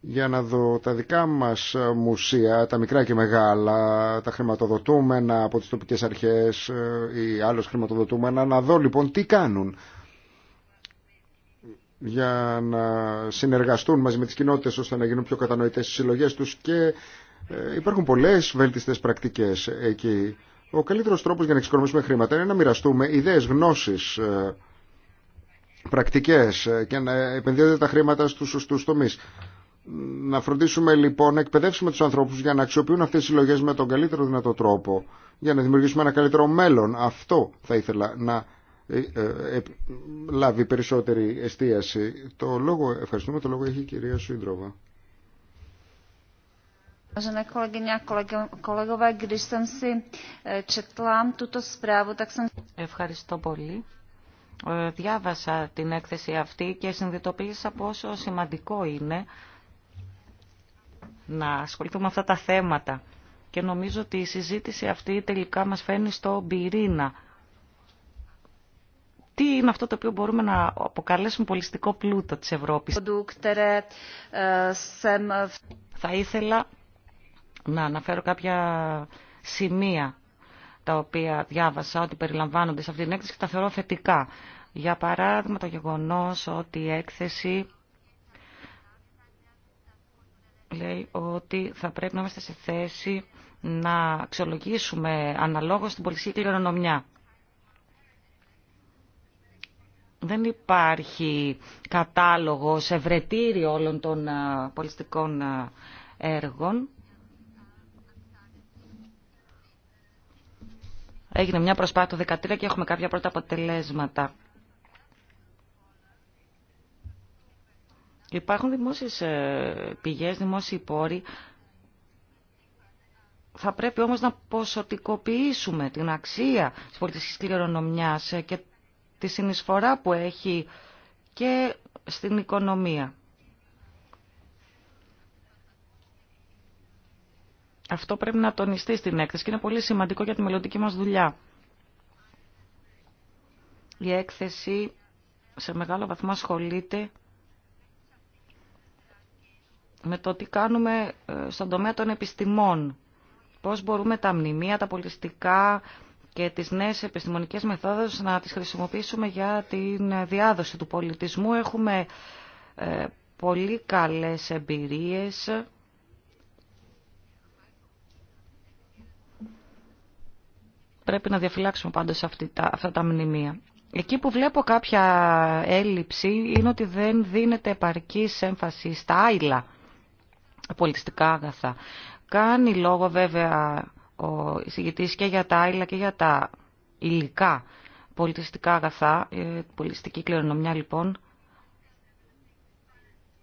για να δω τα δικά μας μουσεία, τα μικρά και μεγάλα, τα χρηματοδοτούμενα από τις τοπικές αρχές ε, ή άλλους χρηματοδοτούμενα, να δω λοιπόν τι κάνουν για να συνεργαστούν μαζί με τις κοινότητες ώστε να γίνουν πιο κατανοητές οι συλλογές τους και ε, υπάρχουν πολλές βέλτιστες πρακτικές εκεί. Ο καλύτερος τρόπος για να εξοικονομήσουμε χρήματα είναι να μοιραστούμε ιδέες, γνώσεις, ε, πρακτικές και να επενδύονται τα χρήματα στους σωστούς τομείς. Να φροντίσουμε λοιπόν να εκπαιδεύσουμε τους ανθρώπους για να αξιοποιούν αυτές τις συλλογέ με τον καλύτερο δυνατό τρόπο για να δημιουργήσουμε ένα καλύτερο μέλλον. Αυτό θα ήθελα να ε, ε, λάβει περισσότερη εστίαση. Το λόγο, ευχαριστούμε, το λόγο έχει η κυρία Σουίντροβα. Vážené kolegyně a kolegové, když eh, tuto tak Ευχαριστώ πολύ. Ε, διάβασα την έκθεση αυτή και συνειδητοποίησα πόσο σημαντικό είναι να ασχοληθούμε αυτά τα θέματα. Και νομίζω ότι η συζήτηση αυτή τελικά μας φαίνει στο πυρήνα. Τι είναι αυτό το οποίο μπορούμε να αποκαλέσουμε πολιστικό πλούτο της Ευρώπης. Ε, Θα ήθελα να αναφέρω κάποια σημεία τα οποία διάβασα ότι περιλαμβάνονται σε αυτή την έκθεση και τα θεωρώ θετικά. Για παράδειγμα το γεγονός ότι η έκθεση λέει ότι θα πρέπει να είμαστε σε θέση να αξιολογήσουμε αναλόγως την πολιτική κληρονομιά. Δεν υπάρχει κατάλογος ευρετήριο όλων των πολιτικών έργων. Έγινε μια προσπάθεια το 2013 και έχουμε κάποια πρώτα αποτελέσματα. Υπάρχουν δημόσιες ε, πηγές, δημόσιοι πόροι. Θα πρέπει όμως να ποσοτικοποιήσουμε την αξία της πολιτικής κληρονομιάς ε, και τη συνεισφορά που έχει και στην οικονομία. Αυτό πρέπει να τονιστεί στην έκθεση και είναι πολύ σημαντικό για τη μελλοντική μας δουλειά. Η έκθεση σε μεγάλο βαθμό ασχολείται με το τι κάνουμε ε, στον τομέα των επιστημών. Πώς μπορούμε τα μνημεία, τα πολιτιστικά και τις νέες επιστημονικές μεθόδους να τις χρησιμοποιήσουμε για την διάδοση του πολιτισμού. Έχουμε ε, πολύ καλές εμπειρίες. Πρέπει να διαφυλάξουμε πάντως αυτά τα μνημεία. Εκεί που βλέπω κάποια έλλειψη είναι ότι δεν δίνεται επαρκής έμφαση στα άειλα πολιτιστικά αγαθά. Κάνει λόγο βέβαια ο εισηγητής και για τα άλλα και για τα υλικά πολιτιστικά αγαθά, ε, πολιτιστική κληρονομιά λοιπόν,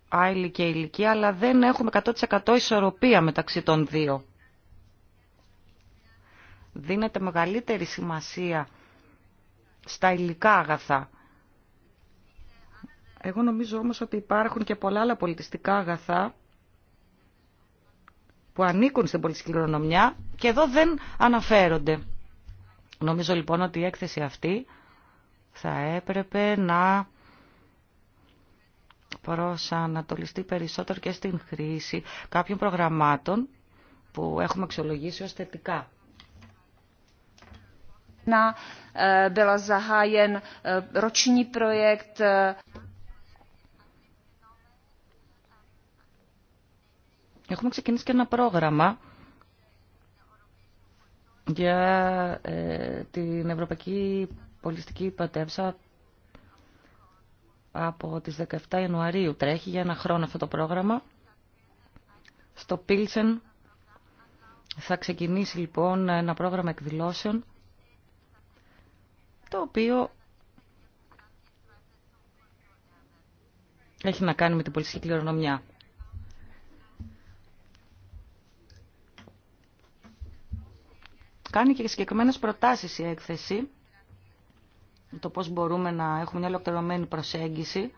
άειλη και υλική αλλά δεν έχουμε 100% ισορροπία μεταξύ των δύο. Δίνεται μεγαλύτερη σημασία στα υλικά αγαθά. Εγώ νομίζω όμως ότι υπάρχουν και πολλά άλλα πολιτιστικά αγαθά που ανήκουν στην πολιτική και εδώ δεν αναφέρονται. Νομίζω λοιπόν ότι η έκθεση αυτή θα έπρεπε να προσανατολιστεί περισσότερο και στην χρήση κάποιων προγραμμάτων που έχουμε αξιολογήσει ως θετικά. Ε, ε, Έχουμε ξεκινήσει και ένα πρόγραμμα για ε, την Ευρωπαϊκή Πολιστική Πατέψα από τις 17 Ιανουαρίου. Τρέχει για ένα χρόνο αυτό το πρόγραμμα. Στο Πίλσεν θα ξεκινήσει λοιπόν ένα πρόγραμμα εκδηλώσεων το οποίο έχει να κάνει με την πολιτική κληρονομιά. Κάνει και συγκεκριμένε προτάσεις η έκθεση, το πώς μπορούμε να έχουμε μια ολοκληρωμένη προσέγγιση.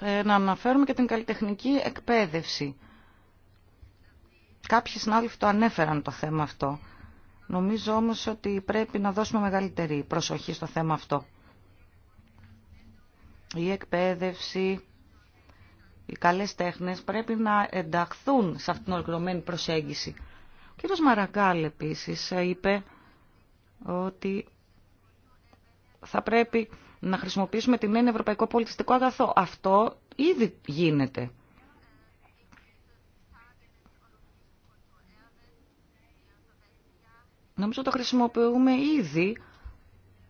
Ε, να αναφέρουμε και την καλλιτεχνική εκπαίδευση. Κάποιοι συνάδελφοι το ανέφεραν το θέμα αυτό. Νομίζω όμως ότι πρέπει να δώσουμε μεγαλύτερη προσοχή στο θέμα αυτό. Η εκπαίδευση οι καλές τέχνες πρέπει να ενταχθούν σε αυτήν την ολοκληρωμένη προσέγγιση. Ο κ. Μαραγκάλ επίσης είπε ότι θα πρέπει να χρησιμοποιήσουμε την έννοια ευρωπαϊκό πολιτιστικό αγαθό. Αυτό ήδη γίνεται. Νομίζω το χρησιμοποιούμε ήδη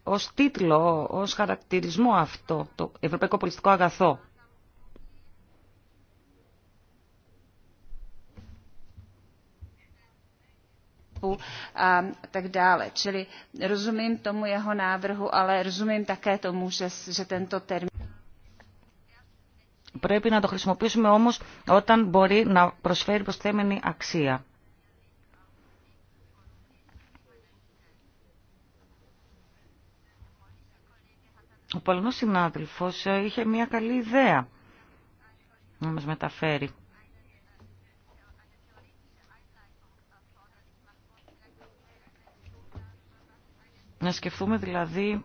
ως τίτλο, ως χαρακτηρισμό αυτό, το ευρωπαϊκό πολιτιστικό αγαθό. přístupu a tak dále. Čili rozumím tomu jeho návrhu, ale rozumím také tomu, že, že tento termín Πρέπει να το χρησιμοποιήσουμε όμως όταν μπορεί να προσφέρει προσθέμενη αξία. Ο Πολωνός συνάδελφος είχε μια καλή ιδέα να μας μεταφέρει. Να σκεφτούμε δηλαδή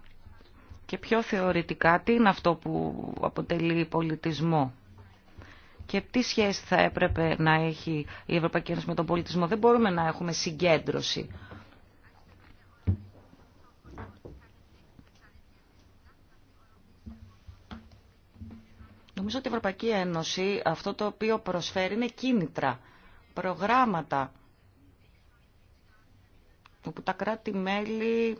και πιο θεωρητικά τι είναι αυτό που αποτελεί πολιτισμό και τι σχέση θα έπρεπε να έχει η Ευρωπαϊκή Ένωση με τον πολιτισμό. Δεν μπορούμε να έχουμε συγκέντρωση. Νομίζω ότι η Ευρωπαϊκή Ένωση αυτό το οποίο προσφέρει είναι κίνητρα, προγράμματα, όπου τα κράτη-μέλη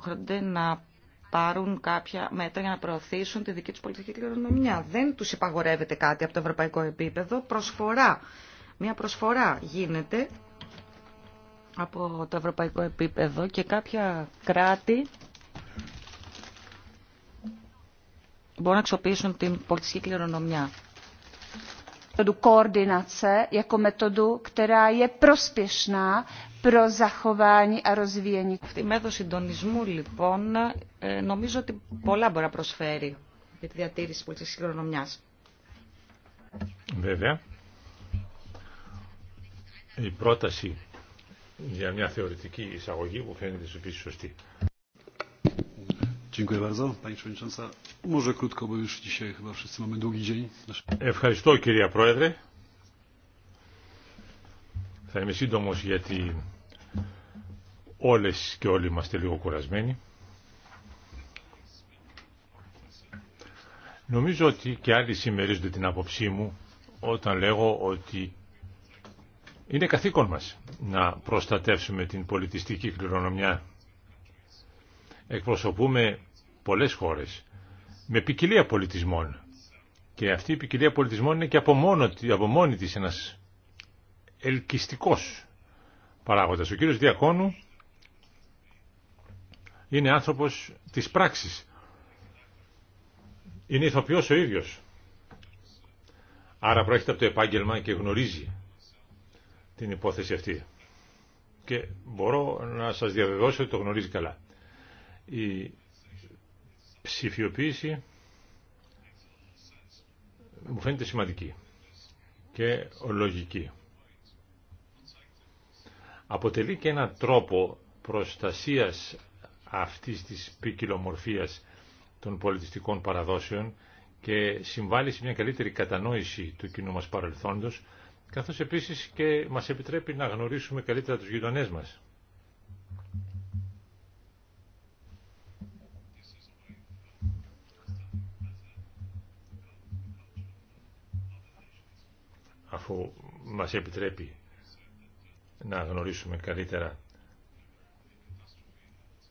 υποχρεούνται να πάρουν κάποια μέτρα για να προωθήσουν τη δική τους πολιτική κληρονομιά. Δεν τους υπαγορεύεται κάτι από το ευρωπαϊκό επίπεδο. Προσφορά. Μια προσφορά γίνεται από το ευρωπαϊκό επίπεδο και κάποια κράτη μπορούν να αξιοποιήσουν την πολιτική κληρονομιά pro zachování a Αυτή η μέθοδος συντονισμού λοιπόν ε, νομίζω ότι πολλά μπορεί να προσφέρει για τη διατήρηση της πολιτικής Βέβαια, η πρόταση για μια θεωρητική εισαγωγή που φαίνεται σου πίσω σωστή. Ευχαριστώ κυρία Πρόεδρε. Θα είμαι σύντομος γιατί όλες και όλοι είμαστε λίγο κουρασμένοι. Νομίζω ότι και άλλοι συμμερίζονται την άποψή μου όταν λέγω ότι είναι καθήκον μας να προστατεύσουμε την πολιτιστική κληρονομιά. Εκπροσωπούμε πολλές χώρες με ποικιλία πολιτισμών και αυτή η ποικιλία πολιτισμών είναι και από, μόνο, μόνη της ένας ελκυστικός παράγοντας. Ο κύριος Διακόνου είναι άνθρωπος της πράξης. Είναι ηθοποιός ο ίδιος. Άρα προέρχεται από το επάγγελμα και γνωρίζει την υπόθεση αυτή. Και μπορώ να σας διαβεβαιώσω ότι το γνωρίζει καλά. Η ψηφιοποίηση μου φαίνεται σημαντική και λογική αποτελεί και ένα τρόπο προστασίας αυτής της ποικιλομορφία των πολιτιστικών παραδόσεων και συμβάλλει σε μια καλύτερη κατανόηση του κοινού μας παρελθόντος, καθώς επίσης και μας επιτρέπει να γνωρίσουμε καλύτερα τους γειτονές μας. Αφού μας επιτρέπει να γνωρίσουμε καλύτερα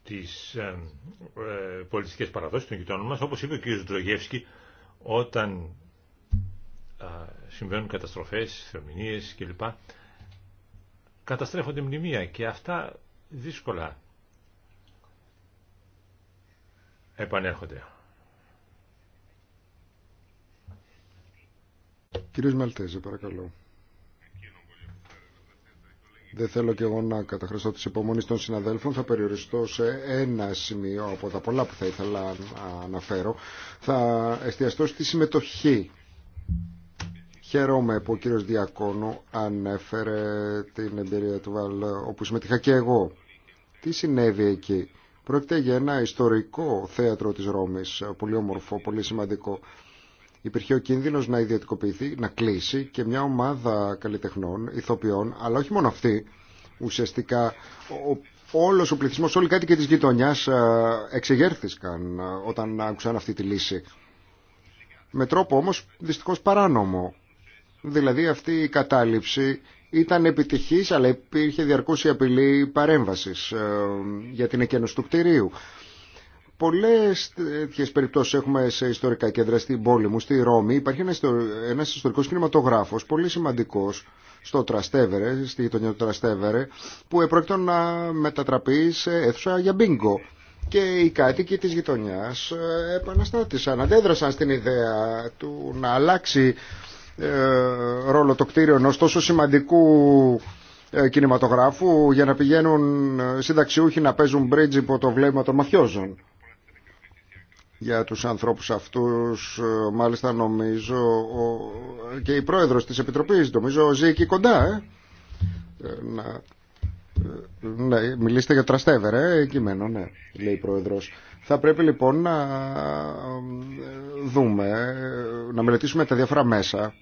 τις ε, ε, παραδόσεις των γειτόνων μας, όπως είπε ο κ. Ντρογεύσκη, όταν ε, συμβαίνουν καταστροφές, θεομηνίες κλπ. Καταστρέφονται μνημεία και αυτά δύσκολα επανέρχονται. Κύριος Μαλτέζε, παρακαλώ. Δεν θέλω και εγώ να καταχρηστώ τις υπομονή των συναδέλφων. Θα περιοριστώ σε ένα σημείο από τα πολλά που θα ήθελα να αναφέρω. Θα εστιαστώ στη συμμετοχή. Χαίρομαι που ο κύριος Διακόνου ανέφερε την εμπειρία του Βαλ, όπου συμμετείχα και εγώ. Τι συνέβη εκεί. Πρόκειται για ένα ιστορικό θέατρο της Ρώμης, πολύ όμορφο, πολύ σημαντικό υπήρχε ο κίνδυνος να ιδιωτικοποιηθεί, να κλείσει και μια ομάδα καλλιτεχνών, ηθοποιών, αλλά όχι μόνο αυτή, ουσιαστικά όλος ο πληθυσμός, όλοι οι κάτοικοι της γειτονιάς εξεγέρθησαν όταν άκουσαν αυτή τη λύση. Με τρόπο όμως δυστυχώς παράνομο. Δηλαδή αυτή η κατάληψη ήταν επιτυχής αλλά υπήρχε διαρκώς η απειλή παρέμβασης ε, για την εκένωση του κτηρίου πολλές τέτοιε περιπτώσεις έχουμε σε ιστορικά κέντρα στην πόλη μου, στη Ρώμη. Υπάρχει ένα ένας ιστορικός κινηματογράφος, πολύ σημαντικός, στο Τραστέβερε, στη γειτονιά του Τραστέβερε, που επρόκειτο να μετατραπεί σε αίθουσα για μπίνγκο. Και οι κάτοικοι της γειτονιάς ε, επαναστάτησαν, αντέδρασαν στην ιδέα του να αλλάξει ε, ρόλο το κτίριο ενός τόσο σημαντικού ε, κινηματογράφου για να πηγαίνουν ε, συνταξιούχοι να παίζουν bridge υπό το βλέμμα των μαφιόζων για τους ανθρώπους αυτούς. Ε, μάλιστα νομίζω ο, και η πρόεδρος της Επιτροπής, νομίζω ζει εκεί κοντά. Ε. ε να, ε, ναι, μιλήστε για τραστέβερ, ε, μένω ναι, λέει η πρόεδρος. Θα πρέπει λοιπόν να δούμε, να μελετήσουμε τα διάφορα μέσα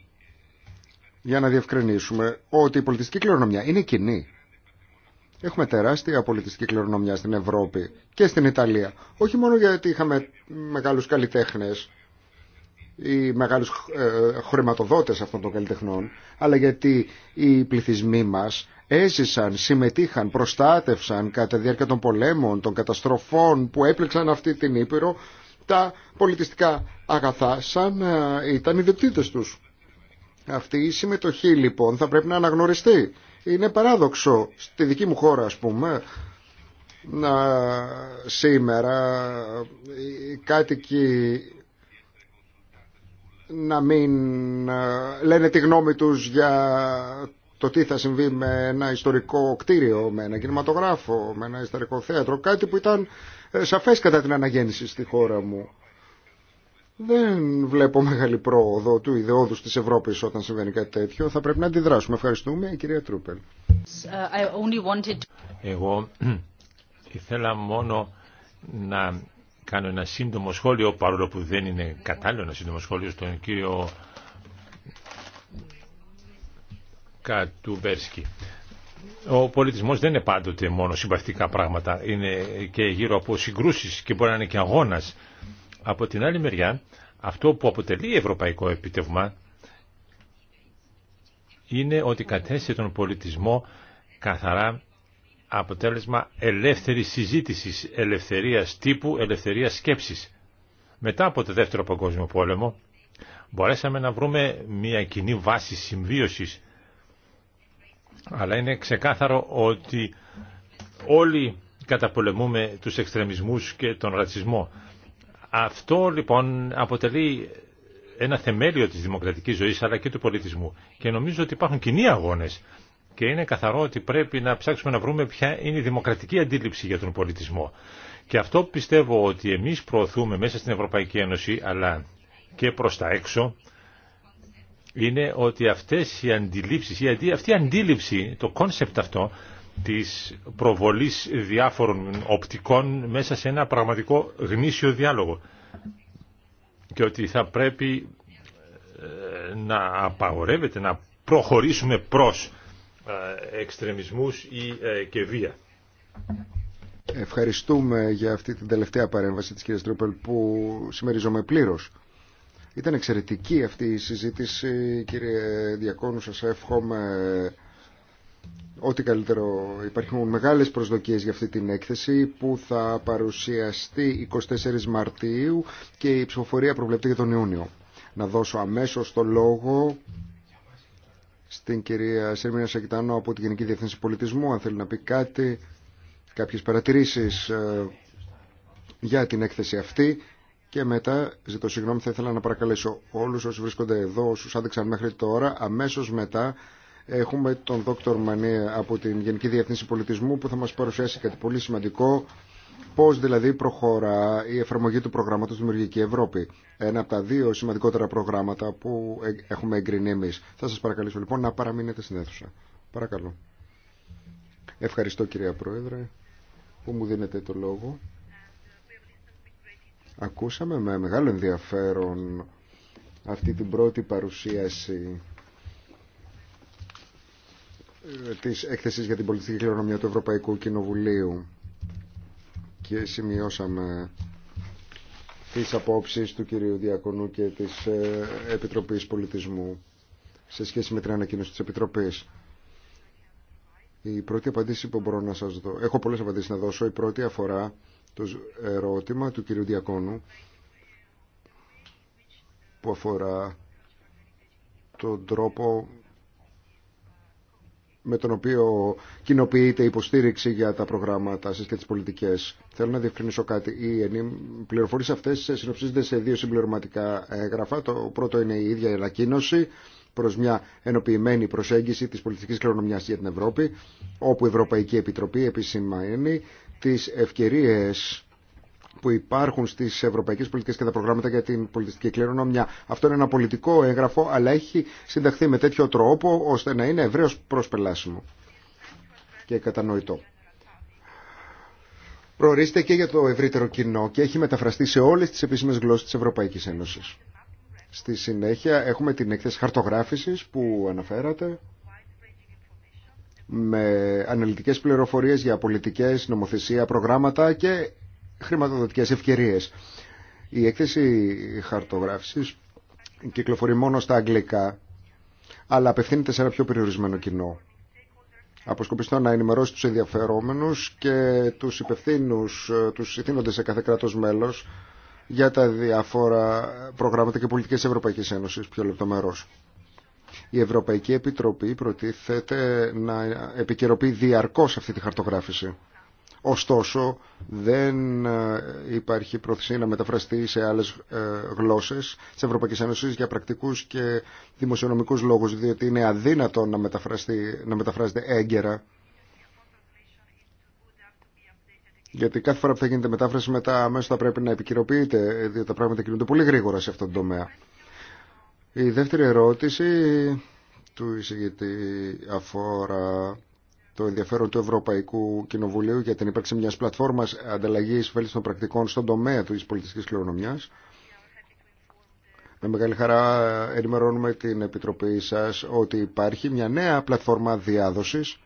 για να διευκρινίσουμε ότι η πολιτιστική κληρονομιά είναι κοινή. Έχουμε τεράστια πολιτιστική κληρονομιά στην Ευρώπη και στην Ιταλία. Όχι μόνο γιατί είχαμε μεγάλους καλλιτέχνες ή μεγάλους ε, χρηματοδότες αυτών των καλλιτεχνών, αλλά γιατί οι πληθυσμοί μας έζησαν, συμμετείχαν, προστάτευσαν κατά τη διάρκεια των πολέμων, των καταστροφών που έπλεξαν αυτή την Ήπειρο τα πολιτιστικά αγαθά σαν ε, ήταν ιδιοκτήτες τους. Αυτή η συμμετοχή των καταστροφων που επλεξαν αυτη την ηπειρο τα πολιτιστικα αγαθα σαν ηταν ιδιοκτητε τους αυτη η συμμετοχη λοιπον θα πρέπει να αναγνωριστεί είναι παράδοξο στη δική μου χώρα ας πούμε να σήμερα οι κάτοικοι να μην ε, λένε τη γνώμη τους για το τι θα συμβεί με ένα ιστορικό κτίριο, με ένα κινηματογράφο, με ένα ιστορικό θέατρο, κάτι που ήταν ε, σαφές κατά την αναγέννηση στη χώρα μου. Δεν βλέπω μεγάλη πρόοδο του ιδεώδους της Ευρώπης όταν συμβαίνει κάτι τέτοιο. Θα πρέπει να αντιδράσουμε. Ευχαριστούμε, κυρία Τρούπελ. Εγώ *clears throat* ήθελα μόνο να κάνω ένα σύντομο σχόλιο, παρόλο που δεν είναι κατάλληλο ένα σύντομο σχόλιο, στον κύριο Κατουμπέρσκι. Ο πολιτισμός δεν είναι πάντοτε μόνο συμπαθητικά πράγματα. Είναι και γύρω από συγκρούσεις και μπορεί να είναι και αγώνας. Από την άλλη μεριά, αυτό που αποτελεί ευρωπαϊκό επιτευγμα είναι ότι κατέστησε τον πολιτισμό καθαρά αποτέλεσμα ελεύθερης συζήτησης, ελευθερίας τύπου, ελευθερίας σκέψης. Μετά από το Δεύτερο Παγκόσμιο Πόλεμο, μπορέσαμε να βρούμε μια κοινή βάση συμβίωσης, αλλά είναι ξεκάθαρο ότι όλοι καταπολεμούμε τους εξτρεμισμούς και τον ρατσισμό. Αυτό λοιπόν αποτελεί ένα θεμέλιο της δημοκρατικής ζωής αλλά και του πολιτισμού. Και νομίζω ότι υπάρχουν κοινοί αγώνες και είναι καθαρό ότι πρέπει να ψάξουμε να βρούμε ποια είναι η δημοκρατική αντίληψη για τον πολιτισμό. Και αυτό πιστεύω ότι εμείς προωθούμε μέσα στην Ευρωπαϊκή Ένωση αλλά και προς τα έξω είναι ότι αυτές οι αντιλήψεις, αυτή η αντίληψη, το κόνσεπτ αυτό της προβολής διάφορων οπτικών μέσα σε ένα πραγματικό γνήσιο διάλογο και ότι θα πρέπει ε, να απαγορεύεται να προχωρήσουμε προς ε, εξτρεμισμούς ή ε, και βία. Ευχαριστούμε για αυτή την τελευταία παρέμβαση της κυρίας Τρόπελ που συμμεριζόμαι πλήρως. Ήταν εξαιρετική αυτή η συζήτηση κύριε Διακόνου, σας εύχομαι ό,τι καλύτερο υπάρχουν μεγάλες προσδοκίες για αυτή την έκθεση που θα παρουσιαστεί 24 Μαρτίου και η ψηφοφορία προβλέπεται για τον Ιούνιο. Να δώσω αμέσως το λόγο στην κυρία Σερμίνα Σακητάνο από την Γενική Διεύθυνση Πολιτισμού αν θέλει να πει κάτι, κάποιες παρατηρήσεις ε, για την έκθεση αυτή και μετά, ζητώ συγγνώμη, θα ήθελα να παρακαλέσω όλους όσοι βρίσκονται εδώ, όσους άδειξαν μέχρι τώρα, αμέσως μετά Έχουμε τον Δόκτωρ Μανέ από την Γενική Διεύθυνση Πολιτισμού που θα μας παρουσιάσει κάτι πολύ σημαντικό. Πώς δηλαδή προχώρα η εφαρμογή του προγράμματος Δημιουργική Ευρώπη. Ένα από τα δύο σημαντικότερα προγράμματα που έχουμε εγκρινεί εμεί. Θα σας παρακαλήσω λοιπόν να παραμείνετε στην αίθουσα. Παρακαλώ. Ευχαριστώ κυρία Πρόεδρε που μου δίνετε το λόγο. Ακούσαμε με μεγάλο ενδιαφέρον αυτή την πρώτη παρουσίαση της έκθεσης για την πολιτική κληρονομιά του Ευρωπαϊκού Κοινοβουλίου και σημειώσαμε τις απόψεις του κυρίου Διακονού και της ε, Επιτροπής Πολιτισμού σε σχέση με την ανακοίνωση της Επιτροπής. Η πρώτη απαντήση που μπορώ να σας δω. έχω πολλές απαντήσεις να δώσω, η πρώτη αφορά το ερώτημα του κυρίου Διακόνου που αφορά τον τρόπο με τον οποίο κοινοποιείται η υποστήριξη για τα προγράμματα σας και τις πολιτικές. Θέλω να διευκρινίσω κάτι. Οι πληροφορίες αυτές συνοψίζονται σε δύο συμπληρωματικά έγγραφα. Το πρώτο είναι η ίδια η ανακοίνωση προς μια ενοποιημένη προσέγγιση της πολιτικής κληρονομιάς για την Ευρώπη, όπου η Ευρωπαϊκή Επιτροπή επισημαίνει τις ευκαιρίες που υπάρχουν στι ευρωπαϊκέ πολιτικέ και τα προγράμματα για την πολιτιστική κληρονομιά. Αυτό είναι ένα πολιτικό έγγραφο, αλλά έχει συνταχθεί με τέτοιο τρόπο ώστε να είναι ευρέω προσπελάσιμο και κατανοητό. Προορίζεται και για το ευρύτερο κοινό και έχει μεταφραστεί σε όλε τι επίσημε γλώσσε τη Ευρωπαϊκή Ένωση. Στη συνέχεια έχουμε την έκθεση χαρτογράφηση που αναφέρατε με αναλυτικές πληροφορίες για πολιτικές, νομοθεσία, προγράμματα και χρηματοδοτικές ευκαιρίες. Η έκθεση χαρτογράφησης κυκλοφορεί μόνο στα αγγλικά, αλλά απευθύνεται σε ένα πιο περιορισμένο κοινό. Αποσκοπιστώ να ενημερώσει τους ενδιαφερόμενους και τους υπευθύνους, τους ηθήνοντες σε κάθε κράτος μέλος για τα διάφορα προγράμματα και πολιτικές Ευρωπαϊκής Ένωσης πιο λεπτομερώς. Η Ευρωπαϊκή Επιτροπή προτίθεται να επικαιροποιεί διαρκώς αυτή τη χαρτογράφηση. Ωστόσο, δεν ε, υπάρχει πρόθεση να μεταφραστεί σε άλλε γλώσσε τη Ευρωπαϊκή Ένωση για πρακτικού και δημοσιονομικού λόγου, διότι είναι αδύνατο να, να μεταφράζεται έγκαιρα. Γιατί κάθε φορά που θα γίνεται μετάφραση, μετά αμέσω θα πρέπει να επικυρωποιείται, διότι τα πράγματα κινούνται πολύ γρήγορα σε αυτόν τον τομέα. Η δεύτερη ερώτηση του εισηγητή αφορά το ενδιαφέρον του Ευρωπαϊκού Κοινοβουλίου για την ύπαρξη μιας πλατφόρμας ανταλλαγής βέλτιστων πρακτικών στον τομέα τη πολιτιστικής κληρονομιά. Με μεγάλη χαρά ενημερώνουμε την Επιτροπή σας ότι υπάρχει μια νέα πλατφόρμα διάδοσης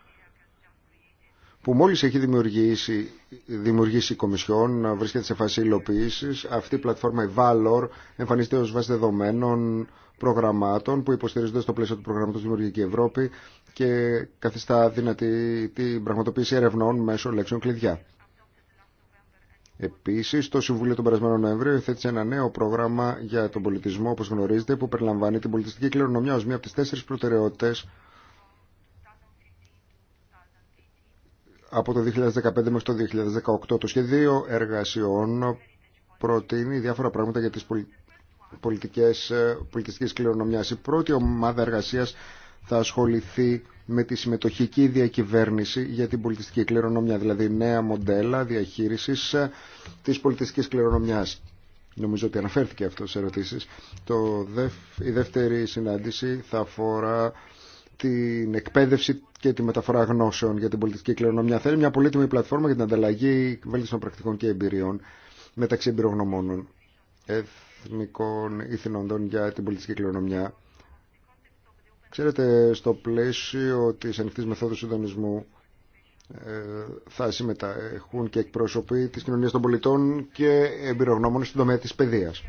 που μόλις έχει δημιουργήσει, δημιουργήσει η Κομισιόν, βρίσκεται σε φάση υλοποίηση. Αυτή η πλατφόρμα, η Valor, εμφανίζεται ως βάση δεδομένων προγραμμάτων που υποστηρίζονται στο πλαίσιο του προγράμματος Δημιουργική Ευρώπη και καθιστά δυνατή την πραγματοποίηση ερευνών μέσω λέξεων κλειδιά. Επίση, το Συμβούλιο τον περασμένο Νοέμβριο υθέτησε ένα νέο πρόγραμμα για τον πολιτισμό, όπω γνωρίζετε, που περιλαμβάνει την πολιτιστική κληρονομιά ω μία από τι τέσσερι προτεραιότητε από το 2015 μέχρι το 2018. Το σχέδιο εργασιών προτείνει διάφορα πράγματα για τις πολι πολιτικές, ε, πολιτιστικής κληρονομιάς. Η πρώτη ομάδα εργασίας θα ασχοληθεί με τη συμμετοχική διακυβέρνηση για την πολιτιστική κληρονομιά, δηλαδή νέα μοντέλα διαχείρισης ε, της πολιτιστικής κληρονομιάς. Νομίζω ότι αναφέρθηκε αυτό σε ερωτήσεις. Το Η δεύτερη συνάντηση θα αφορά την εκπαίδευση και τη μεταφορά γνώσεων για την πολιτιστική κληρονομιά. Θέλει μια πολύτιμη πλατφόρμα για την ανταλλαγή βέλτιστων πρακτικών και εμπειριών μεταξύ εμπειρογνωμόνων. Ε, εθνικών ηθινόντων για την πολιτική κληρονομιά. Ξέρετε, στο πλαίσιο της ανοιχτής μεθόδου συντονισμού ε, θα συμμετέχουν και εκπρόσωποι της κοινωνίας των πολιτών και εμπειρογνώμονες στην τομέα της παιδείας.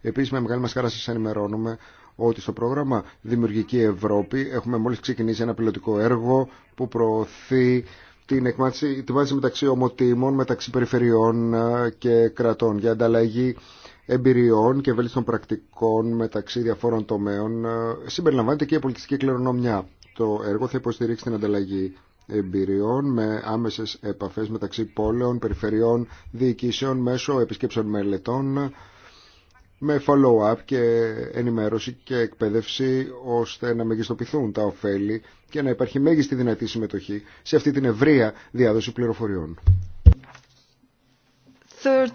Επίσης, με μεγάλη μας χαρά σας ενημερώνουμε ότι στο πρόγραμμα Δημιουργική Ευρώπη έχουμε μόλις ξεκινήσει ένα πιλωτικό έργο που προωθεί την εκμάθηση μεταξύ ομοτήμων, μεταξύ περιφερειών ε, και κρατών για ανταλλαγή εμπειριών και βέλτιστων πρακτικών μεταξύ διαφόρων τομέων ε, συμπεριλαμβάνεται και η πολιτιστική κληρονομιά. Το έργο θα υποστηρίξει την ανταλλαγή εμπειριών με άμεσες επαφές μεταξύ πόλεων, περιφερειών, διοικήσεων μέσω επισκέψεων μελετών με follow-up και ενημέρωση και εκπαίδευση ώστε να μεγιστοποιηθούν τα ωφέλη και να υπάρχει μέγιστη δυνατή συμμετοχή σε αυτή την ευρεία διάδοση πληροφοριών.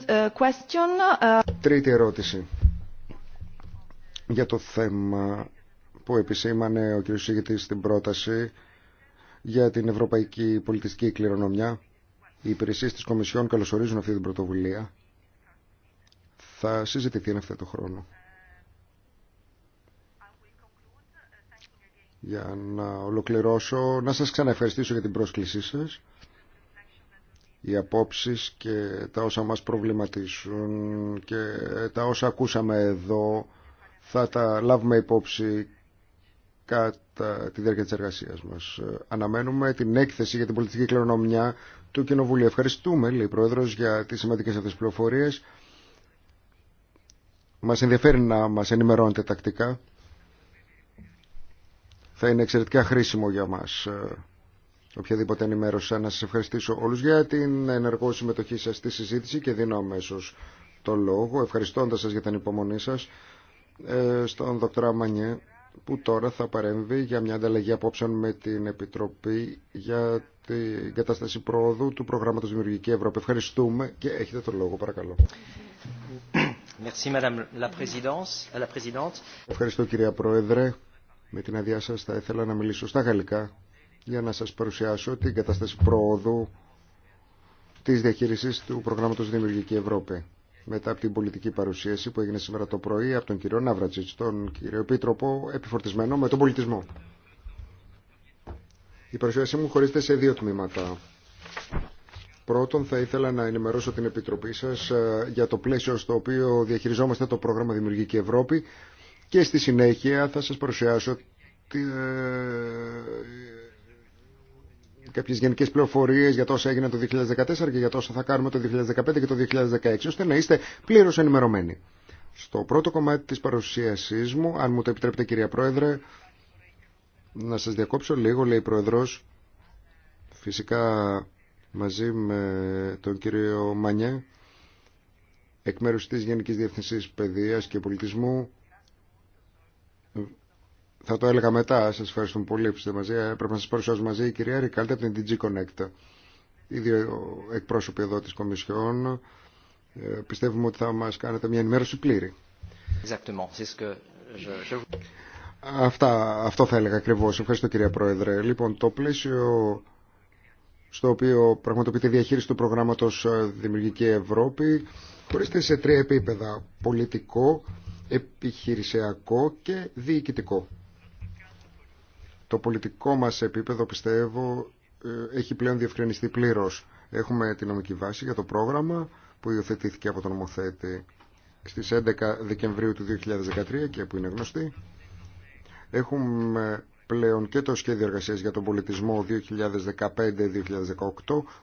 Uh, uh, Τρίτη ερώτηση για το θέμα που επισήμανε ο κ. Σίγητης στην πρόταση για την Ευρωπαϊκή Πολιτιστική Κληρονομιά. Οι υπηρεσίες της Κομισιόν καλωσορίζουν αυτή την πρωτοβουλία. Θα συζητηθεί εν αυτό το χρόνο. Για να ολοκληρώσω, να σας ξαναευχαριστήσω για την πρόσκλησή σας οι απόψεις και τα όσα μας προβληματίσουν και τα όσα ακούσαμε εδώ θα τα λάβουμε υπόψη κατά τη διάρκεια της εργασίας μας. Αναμένουμε την έκθεση για την πολιτική κληρονομιά του Κοινοβουλίου. Ευχαριστούμε, λέει η Πρόεδρος, για τις σημαντικές αυτές πληροφορίες. Μας ενδιαφέρει να μας ενημερώνετε τακτικά. Θα είναι εξαιρετικά χρήσιμο για μας οποιαδήποτε ενημέρωση. Να σας ευχαριστήσω όλους για την ενεργό συμμετοχή σας στη συζήτηση και δίνω αμέσω το λόγο, ευχαριστώντας σας για την υπομονή σας, ε, στον Δ. Μανιέ, που τώρα θα παρέμβει για μια ανταλλαγή απόψεων με την Επιτροπή για την κατάσταση πρόοδου του προγράμματο Δημιουργική Ευρώπη. Ευχαριστούμε και έχετε το λόγο, παρακαλώ. Ευχαριστώ κυρία Πρόεδρε. Με την αδειά σας θα ήθελα να μιλήσω στα γαλλικά για να σας παρουσιάσω την κατάσταση προόδου της διαχείρισης του προγράμματος Δημιουργική Ευρώπη. Μετά από την πολιτική παρουσίαση που έγινε σήμερα το πρωί από τον κύριο Ναύρατζιτ, τον κύριο Επίτροπο, επιφορτισμένο με τον πολιτισμό. Η παρουσίασή μου χωρίζεται σε δύο τμήματα. Πρώτον, θα ήθελα να ενημερώσω την Επιτροπή σα ε, για το πλαίσιο στο οποίο διαχειριζόμαστε το πρόγραμμα Δημιουργική Ευρώπη και στη συνέχεια θα σα παρουσιάσω ε, κάποιες γενικές πληροφορίες για τόσα έγιναν το 2014 και για τόσα θα κάνουμε το 2015 και το 2016, ώστε να είστε πλήρως ενημερωμένοι. Στο πρώτο κομμάτι της παρουσίασής μου, αν μου το επιτρέπετε κυρία Πρόεδρε, να σας διακόψω λίγο, λέει η Πρόεδρος, φυσικά μαζί με τον κύριο Μανιέ, εκ μέρους της Γενικής Διευθυνσής Παιδείας και Πολιτισμού, θα το έλεγα μετά. σα ευχαριστούμε πολύ που είστε μαζί. Πρέπει να σα παρουσιάσω μαζί η κυρία Ρικάλτε από την DG Connect. Οι δύο εκπρόσωποι εδώ τη Κομισιόν ε, πιστεύουμε ότι θα μα κάνετε μια ενημέρωση πλήρη. Αυτά, αυτό θα έλεγα ακριβώ. Ευχαριστώ κυρία Πρόεδρε. Λοιπόν, το πλαίσιο στο οποίο πραγματοποιείται η διαχείριση του προγράμματο ε, Δημιουργική Ευρώπη χωρίζεται σε τρία επίπεδα. Πολιτικό, επιχειρησιακό και διοικητικό. Το πολιτικό μας επίπεδο, πιστεύω, ε, έχει πλέον διευκρινιστεί πλήρως. Έχουμε τη νομική βάση για το πρόγραμμα που υιοθετήθηκε από τον νομοθέτη στις 11 Δεκεμβρίου του 2013 και που είναι γνωστή. Έχουμε πλέον και το σχέδιο εργασία για τον πολιτισμό 2015-2018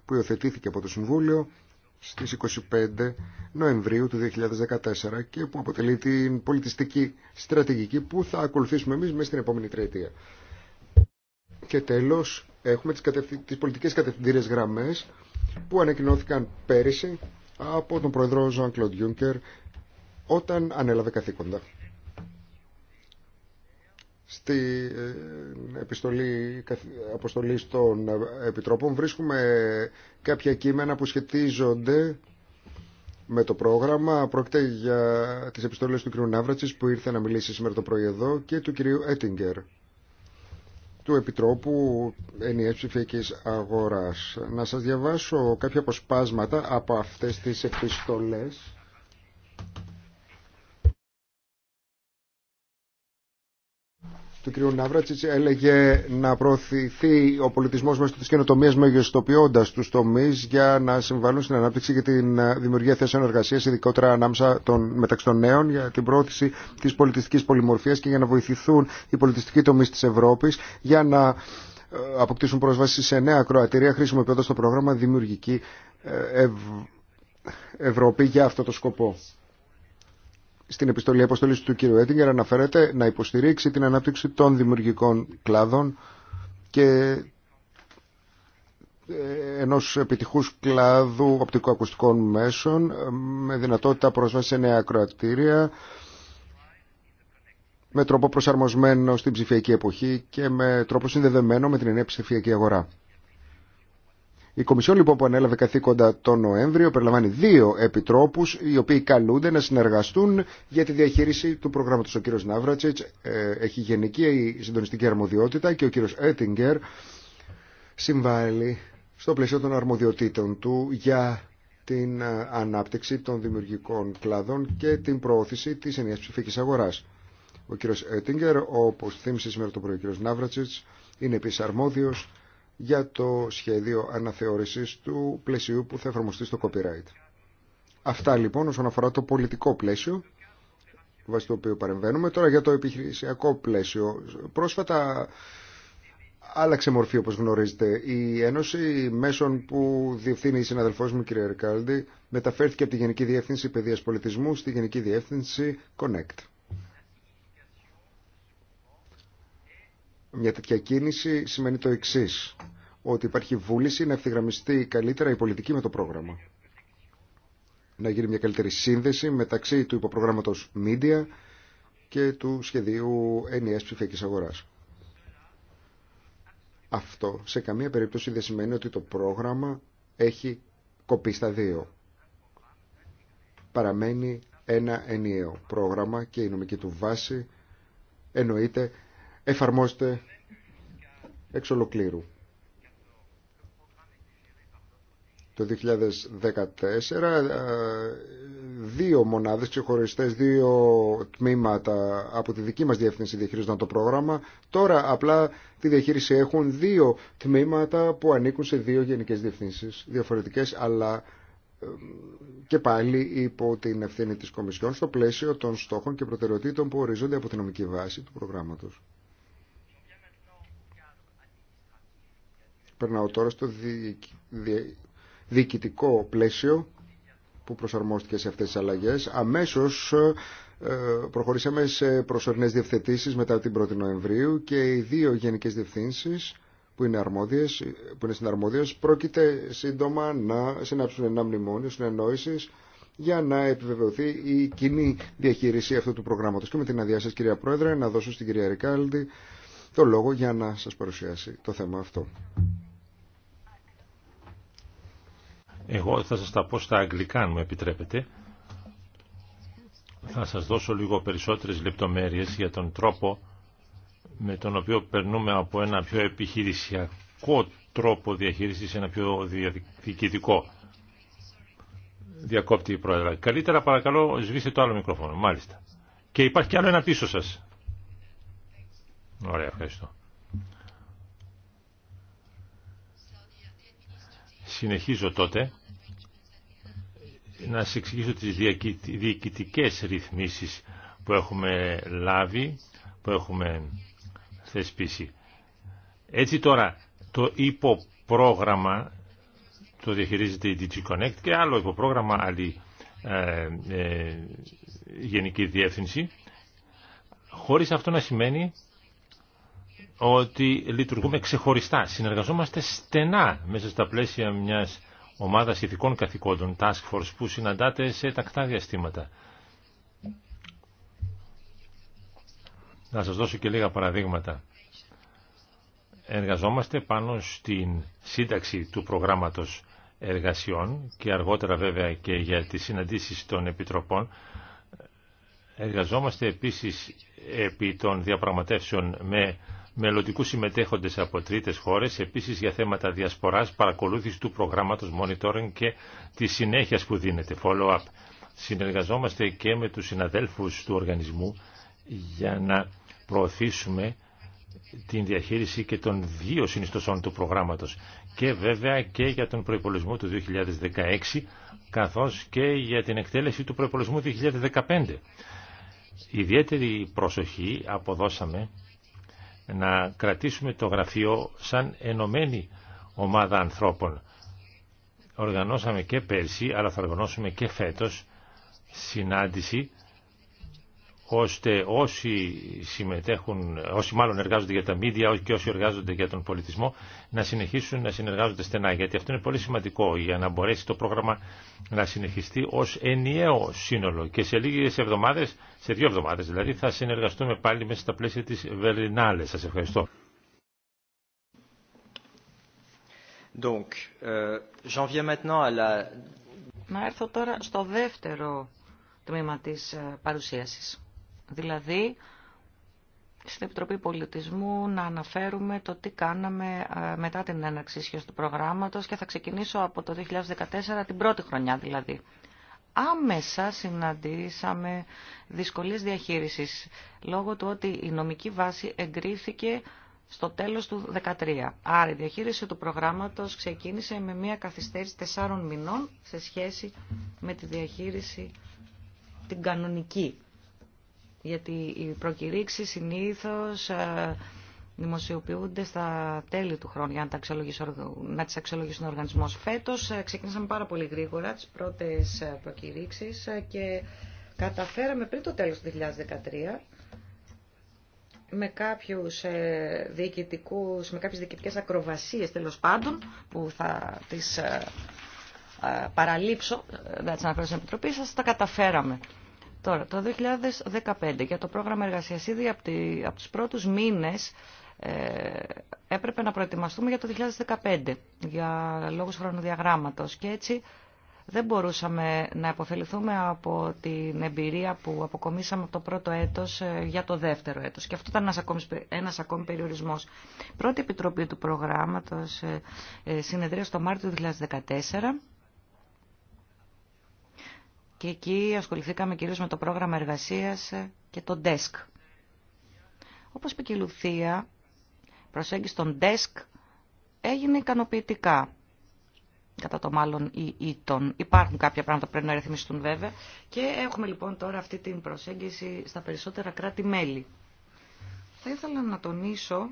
που υιοθετήθηκε από το Συμβούλιο στις 25 Νοεμβρίου του 2014 και που αποτελεί την πολιτιστική στρατηγική που θα ακολουθήσουμε εμείς μέσα στην επόμενη τριετία. Και τέλος έχουμε τις, πολιτικέ τις πολιτικές κατευθυντήρες γραμμές που ανακοινώθηκαν πέρυσι από τον Πρόεδρο Ζωάν Κλοντ Γιούνκερ όταν ανέλαβε καθήκοντα. Στην ε, επιστολή, αποστολή των Επιτρόπων βρίσκουμε κάποια κείμενα που σχετίζονται με το πρόγραμμα. Πρόκειται για τις επιστολές του κ. Ναύρατσης που ήρθε να μιλήσει σήμερα το πρωί εδώ και του κ. Έτιγκερ του Επιτρόπου Ενιαίας Ψηφιακής Αγοράς. Να σας διαβάσω κάποια αποσπάσματα από αυτές τις επιστολές του κ. Ναύρατσιτ έλεγε να προωθηθεί ο πολιτισμό μέσω τη καινοτομία μεγιστοποιώντα του τομεί για να συμβάλλουν στην ανάπτυξη και την ε, δημιουργία θέσεων εργασία, ειδικότερα ανάμεσα των, μεταξύ των νέων, για την πρόθεση τη πολιτιστική πολυμορφία και για να βοηθηθούν οι πολιτιστικοί τομεί τη Ευρώπη για να ε, αποκτήσουν πρόσβαση σε νέα ακροατήρια χρησιμοποιώντα το πρόγραμμα Δημιουργική ε, Ευ... Ευρώπη για αυτό το σκοπό στην επιστολή αποστολή του κ. Έτιγκερ αναφέρεται να υποστηρίξει την ανάπτυξη των δημιουργικών κλάδων και ε, ενός επιτυχούς κλάδου οπτικοακουστικών μέσων ε, με δυνατότητα πρόσβαση σε νέα ακροατήρια με τρόπο προσαρμοσμένο στην ψηφιακή εποχή και με τρόπο συνδεδεμένο με την νέα ψηφιακή αγορά. Η Κομισιόν λοιπόν που ανέλαβε καθήκοντα τον Νοέμβριο περιλαμβάνει δύο επιτρόπους οι οποίοι καλούνται να συνεργαστούν για τη διαχείριση του προγράμματος. Ο κύριο Ναύρατσιτς ε, έχει γενική συντονιστική αρμοδιότητα και ο κύριος Έτιγκερ συμβάλλει στο πλαίσιο των αρμοδιοτήτων του για την ε, ανάπτυξη των δημιουργικών κλάδων και την προώθηση της ενιαίας ψηφικής αγοράς. Ο κύριος Έτιγκερ, όπως θύμισε σήμερα το πρωί ο κύριο Ναύρατσιτς, είναι επίση αρμόδιος για το σχέδιο αναθεώρησης του πλαισίου που θα εφαρμοστεί στο copyright. Αυτά λοιπόν όσον αφορά το πολιτικό πλαίσιο βάσει το οποίο παρεμβαίνουμε. Τώρα για το επιχειρησιακό πλαίσιο. Πρόσφατα άλλαξε μορφή όπως γνωρίζετε. Η Ένωση Μέσων που διευθύνει η συναδελφός μου κύριε Ρικάλντι μεταφέρθηκε από τη Γενική Διεύθυνση Παιδείας Πολιτισμού στη Γενική Διεύθυνση Connect. Μια τέτοια κίνηση σημαίνει το εξή, ότι υπάρχει βούληση να ευθυγραμμιστεί καλύτερα η πολιτική με το πρόγραμμα. Να γίνει μια καλύτερη σύνδεση μεταξύ του υποπρογράμματος Media και του σχεδίου ενιαία ψηφιακή αγοράς. Αυτό σε καμία περίπτωση δεν σημαίνει ότι το πρόγραμμα έχει κοπεί στα δύο. Παραμένει ένα ενιαίο πρόγραμμα και η νομική του βάση εννοείται Εφαρμόστε εξ ολοκλήρου. Το 2014 ε, δύο μονάδες ξεχωριστές, δύο τμήματα από τη δική μας διεύθυνση διαχειρίζονταν το πρόγραμμα. Τώρα απλά τη διαχείριση έχουν δύο τμήματα που ανήκουν σε δύο γενικές διευθύνσεις διαφορετικές αλλά ε, και πάλι υπό την ευθύνη της Κομισιόν στο πλαίσιο των στόχων και προτεραιοτήτων που ορίζονται από την νομική βάση του προγράμματος. Περνάω τώρα στο διοικητικό πλαίσιο που προσαρμόστηκε σε αυτές τις αλλαγές. Αμέσως ε, προχωρήσαμε σε προσωρινές διευθετήσεις μετά την 1η Νοεμβρίου και οι δύο γενικές διευθύνσεις που είναι, αρμόδιες, που είναι συναρμόδιες πρόκειται σύντομα να συνάψουν ένα μνημόνιο συνεννόησης για να επιβεβαιωθεί η κοινή διαχείριση αυτού του προγράμματος. Και με την αδειά σας κυρία Πρόεδρε να δώσω στην κυρία Ρικάλντη το λόγο για να σας παρουσιάσει το θέμα αυτό. Εγώ θα σας τα πω στα αγγλικά, αν μου επιτρέπετε. Θα σας δώσω λίγο περισσότερες λεπτομέρειες για τον τρόπο με τον οποίο περνούμε από ένα πιο επιχειρησιακό τρόπο διαχείρισης σε ένα πιο διοικητικό. Διακόπτη η πρόεδρα. Καλύτερα παρακαλώ σβήστε το άλλο μικρόφωνο. Μάλιστα. Και υπάρχει κι άλλο ένα πίσω σας. Ωραία, ευχαριστώ. Συνεχίζω τότε να σας εξηγήσω τις διοικητικές ρυθμίσεις που έχουμε λάβει, που έχουμε θεσπίσει. Έτσι τώρα το υποπρόγραμμα το διαχειρίζεται η DigiConnect και άλλο υποπρόγραμμα άλλη ε, ε, γενική διεύθυνση χωρίς αυτό να σημαίνει ότι λειτουργούμε ξεχωριστά. Συνεργαζόμαστε στενά μέσα στα πλαίσια μιας Ομάδα ηθικών καθηκόντων, task force, που συναντάται σε τακτά διαστήματα. Να σας δώσω και λίγα παραδείγματα. Εργαζόμαστε πάνω στην σύνταξη του προγράμματος εργασιών και αργότερα βέβαια και για τις συναντήσεις των επιτροπών. Εργαζόμαστε επίσης επί των διαπραγματεύσεων με μελλοντικού συμμετέχοντες από τρίτες χώρες, επίσης για θέματα διασποράς, παρακολούθηση του προγράμματος monitoring και της συνέχειας που δίνεται, follow-up. Συνεργαζόμαστε και με τους συναδέλφους του οργανισμού για να προωθήσουμε την διαχείριση και των δύο συνιστοσών του προγράμματος και βέβαια και για τον προϋπολογισμό του 2016 καθώς και για την εκτέλεση του προϋπολογισμού 2015. Ιδιαίτερη προσοχή αποδώσαμε να κρατήσουμε το γραφείο σαν ενωμένη ομάδα ανθρώπων. Οργανώσαμε και πέρσι, αλλά θα οργανώσουμε και φέτος συνάντηση ώστε όσοι συμμετέχουν, όσοι μάλλον εργάζονται για τα μίδια και όσοι εργάζονται για τον πολιτισμό να συνεχίσουν να συνεργάζονται στενά γιατί αυτό είναι πολύ σημαντικό για να μπορέσει το πρόγραμμα να συνεχιστεί ως ενιαίο σύνολο και σε λίγες εβδομάδες, σε δύο εβδομάδες δηλαδή θα συνεργαστούμε πάλι μέσα στα πλαίσια της Βερλινάλες. Σας ευχαριστώ. Donc, euh, viens maintenant à la... Να έρθω τώρα στο δεύτερο τμήμα της ε, παρουσίασης. Δηλαδή, στην Επιτροπή Πολιτισμού να αναφέρουμε το τι κάναμε ε, μετά την έναρξη του προγράμματος και θα ξεκινήσω από το 2014, την πρώτη χρονιά δηλαδή. Άμεσα συναντήσαμε δυσκολίες διαχείρισης, λόγω του ότι η νομική βάση εγκρίθηκε στο τέλος του 2013. Άρα η διαχείριση του προγράμματος ξεκίνησε με μια καθυστέρηση τεσσάρων μηνών σε σχέση με τη διαχείριση την κανονική γιατί οι προκηρύξει συνήθω ε, δημοσιοποιούνται στα τέλη του χρόνου για να, τις αξιολογήσουν ο οργανισμός. Φέτος ε, ξεκινήσαμε πάρα πολύ γρήγορα τις πρώτες ε, προκηρύξεις και καταφέραμε πριν το τέλος του 2013 με κάποιους διοικητικούς, με κάποιες διοικητικές ακροβασίες τέλος πάντων που θα τις παραλείψω, δεν τις αναφέρω στην Επιτροπή σας, τα καταφέραμε. Τώρα, το 2015 για το πρόγραμμα εργασίας ήδη από, τη, από τους πρώτους μήνες ε, έπρεπε να προετοιμαστούμε για το 2015 για λόγους χρονοδιαγράμματος και έτσι δεν μπορούσαμε να υποφεληθούμε από την εμπειρία που αποκομίσαμε από το πρώτο έτος ε, για το δεύτερο έτος. Και αυτό ήταν ένας ακόμη, ένας ακόμη περιορισμός. πρώτη επιτροπή του προγράμματος ε, ε, συνεδρία το Μάρτιο του 2014 και εκεί ασχοληθήκαμε κυρίως με το πρόγραμμα εργασίας και το desk. Όπως είπε και η Λουθία, προσέγγιση των desk έγινε ικανοποιητικά. Κατά το μάλλον ή τον. Υπάρχουν κάποια πράγματα που πρέπει να ρυθμιστούν βέβαια. Και έχουμε λοιπόν τώρα αυτή την προσέγγιση στα περισσότερα κράτη-μέλη. Θα ήθελα να τονίσω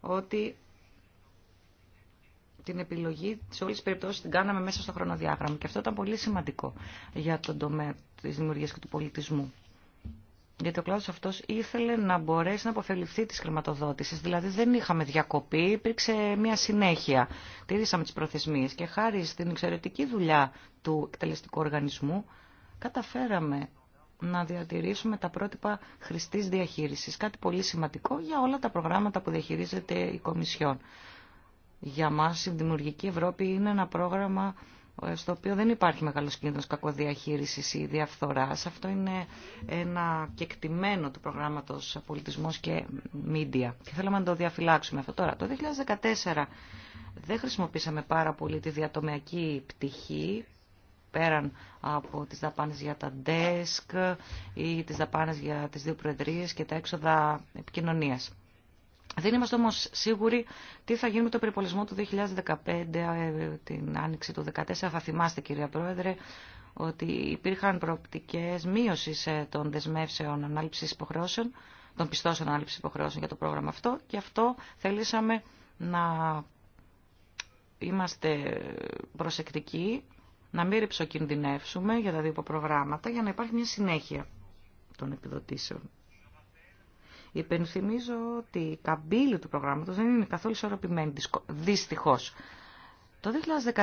ότι την επιλογή σε όλες τις περιπτώσεις την κάναμε μέσα στο χρονοδιάγραμμα και αυτό ήταν πολύ σημαντικό για τον τομέα της δημιουργίας και του πολιτισμού. Γιατί ο κλάδο αυτό ήθελε να μπορέσει να αποφεληθεί τη χρηματοδότηση. Δηλαδή δεν είχαμε διακοπή, υπήρξε μια συνέχεια. Τήρησαμε τι προθεσμίε και χάρη στην εξαιρετική δουλειά του εκτελεστικού οργανισμού καταφέραμε να διατηρήσουμε τα πρότυπα χρηστή διαχείριση. Κάτι πολύ σημαντικό για όλα τα προγράμματα που διαχειρίζεται η Κομισιόν. Για μας η Δημιουργική Ευρώπη είναι ένα πρόγραμμα ε, στο οποίο δεν υπάρχει μεγάλος κίνδυνος κακοδιαχείρισης ή διαφθοράς. Αυτό είναι ένα κεκτημένο του προγράμματος πολιτισμός και μίντια. Και θέλαμε να το διαφυλάξουμε αυτό τώρα. Το 2014 δεν χρησιμοποίησαμε πάρα πολύ τη διατομιακή πτυχή πέραν από τις δαπάνες για τα desk ή τις δαπάνες για τις δύο προεδρίες και τα έξοδα επικοινωνίας. Δεν είμαστε όμως σίγουροι τι θα γίνει με το περιπολισμό του 2015, ε, την άνοιξη του 2014. Θα θυμάστε κυρία Πρόεδρε ότι υπήρχαν προοπτικές μείωσης ε, των δεσμεύσεων ανάληψης υποχρεώσεων, των πιστώσεων ανάληψης υποχρεώσεων για το πρόγραμμα αυτό και αυτό θέλησαμε να είμαστε προσεκτικοί, να μην ρηψοκινδυνεύσουμε για τα δύο προγράμματα για να υπάρχει μια συνέχεια των επιδοτήσεων. Υπενθυμίζω ότι η καμπύλη του προγράμματος δεν είναι καθόλου ισορροπημένη, δυστυχώς. Το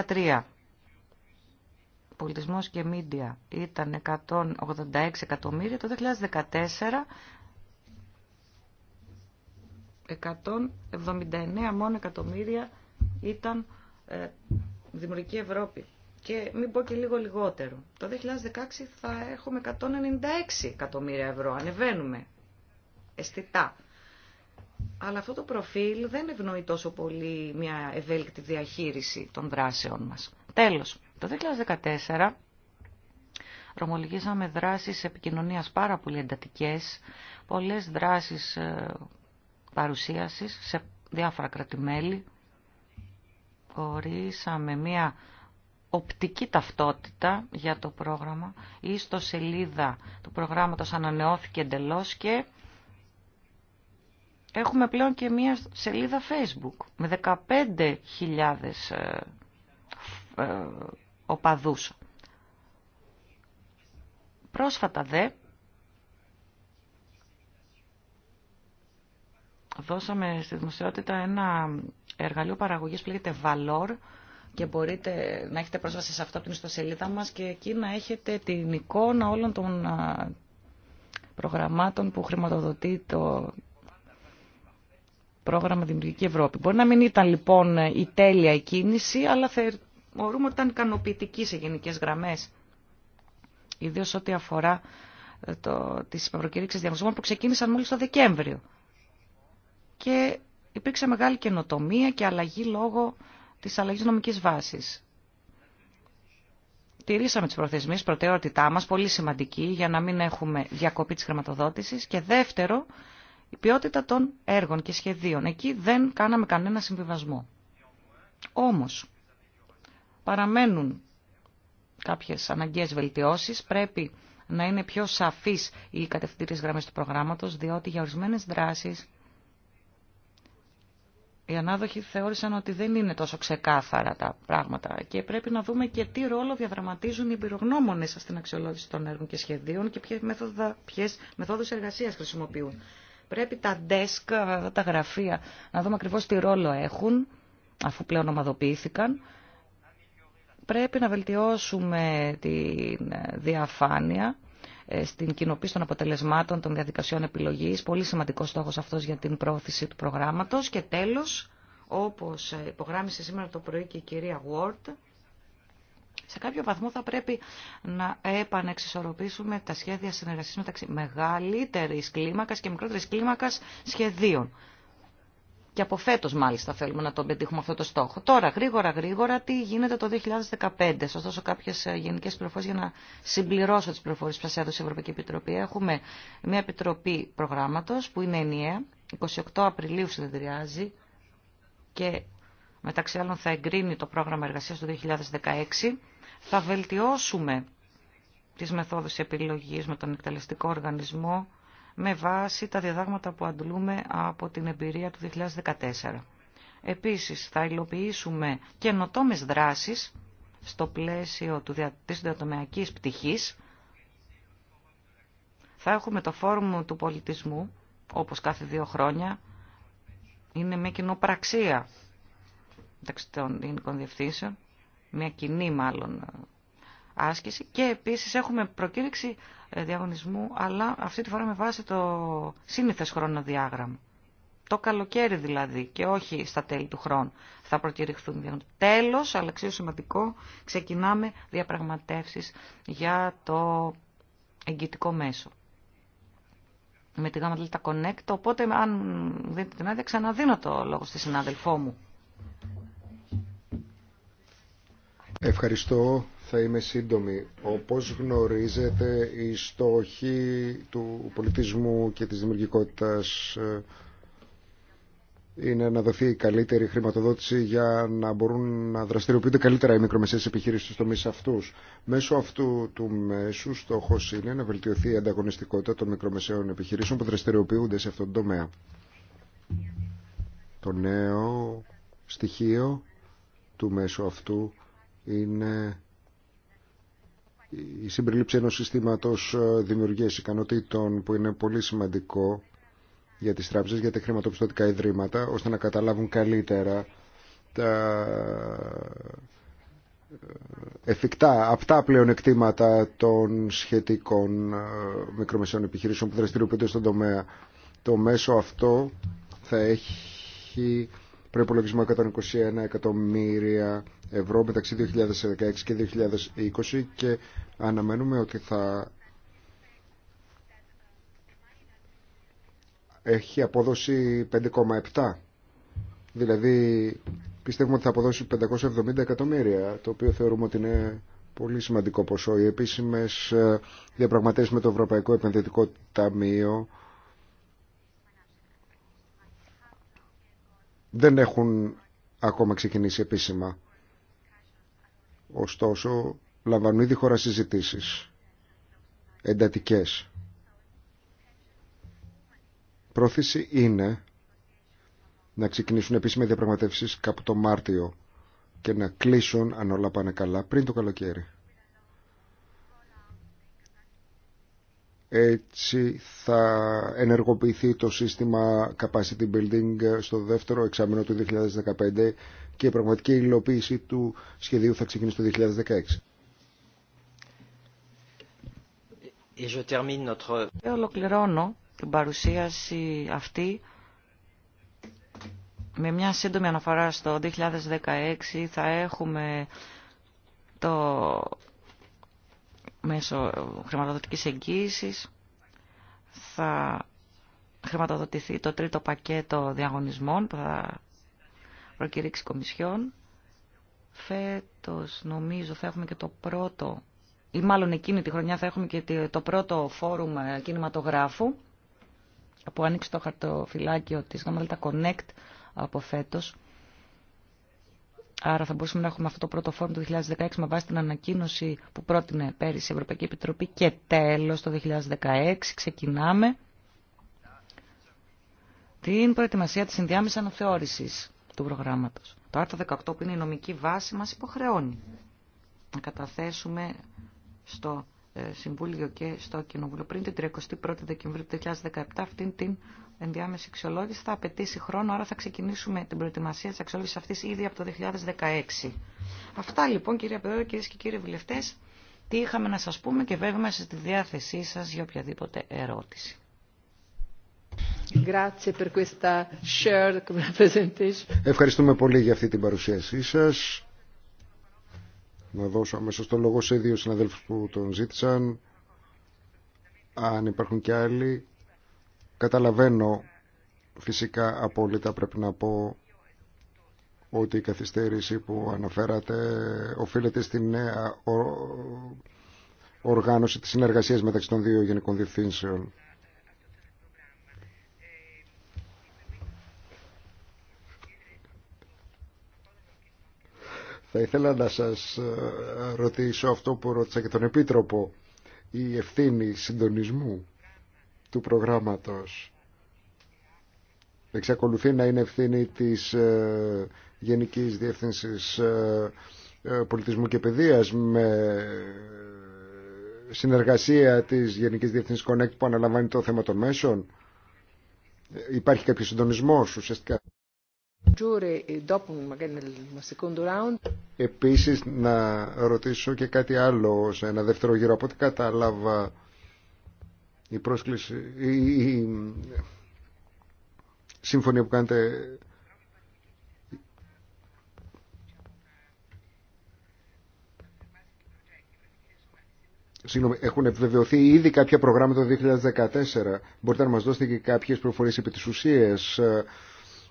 2013 πολιτισμός και μίντια ήταν 186 εκατομμύρια, το 2014 179 μόνο εκατομμύρια ήταν ε, Δημιουργική Ευρώπη. Και μην πω και λίγο λιγότερο. Το 2016 θα έχουμε 196 εκατομμύρια ευρώ. Ανεβαίνουμε αισθητά. Αλλά αυτό το προφίλ δεν ευνοεί τόσο πολύ μια ευέλικτη διαχείριση των δράσεων μας. Τέλος, το 2014 δρομολογήσαμε δράσεις επικοινωνίας πάρα πολύ εντατικές, πολλές δράσεις ε, παρουσίασης σε διάφορα κρατημέλη. Ορίσαμε μια οπτική ταυτότητα για το πρόγραμμα ή στο σελίδα του προγράμματος ανανεώθηκε εντελώς και Έχουμε πλέον και μία σελίδα Facebook με 15.000 ε, ε, οπαδούς. Πρόσφατα δε δώσαμε στη δημοσιότητα ένα εργαλείο παραγωγής που λέγεται Valor και μπορείτε να έχετε πρόσβαση σε αυτό από την ιστοσελίδα μας και εκεί να έχετε την εικόνα όλων των ε, προγραμμάτων που χρηματοδοτεί το πρόγραμμα Δημιουργική Ευρώπη. Μπορεί να μην ήταν λοιπόν η τέλεια η κίνηση, αλλά θεωρούμε ότι ήταν ικανοποιητική σε γενικές γραμμές. ιδίω ό,τι αφορά ε, το, τις προκηρύξεις που ξεκίνησαν μόλις το Δεκέμβριο. Και υπήρξε μεγάλη καινοτομία και αλλαγή λόγω της αλλαγή νομική βάσης. Τηρήσαμε τις προθεσμίες, προτεραιότητά μας, πολύ σημαντική, για να μην έχουμε διακοπή της χρηματοδότησης. Και δεύτερο, η ποιότητα των έργων και σχεδίων. Εκεί δεν κάναμε κανένα συμβιβασμό. Όμως, παραμένουν κάποιες αναγκαίες βελτιώσεις. Πρέπει να είναι πιο σαφείς οι κατευθυντήριες γραμμές του προγράμματος, διότι για ορισμένες δράσεις οι ανάδοχοι θεώρησαν ότι δεν είναι τόσο ξεκάθαρα τα πράγματα και πρέπει να δούμε και τι ρόλο διαδραματίζουν οι εμπειρογνώμονες στην αξιολόγηση των έργων και σχεδίων και ποιες μεθόδους εργασίας χρησιμοποιούν. Πρέπει τα desk, τα γραφεία, να δούμε ακριβώς τι ρόλο έχουν, αφού πλέον ομαδοποιήθηκαν. Πρέπει να βελτιώσουμε τη διαφάνεια ε, στην κοινοποίηση των αποτελεσμάτων των διαδικασιών επιλογής. Πολύ σημαντικός στόχος αυτός για την πρόθεση του προγράμματος. Και τέλος, όπως υπογράμμισε σήμερα το πρωί και η κυρία Ward, σε κάποιο βαθμό θα πρέπει να επανεξισορροπήσουμε τα σχέδια συνεργασία μεταξύ μεγαλύτερη κλίμακα και μικρότερη κλίμακα σχεδίων. Και από φέτο, μάλιστα θέλουμε να τον πετύχουμε αυτό το στόχο. Τώρα, γρήγορα, γρήγορα, τι γίνεται το 2015. Σα δώσω κάποιες ε, γενικέ πληροφορίε για να συμπληρώσω τι πληροφορίε που σα έδωσε η Ευρωπαϊκή Επιτροπή. Έχουμε μια επιτροπή προγράμματο που είναι ενιαία, 28 Απριλίου συνεδριάζει και μεταξύ άλλων θα εγκρίνει το πρόγραμμα εργασίας του 2016. Θα βελτιώσουμε τις μεθόδους επιλογής με τον εκτελεστικό οργανισμό με βάση τα διαδάγματα που αντλούμε από την εμπειρία του 2014. Επίσης, θα υλοποιήσουμε καινοτόμε δράσεις στο πλαίσιο του δια... της πτυχής. Θα έχουμε το Φόρουμ του Πολιτισμού, όπως κάθε δύο χρόνια. Είναι με κοινοπραξία μεταξύ των γενικών διευθύνσεων, μια κοινή μάλλον ε, άσκηση και επίσης έχουμε προκήρυξη ε, διαγωνισμού, αλλά αυτή τη φορά με βάση το σύνηθες χρονοδιάγραμμα. Το καλοκαίρι δηλαδή και όχι στα τέλη του χρόνου θα προκηρυχθούν διαγωνισμοί. Τέλος, αλλά εξίσου σημαντικό, ξεκινάμε διαπραγματεύσεις για το εγγυητικό μέσο με τη γάμα Connect, οπότε αν δείτε την άδεια ξαναδίνω το λόγο στη συνάδελφό μου. Ευχαριστώ. Θα είμαι σύντομη. Όπως γνωρίζετε, η στόχη του πολιτισμού και της δημιουργικότητας ε, είναι να δοθεί καλύτερη χρηματοδότηση για να μπορούν να δραστηριοποιούνται καλύτερα οι μικρομεσαίες επιχείρησεις στους τομείς αυτούς. Μέσω αυτού του μέσου στόχος είναι να βελτιωθεί η ανταγωνιστικότητα των μικρομεσαίων επιχειρήσεων που δραστηριοποιούνται σε αυτόν τον τομέα. Το νέο στοιχείο του μέσου αυτού είναι η συμπριλήψη ενός συστήματος ε, δημιουργίας ικανοτήτων που είναι πολύ σημαντικό για τις τράπεζες, για τα χρηματοπιστωτικά ιδρύματα, ώστε να καταλάβουν καλύτερα τα ε, εφικτά, απτά πλεονεκτήματα των σχετικών ε, μικρομεσαίων επιχειρήσεων που δραστηριοποιούνται στον τομέα. Το μέσο αυτό θα έχει προπολογισμό 121 εκατομμύρια ευρώ μεταξύ 2016 και 2020 και αναμένουμε ότι θα έχει απόδοση 5,7 δηλαδή πιστεύουμε ότι θα αποδώσει 570 εκατομμύρια το οποίο θεωρούμε ότι είναι πολύ σημαντικό ποσό οι επίσημες ε, διαπραγματεύσεις με το Ευρωπαϊκό Επενδυτικό Ταμείο δεν έχουν ακόμα ξεκινήσει επίσημα. Ωστόσο, λαμβάνουν ήδη χώρα συζητήσεις εντατικές. Πρόθεση είναι να ξεκινήσουν επίσημα διαπραγματεύσεις κάπου το Μάρτιο και να κλείσουν, αν όλα πάνε καλά, πριν το καλοκαίρι. Έτσι θα ενεργοποιηθεί το σύστημα capacity building στο δεύτερο εξάμεινο του 2015 και η πραγματική υλοποίηση του σχεδίου θα ξεκινήσει το 2016. Και ολοκληρώνω την παρουσίαση αυτή με μια σύντομη αναφορά στο 2016 θα έχουμε το μέσω χρηματοδοτικής εγγύησης θα χρηματοδοτηθεί το τρίτο πακέτο διαγωνισμών που θα προκηρύξει κομισιόν. Φέτος νομίζω θα έχουμε και το πρώτο, ή μάλλον εκείνη τη χρονιά θα έχουμε και το πρώτο φόρουμ ε, κινηματογράφου που ανοίξει το χαρτοφυλάκιο της Γαμαλτα Connect από φέτος. Άρα θα μπορούσαμε να έχουμε αυτό το πρώτο φόρμα το 2016 με βάση την ανακοίνωση που πρότεινε πέρυσι η Ευρωπαϊκή Επιτροπή και τέλος το 2016 ξεκινάμε την προετοιμασία της ενδιάμεσης αναθεώρησης του προγράμματος. Το άρθρο 18 που είναι η νομική βάση μας υποχρεώνει να καταθέσουμε στο ε, Συμβούλιο και στο Κοινοβούλιο πριν την 31η Δεκεμβρίου του 2017 αυτήν την ενδιάμεση αξιολόγηση θα απαιτήσει χρόνο, άρα θα ξεκινήσουμε την προετοιμασία της αξιολόγησης αυτής ήδη από το 2016. Αυτά λοιπόν κυρία Πεδόρα, κυρίες και κύριοι βουλευτές, τι είχαμε να σας πούμε και βέβαια είμαστε στη διάθεσή σας για οποιαδήποτε ερώτηση. Ευχαριστούμε πολύ για αυτή την παρουσίασή σας. Να δώσω αμέσως το λόγο σε δύο συναδέλφους που τον ζήτησαν. Αν υπάρχουν και άλλοι, καταλαβαίνω φυσικά απόλυτα πρέπει να πω ότι η καθυστέρηση που αναφέρατε οφείλεται στην νέα οργάνωση της συνεργασίας μεταξύ των δύο γενικών διευθύνσεων. Θα ήθελα να σας ε, ρωτήσω αυτό που ρώτησα και τον Επίτροπο, η ευθύνη συντονισμού του προγράμματος. Εξακολουθεί να είναι ευθύνη της ε, Γενικής Διεύθυνσης ε, Πολιτισμού και Παιδείας με συνεργασία της Γενικής Διεύθυνσης Connect που αναλαμβάνει το θέμα των μέσων. Υπάρχει κάποιο συντονισμό ουσιαστικά. Επίσης να ρωτήσω και κάτι άλλο σε ένα δεύτερο γύρο. Από ό,τι κατάλαβα η πρόσκληση, η, η συμφωνία που κάνετε Συγγνώμη, έχουν επιβεβαιωθεί ήδη κάποια προγράμματα το 2014. Μπορείτε να μας δώσετε και κάποιες προφορίες επί της ουσίας ε,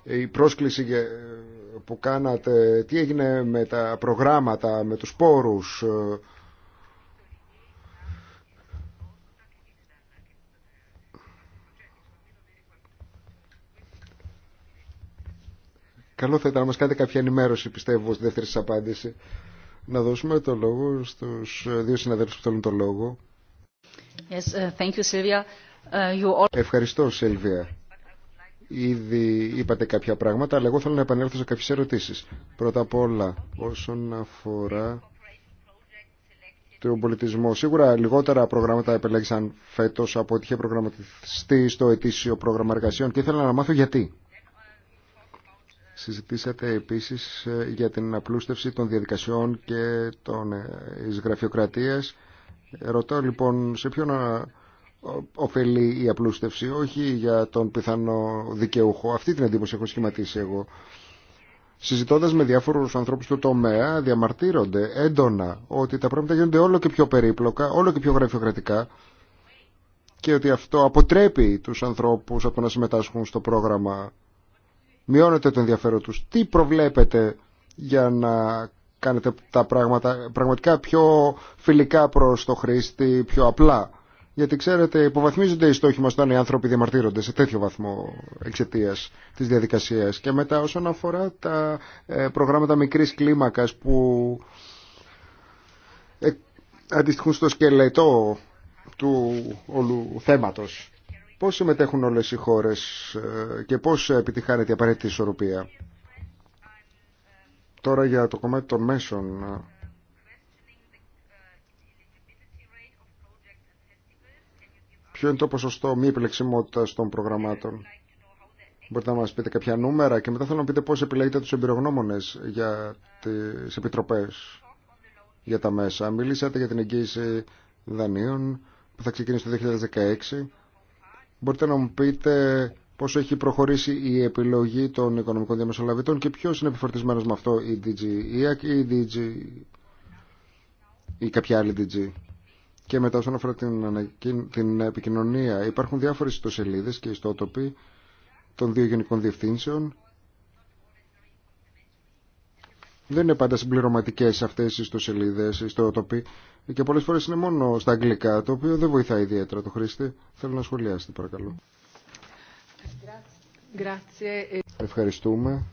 η πρόσκληση που κάνατε, τι έγινε με τα προγράμματα, με τους πόρους. Ε? Καλό θα ήταν να μας κάνετε κάποια ενημέρωση, πιστεύω, στη δεύτερη σας απάντηση. Να δώσουμε το λόγο στους δύο συναδέλφους που θέλουν το λόγο. Yes, uh, thank you, uh, You all... Ευχαριστώ, Σίλβια. Ήδη είπατε κάποια πράγματα, αλλά εγώ θέλω να επανέλθω σε κάποιες ερωτήσεις. Πρώτα απ' όλα, όσον αφορά τον πολιτισμό. Σίγουρα λιγότερα προγράμματα επελέγησαν φέτος από ό,τι είχε προγραμματιστεί στο ετήσιο πρόγραμμα εργασιών και ήθελα να μάθω γιατί. Συζητήσατε επίσης ε, για την απλούστευση των διαδικασιών και των, ε, εισγραφειοκρατίας. Ρωτώ λοιπόν σε ποιον ωφελεί η απλούστευση, όχι για τον πιθανό δικαιούχο. Αυτή την εντύπωση έχω σχηματίσει εγώ. Συζητώντας με διάφορους ανθρώπους του τομέα, διαμαρτύρονται έντονα ότι τα πράγματα γίνονται όλο και πιο περίπλοκα, όλο και πιο γραφειοκρατικά και ότι αυτό αποτρέπει τους ανθρώπους από να συμμετάσχουν στο πρόγραμμα. Μειώνεται το ενδιαφέρον τους. Τι προβλέπετε για να κάνετε τα πράγματα πραγματικά πιο φιλικά προς το χρήστη, πιο απλά. Γιατί ξέρετε, υποβαθμίζονται οι στόχοι μα όταν οι άνθρωποι διαμαρτύρονται σε τέτοιο βαθμό εξαιτία τη διαδικασία. Και μετά, όσον αφορά τα ε, προγράμματα μικρή κλίμακα που ε, αντιστοιχούν στο σκελετό του όλου θέματος. Πώς συμμετέχουν όλε οι χώρες ε, και πώς επιτυχάνεται η απαραίτητη ισορροπία. Τώρα για το κομμάτι των μέσων Ποιο είναι το ποσοστό μη επιλεξιμότητα των προγραμμάτων. Μπορείτε να μας πείτε κάποια νούμερα και μετά θέλω να πείτε πώς επιλέγετε τους εμπειρογνώμονες για τις επιτροπές για τα μέσα. Μιλήσατε για την εγγύηση δανείων που θα ξεκινήσει το 2016. Μπορείτε να μου πείτε πώς έχει προχωρήσει η επιλογή των οικονομικών διαμεσολαβητών και ποιος είναι επιφορτισμένος με αυτό, η DG e ή η DG ή e κάποια άλλη DG. Και μετά όσον αφορά την, την επικοινωνία, υπάρχουν διάφορες ιστοσελίδες και ιστότοποι των δύο γενικών διευθύνσεων. Δεν είναι πάντα συμπληρωματικές αυτές οι ιστοσελίδες, οι ιστότοποι και πολλές φορές είναι μόνο στα αγγλικά, το οποίο δεν βοηθάει ιδιαίτερα το χρήστη. Θέλω να σχολιάσετε παρακαλώ. Ευχαριστούμε.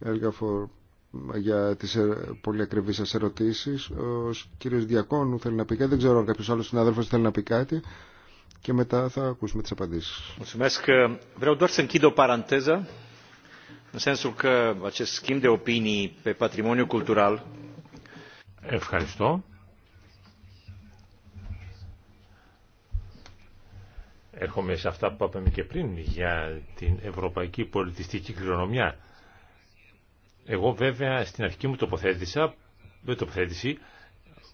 Έλγα για τις ε, πολύ ακριβείς σας ερωτήσεις. Ο κύριος Διακόνου θέλει να πει κάτι, δεν ξέρω αν κάποιος άλλος συνάδελφος θέλει να πει κάτι και μετά θα ακούσουμε τις απαντήσεις. Ευχαριστώ. Έρχομαι σε αυτά που είπαμε και πριν για την ευρωπαϊκή πολιτιστική κληρονομιά εγώ βέβαια στην αρχική μου τοποθέτησα, με τοποθέτηση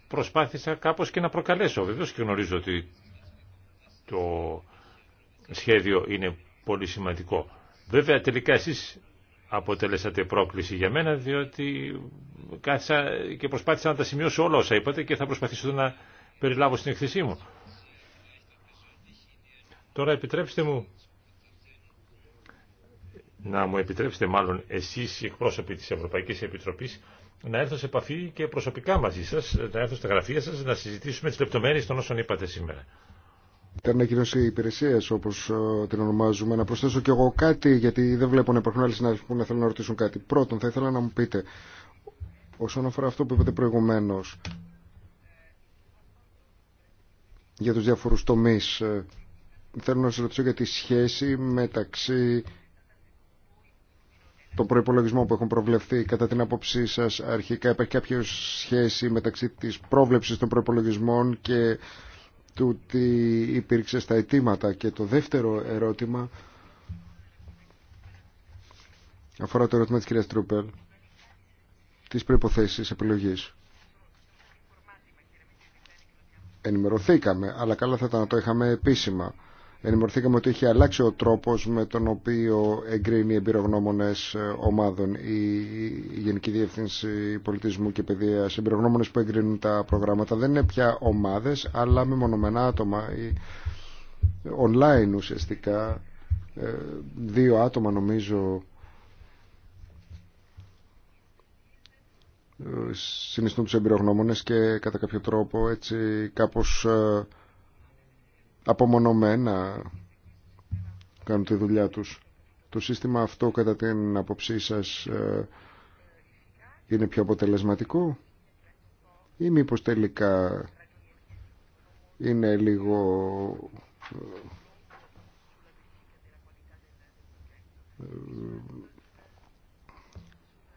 προσπάθησα κάπως και να προκαλέσω. Βεβαίως και γνωρίζω ότι το σχέδιο είναι πολύ σημαντικό. Βέβαια τελικά εσείς αποτελέσατε πρόκληση για μένα διότι κάθισα και προσπάθησα να τα σημειώσω όλα όσα είπατε και θα προσπαθήσω να περιλάβω στην εκθεσή μου. Τώρα επιτρέψτε μου να μου επιτρέψετε μάλλον εσείς οι εκπρόσωποι της Ευρωπαϊκής Επιτροπής να έρθω σε επαφή και προσωπικά μαζί σας, να έρθω στα γραφεία σας, να συζητήσουμε τις λεπτομέρειες των όσων είπατε σήμερα. Ήταν ανακοίνωση υπηρεσία, όπω ε, την ονομάζουμε, να προσθέσω κι εγώ κάτι, γιατί δεν βλέπω να υπάρχουν άλλοι συνάδελφοι που να θέλουν να ρωτήσουν κάτι. Πρώτον, θα ήθελα να μου πείτε, όσον αφορά αυτό που είπατε προηγουμένω, για του διάφορου τομεί, ε, θέλω να σα ρωτήσω για τη σχέση μεταξύ τον προπολογισμό που έχουν προβλεφθεί κατά την άποψή σας αρχικά υπάρχει κάποια σχέση μεταξύ της πρόβλεψης των προπολογισμών και του ότι υπήρξε στα αιτήματα και το δεύτερο ερώτημα αφορά το ερώτημα της κυρίας Τρούπελ τις προϋποθέσεις επιλογής ενημερωθήκαμε αλλά καλά θα ήταν να το είχαμε επίσημα ενημερωθήκαμε ότι έχει αλλάξει ο τρόπος με τον οποίο εγκρίνει εμπειρογνώμονες ε, ομάδων η Γενική Διεύθυνση Πολιτισμού και Παιδείας. Οι εμπειρογνώμονες που εγκρίνουν τα προγράμματα δεν είναι πια ομάδες, αλλά μεμονωμένα άτομα, online ουσιαστικά, ε, δύο άτομα νομίζω ε, συνιστούν τους εμπειρογνώμονες και κατά κάποιο τρόπο έτσι κάπως απομονωμένα κάνουν τη δουλειά τους. Το σύστημα αυτό κατά την αποψή σας ε, είναι πιο αποτελεσματικό ή μήπως τελικά είναι λίγο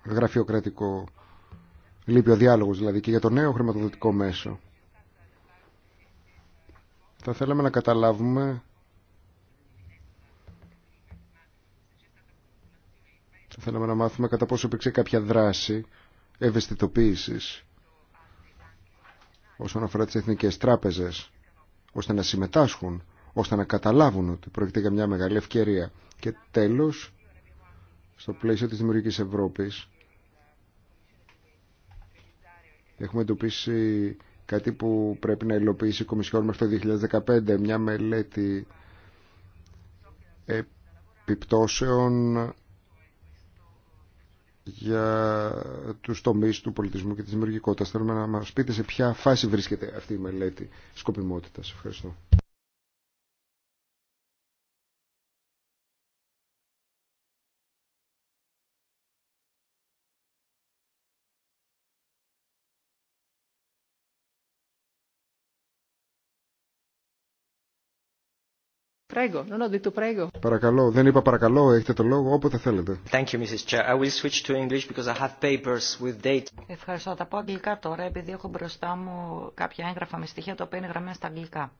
ε, γραφειοκρατικό λείπει ο διάλογος δηλαδή και για το νέο χρηματοδοτικό μέσο θα θέλαμε να καταλάβουμε θα θέλαμε να μάθουμε κατά πόσο υπήρξε κάποια δράση ευαισθητοποίησης όσον αφορά τις εθνικές τράπεζες ώστε να συμμετάσχουν, ώστε να καταλάβουν ότι πρόκειται για μια μεγάλη ευκαιρία. Και τέλος, στο πλαίσιο της Δημιουργικής Ευρώπης, έχουμε εντοπίσει κάτι που πρέπει να υλοποιήσει η Κομισιόν μέχρι το 2015, μια μελέτη επιπτώσεων για τους τομείς του πολιτισμού και της δημιουργικότητας. Θέλουμε να μας πείτε σε ποια φάση βρίσκεται αυτή η μελέτη σκοπιμότητας. Ευχαριστώ. Παρακαλώ, δεν είπα παρακαλώ, έχετε το λόγο όποτε θέλετε. Thank you, Mrs. Chair. I will switch to English because I have papers with dates. Ευχαριστώ. Θα τα πω αγγλικά τώρα, επειδή έχω μπροστά μου κάποια έγγραφα με στοιχεία τα οποία είναι γραμμένα στα αγγλικά.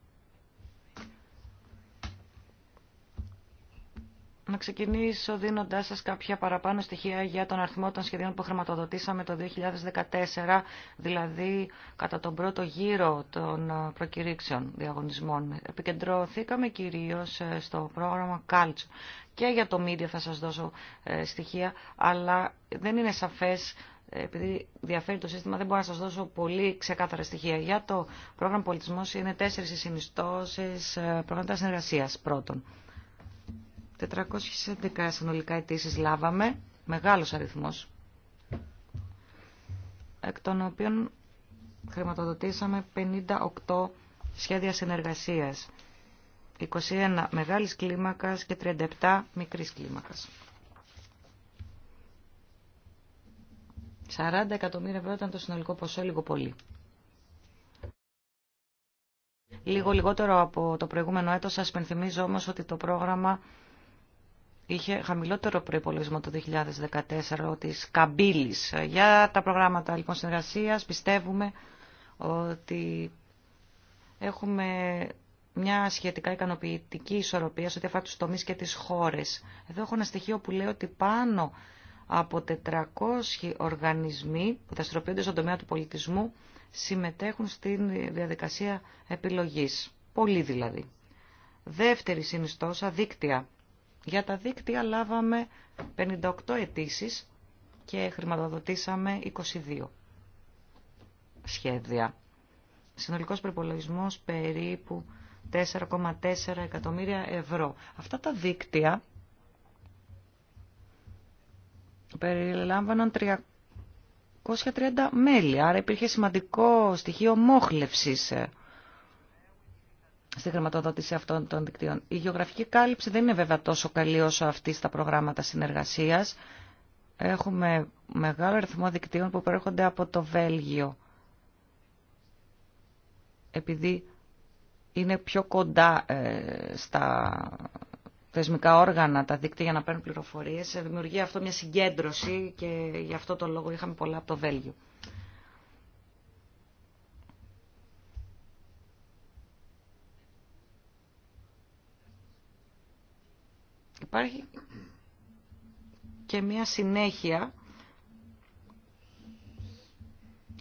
Να ξεκινήσω δίνοντάς σας κάποια παραπάνω στοιχεία για τον αριθμό των σχεδίων που χρηματοδοτήσαμε το 2014, δηλαδή κατά τον πρώτο γύρο των ε, προκηρύξεων διαγωνισμών. Επικεντρωθήκαμε κυρίως ε, στο πρόγραμμα Culture και για το Media θα σας δώσω ε, στοιχεία, αλλά δεν είναι σαφές επειδή διαφέρει το σύστημα, δεν μπορώ να σας δώσω πολύ ξεκάθαρα στοιχεία. Για το πρόγραμμα πολιτισμός είναι τέσσερις συνιστώσεις προγράμματα συνεργασίας πρώτον. 411 συνολικά αιτήσει λάβαμε, μεγάλος αριθμός, εκ των οποίων χρηματοδοτήσαμε 58 σχέδια συνεργασίας, 21 μεγάλης κλίμακας και 37 μικρής κλίμακας. 40 εκατομμύρια ευρώ ήταν το συνολικό ποσό, λίγο πολύ. Λίγο λιγότερο από το προηγούμενο έτος, σας πενθυμίζω όμως ότι το πρόγραμμα είχε χαμηλότερο προπολογισμό το 2014 της Καμπύλης. Για τα προγράμματα λοιπόν συνεργασίας πιστεύουμε ότι έχουμε μια σχετικά ικανοποιητική ισορροπία σε ό,τι αφορά τους τομείς και τις χώρες. Εδώ έχω ένα στοιχείο που λέει ότι πάνω από 400 οργανισμοί που δραστηριοποιούνται στον τομέα του πολιτισμού συμμετέχουν στην διαδικασία επιλογής. Πολλοί δηλαδή. Δεύτερη συνιστόσα, δίκτυα για τα δίκτυα λάβαμε 58 αιτήσει και χρηματοδοτήσαμε 22 σχέδια. Συνολικός προπολογισμός περίπου 4,4 εκατομμύρια ευρώ. Αυτά τα δίκτυα περιλάμβαναν 330 μέλη, άρα υπήρχε σημαντικό στοιχείο μόχλευσης ε, στη χρηματοδότηση αυτών των δικτύων. Η γεωγραφική κάλυψη δεν είναι βέβαια τόσο καλή όσο αυτή στα προγράμματα συνεργασίας. Έχουμε μεγάλο αριθμό δικτύων που προέρχονται από το Βέλγιο. Επειδή είναι πιο κοντά ε, στα θεσμικά όργανα τα δίκτυα για να παίρνουν πληροφορίες, ε, δημιουργεί αυτό μια συγκέντρωση και γι' αυτό το λόγο είχαμε πολλά από το Βέλγιο. Υπάρχει και μια συνέχεια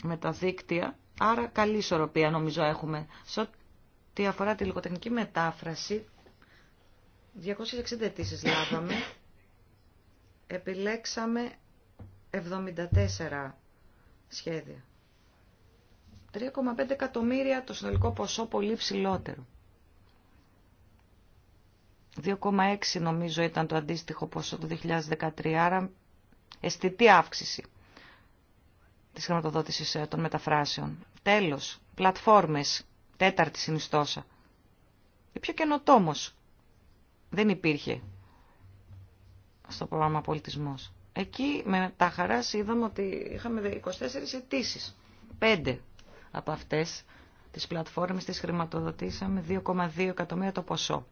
με τα δίκτυα, άρα καλή ισορροπία νομίζω έχουμε. Σε ό,τι αφορά τη λογοτεχνική μετάφραση, 260 αιτήσει λάβαμε, επιλέξαμε 74 σχέδια. 3,5 εκατομμύρια το συνολικό ποσό πολύ ψηλότερο. 2,6 νομίζω ήταν το αντίστοιχο ποσό το 2013, άρα αισθητή αύξηση της χρηματοδότησης ε, των μεταφράσεων. Τέλος, πλατφόρμες, τέταρτη συνιστόσα. Η πιο καινοτόμος δεν υπήρχε στο πρόγραμμα πολιτισμός. Εκεί με τα χαράς είδαμε ότι είχαμε 24 αιτήσει. 5 από αυτές τις πλατφόρμες τις χρηματοδοτήσαμε 2,2 εκατομμύρια το ποσό.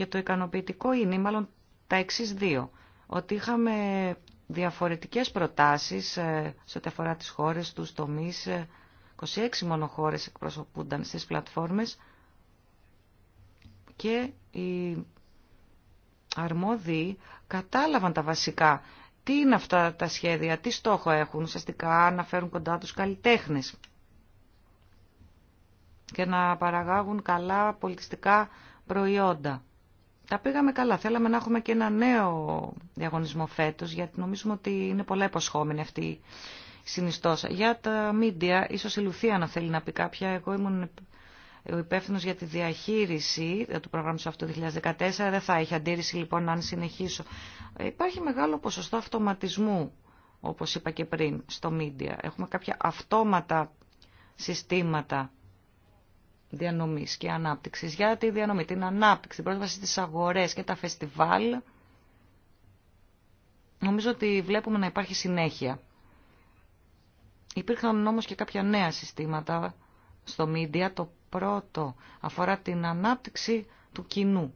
Και το ικανοποιητικό είναι μάλλον τα εξή δύο. Ότι είχαμε διαφορετικές προτάσεις ε, σε ό,τι αφορά τις χώρες, τους τομείς. 26 ε, μόνο χώρες εκπροσωπούνταν στις πλατφόρμες και οι αρμόδιοι κατάλαβαν τα βασικά. Τι είναι αυτά τα σχέδια, τι στόχο έχουν, ουσιαστικά να φέρουν κοντά τους καλλιτέχνες και να παραγάγουν καλά πολιτιστικά προϊόντα. Τα πήγαμε καλά. Θέλαμε να έχουμε και ένα νέο διαγωνισμό φέτο, γιατί νομίζουμε ότι είναι πολλά υποσχόμενη αυτή η συνιστόσα. Για τα μίντια, ίσως η Λουθία να θέλει να πει κάποια. Εγώ ήμουν ο υπεύθυνο για τη διαχείριση του προγράμματο αυτού 2014. Δεν θα έχει αντίρρηση λοιπόν αν συνεχίσω. Ε, υπάρχει μεγάλο ποσοστό αυτοματισμού, όπω είπα και πριν, στο μίντια. Έχουμε κάποια αυτόματα συστήματα διανομής και ανάπτυξης. Για τη διανομή, την ανάπτυξη, την πρόσβαση στις αγορές και τα φεστιβάλ, νομίζω ότι βλέπουμε να υπάρχει συνέχεια. Υπήρχαν όμως και κάποια νέα συστήματα στο media. Το πρώτο αφορά την ανάπτυξη του κοινού.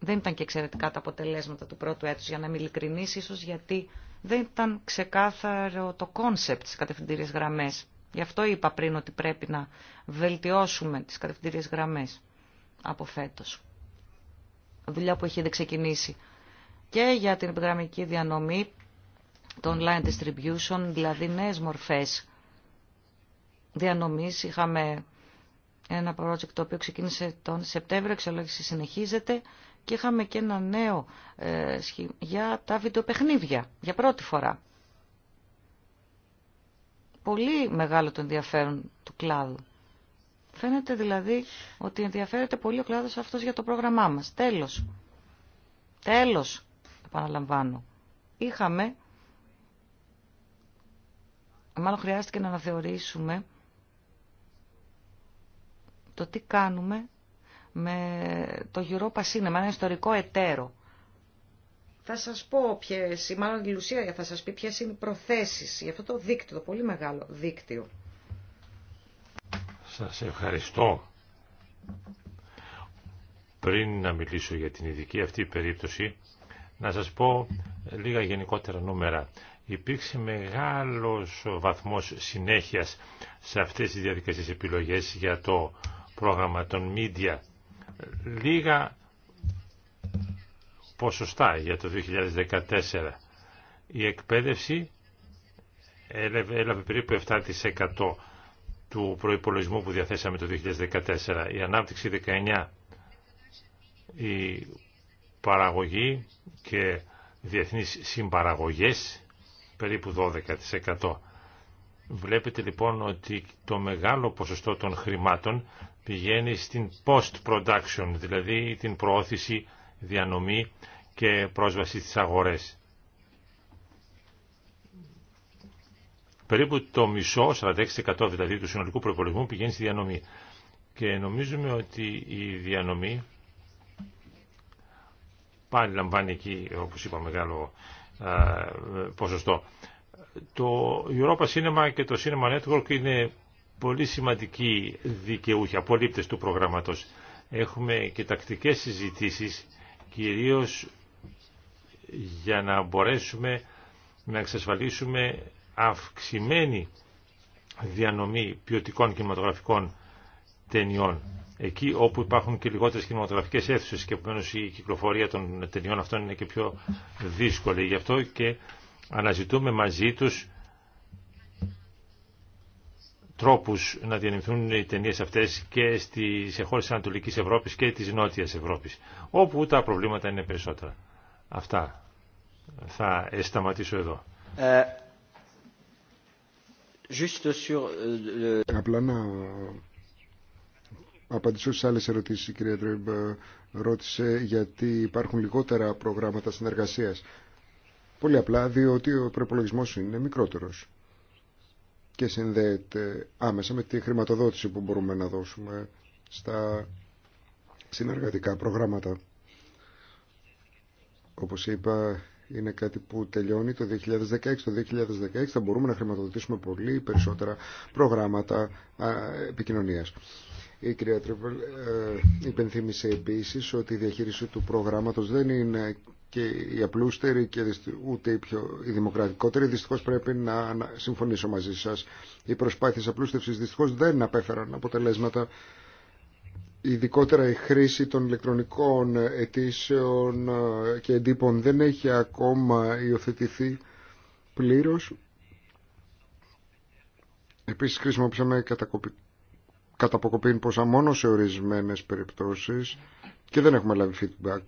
Δεν ήταν και εξαιρετικά τα αποτελέσματα του πρώτου έτους, για να μην ειλικρινής, ίσως γιατί δεν ήταν ξεκάθαρο το κόνσεπτ στις κατευθυντήριες γραμμές. Γι' αυτό είπα πριν ότι πρέπει να βελτιώσουμε τις κατευθυντήριες γραμμές από φέτος. Δουλειά που έχει ήδη ξεκινήσει. Και για την επιγραμμική διανομή, το online distribution, δηλαδή νέες μορφές διανομής. Είχαμε ένα project το οποίο ξεκίνησε τον Σεπτέμβριο, εξελόγηση συνεχίζεται και είχαμε και ένα νέο ε, για τα βιντεοπαιχνίδια για πρώτη φορά πολύ μεγάλο το ενδιαφέρον του κλάδου. Φαίνεται δηλαδή ότι ενδιαφέρεται πολύ ο κλάδος αυτός για το πρόγραμμά μας. Τέλος. Τέλος, επαναλαμβάνω. Είχαμε, μάλλον χρειάστηκε να αναθεωρήσουμε το τι κάνουμε με το Europa Cinema, ένα ιστορικό εταίρο θα σας πω ποιες, μάλλον η Λουσία θα σας πει ποιες είναι οι προθέσεις για αυτό το δίκτυο, το πολύ μεγάλο δίκτυο. Σας ευχαριστώ. Πριν να μιλήσω για την ειδική αυτή περίπτωση, να σας πω λίγα γενικότερα νούμερα. Υπήρξε μεγάλος βαθμός συνέχειας σε αυτές τις διαδικασίες επιλογές για το πρόγραμμα των media. Λίγα ποσοστά για το 2014. Η εκπαίδευση έλαβε περίπου 7% του προϋπολογισμού που διαθέσαμε το 2014. Η ανάπτυξη 19, η παραγωγή και διεθνείς συμπαραγωγές περίπου 12%. Βλέπετε λοιπόν ότι το μεγάλο ποσοστό των χρημάτων πηγαίνει στην post-production, δηλαδή την προώθηση διανομή και πρόσβαση στις αγορές. Περίπου το μισό, 46% δηλαδή του συνολικού προπολογισμού πηγαίνει στη διανομή. Και νομίζουμε ότι η διανομή πάλι λαμβάνει εκεί, όπως είπα, μεγάλο ποσοστό. Το Europa Cinema και το Cinema Network είναι πολύ σημαντικοί δικαιούχοι, απολύπτες του προγράμματος. Έχουμε και τακτικές συζητήσεις κυρίως για να μπορέσουμε να εξασφαλίσουμε αυξημένη διανομή ποιοτικών κινηματογραφικών ταινιών. Εκεί όπου υπάρχουν και λιγότερες κινηματογραφικές αίθουσες και επομένω η κυκλοφορία των ταινιών αυτών είναι και πιο δύσκολη. Γι' αυτό και αναζητούμε μαζί τους τρόπους να διανυμφθούν οι ταινίε αυτές και στις, σε χώρες της Ανατολικής Ευρώπης και της Νότιας Ευρώπης, όπου τα προβλήματα είναι περισσότερα. Αυτά. Θα σταματήσω εδώ. Ε, juste sur... Ε, ε, απλά να απαντήσω στις άλλες ερωτήσεις, η κυρία Τρέμπ ε, ρώτησε γιατί υπάρχουν λιγότερα προγράμματα συνεργασίας. Πολύ απλά, διότι ο προπολογισμό είναι μικρότερος και συνδέεται άμεσα με τη χρηματοδότηση που μπορούμε να δώσουμε στα συνεργατικά προγράμματα. Όπως είπα, είναι κάτι που τελειώνει το 2016. Το 2016 θα μπορούμε να χρηματοδοτήσουμε πολύ περισσότερα προγράμματα επικοινωνίας. Η κυρία Τρίπελ ε, υπενθύμησε επίσης ότι η διαχείριση του προγράμματος δεν είναι και οι απλούστεροι και ούτε οι, πιο, οι δημοκρατικότεροι δυστυχώ πρέπει να, συμφωνήσω μαζί σα. Οι προσπάθειε απλούστευσης δυστυχώ, δεν απέφεραν αποτελέσματα ειδικότερα η χρήση των ηλεκτρονικών αιτήσεων ε, και εντύπων δεν έχει ακόμα υιοθετηθεί πλήρω. Επίση χρησιμοποιήσαμε αποκοπή ποσά μόνο σε ορισμένε περιπτώσει και δεν έχουμε λάβει feedback.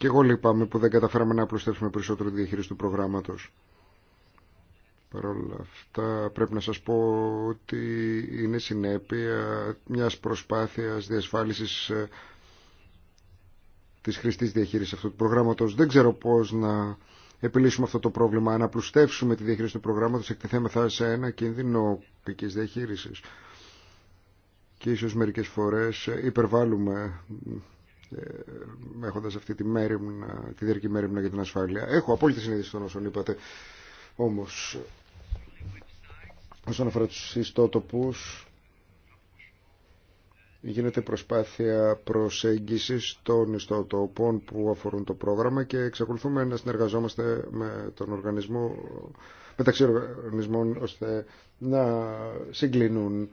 Και εγώ λυπάμαι που δεν καταφέραμε να απλουστεύσουμε περισσότερο τη διαχείριση του προγράμματος. Παρ' όλα αυτά πρέπει να σας πω ότι είναι συνέπεια μιας προσπάθειας διασφάλισης ε, τη χρηστής διαχείριση αυτού του προγράμματος. Δεν ξέρω πώς να επιλύσουμε αυτό το πρόβλημα, Αν απλουστεύσουμε τη διαχείριση του προγράμματος εκτεθέμεθα σε ένα κίνδυνο πική διαχείριση. Και ίσω μερικέ φορέ ε, υπερβάλλουμε ε, έχοντα αυτή τη, μέρημνα, τη διαρκή μέρημνα για την ασφάλεια. Έχω απόλυτη συνείδηση των όσων είπατε. Όμω, όσον αφορά του ιστότοπου, γίνεται προσπάθεια προσέγγιση των ιστοτοπών που αφορούν το πρόγραμμα και εξακολουθούμε να συνεργαζόμαστε με τον οργανισμό μεταξύ οργανισμών ώστε να συγκλίνουν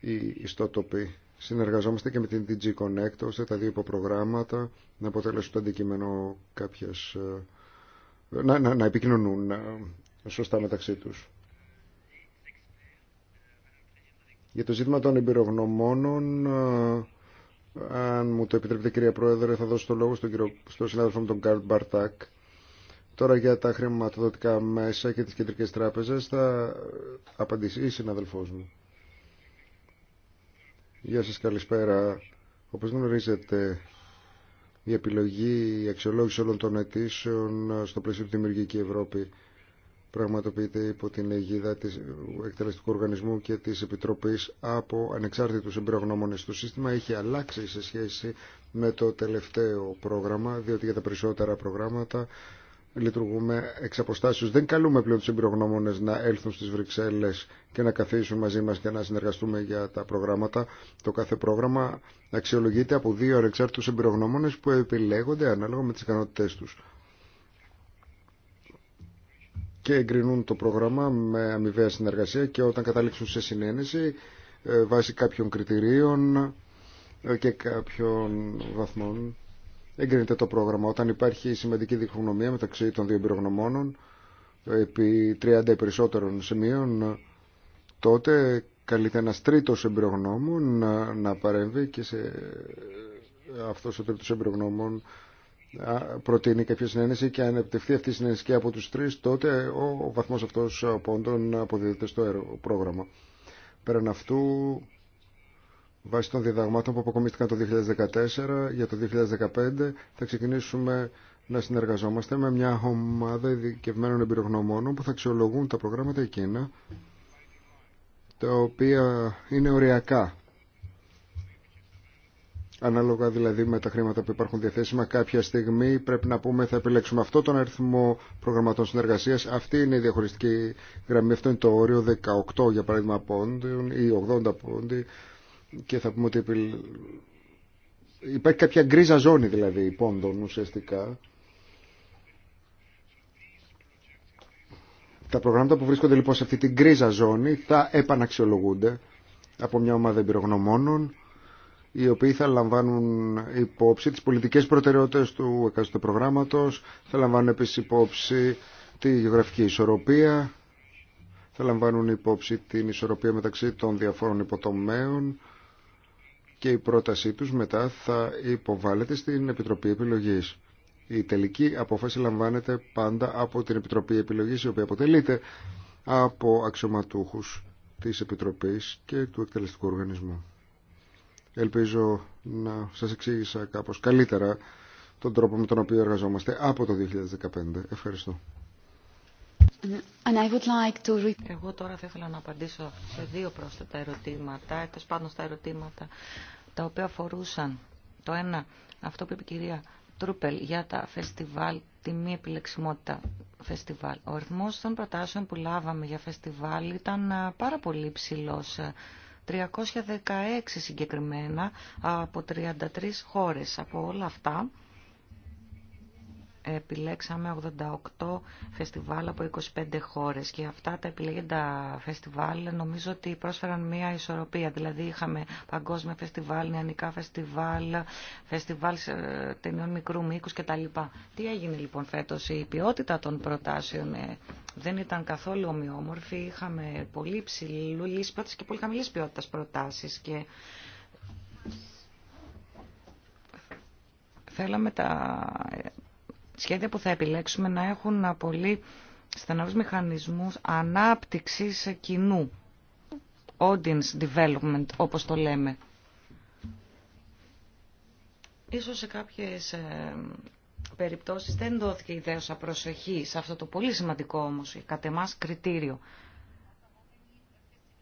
οι ιστότοποι Συνεργαζόμαστε και με την DG Connect ώστε τα δύο υποπρογράμματα να αποτελέσουν το αντικείμενο κάποιε. Ε, να, να επικοινωνούν σωστά μεταξύ του. Για το ζήτημα των εμπειρογνωμόνων, ε, αν μου το επιτρέπετε κυρία Πρόεδρε, θα δώσω το λόγο στον, κύριο, στον συνάδελφο μου τον Καρλ Μπαρτάκ. Τώρα για τα χρηματοδοτικά μέσα και τις κεντρικές τράπεζες θα απαντήσει η συναδελφός μου. Γεια σας, καλησπέρα. Όπως γνωρίζετε, η επιλογή, η αξιολόγηση όλων των αιτήσεων στο πλαίσιο του Δημιουργική Ευρώπη πραγματοποιείται υπό την αιγίδα της εκτελεστικού οργανισμού και της Επιτροπής από ανεξάρτητους εμπειρογνώμονες. Το σύστημα έχει αλλάξει σε σχέση με το τελευταίο πρόγραμμα, διότι για τα περισσότερα προγράμματα λειτουργούμε εξ αποστάσεως. Δεν καλούμε πλέον τους εμπειρογνώμονες να έλθουν στις Βρυξέλλες και να καθίσουν μαζί μας και να συνεργαστούμε για τα προγράμματα. Το κάθε πρόγραμμα αξιολογείται από δύο ανεξάρτητους εμπειρογνώμονες που επιλέγονται ανάλογα με τις ικανότητές τους και εγκρινούν το πρόγραμμα με αμοιβαία συνεργασία και όταν καταλήξουν σε συνένεση ε, βάσει κάποιων κριτηρίων ε, και κάποιων βαθμών εγκρίνεται το πρόγραμμα. Όταν υπάρχει σημαντική διχογνωμία μεταξύ των δύο εμπειρογνωμόνων επί 30 περισσότερων σημείων, τότε καλείται ένα τρίτο εμπειρογνώμων να, να παρέμβει και σε αυτός ο τρίτο εμπειρογνώμων προτείνει κάποια συνένεση και αν επιτευχθεί αυτή η συνένεση και από τους τρεις τότε ο, ο βαθμός αυτός πόντων αποδίδεται στο πρόγραμμα. Πέραν αυτού Βάσει των διδαγμάτων που αποκομίστηκαν το 2014 για το 2015 θα ξεκινήσουμε να συνεργαζόμαστε με μια ομάδα ειδικευμένων εμπειρογνωμόνων που θα αξιολογούν τα προγράμματα εκείνα τα οποία είναι οριακά ανάλογα δηλαδή με τα χρήματα που υπάρχουν διαθέσιμα κάποια στιγμή πρέπει να πούμε θα επιλέξουμε αυτό τον αριθμό προγραμματών συνεργασίας αυτή είναι η διαχωριστική γραμμή αυτό είναι το όριο 18 για παράδειγμα πόντων ή 80 πόντι και θα πούμε ότι υπάρχει κάποια γκρίζα ζώνη δηλαδή πόντων ουσιαστικά. Τα προγράμματα που βρίσκονται λοιπόν σε αυτή την γκρίζα ζώνη θα επαναξιολογούνται από μια ομάδα εμπειρογνωμόνων οι οποίοι θα λαμβάνουν υπόψη τις πολιτικές προτεραιότητες του εκάστοτε προγράμματος, θα λαμβάνουν επίσης υπόψη τη γεωγραφική ισορροπία, θα λαμβάνουν υπόψη την ισορροπία μεταξύ των διαφόρων υποτομέων, και η πρότασή τους μετά θα υποβάλλεται στην Επιτροπή Επιλογής. Η τελική απόφαση λαμβάνεται πάντα από την Επιτροπή Επιλογής η οποία αποτελείται από αξιωματούχους της Επιτροπής και του εκτελεστικού οργανισμού. Ελπίζω να σας εξήγησα κάπως καλύτερα τον τρόπο με τον οποίο εργαζόμαστε από το 2015. Ευχαριστώ. Εγώ τώρα θα ήθελα να απαντήσω σε δύο πρόσθετα ερωτήματα, ετσι πάνω στα ερωτήματα τα οποία αφορούσαν το ένα, αυτό που είπε η κυρία Τρούπελ για τα φεστιβάλ, τη μη επιλεξιμότητα φεστιβάλ. Ο αριθμό των προτάσεων που λάβαμε για φεστιβάλ ήταν πάρα πολύ ψηλό. 316 συγκεκριμένα από 33 χώρες. Από όλα αυτά επιλέξαμε 88 φεστιβάλ από 25 χώρες και αυτά τα επιλέγοντα φεστιβάλ νομίζω ότι πρόσφεραν μια ισορροπία. Δηλαδή είχαμε παγκόσμια φεστιβάλ, νεανικά φεστιβάλ, φεστιβάλ ε, ταινιών μικρού μήκους κτλ. Τι έγινε λοιπόν φέτος, η ποιότητα των προτάσεων ε, δεν ήταν καθόλου ομοιόμορφη, είχαμε πολύ υψηλή πρόταση και πολύ χαμηλής ποιότητα προτάσεις και θέλαμε τα ε, σχέδια που θα επιλέξουμε να έχουν πολύ στενοβούς μηχανισμούς ανάπτυξης κοινού. Audience development, όπως το λέμε. Ίσως σε κάποιες ε, περιπτώσεις δεν δόθηκε ιδέωσα προσοχή σε αυτό το πολύ σημαντικό όμως, κατά εμάς, κριτήριο.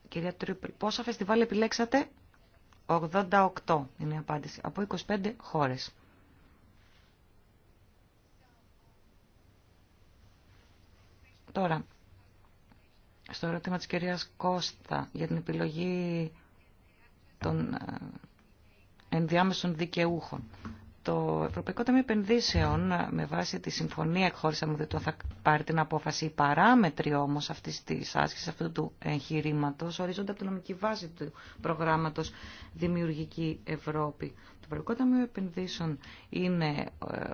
Κυρία Τρύπρη, πόσα φεστιβάλ επιλέξατε? 88 είναι η απάντηση, από 25 χώρες. Τώρα, στο ερώτημα της κυρίας Κώστα για την επιλογή των ε, ενδιάμεσων δικαιούχων. Το Ευρωπαϊκό Ταμείο Επενδύσεων, ε, με βάση τη συμφωνία εκχώρηση αμμουδετών, θα πάρει την απόφαση. Οι παράμετροι όμω αυτή τη άσκηση, αυτού του εγχειρήματο, ορίζονται από την νομική βάση του προγράμματο Δημιουργική Ευρώπη. Το Ευρωπαϊκό Ταμείο Επενδύσεων είναι ε,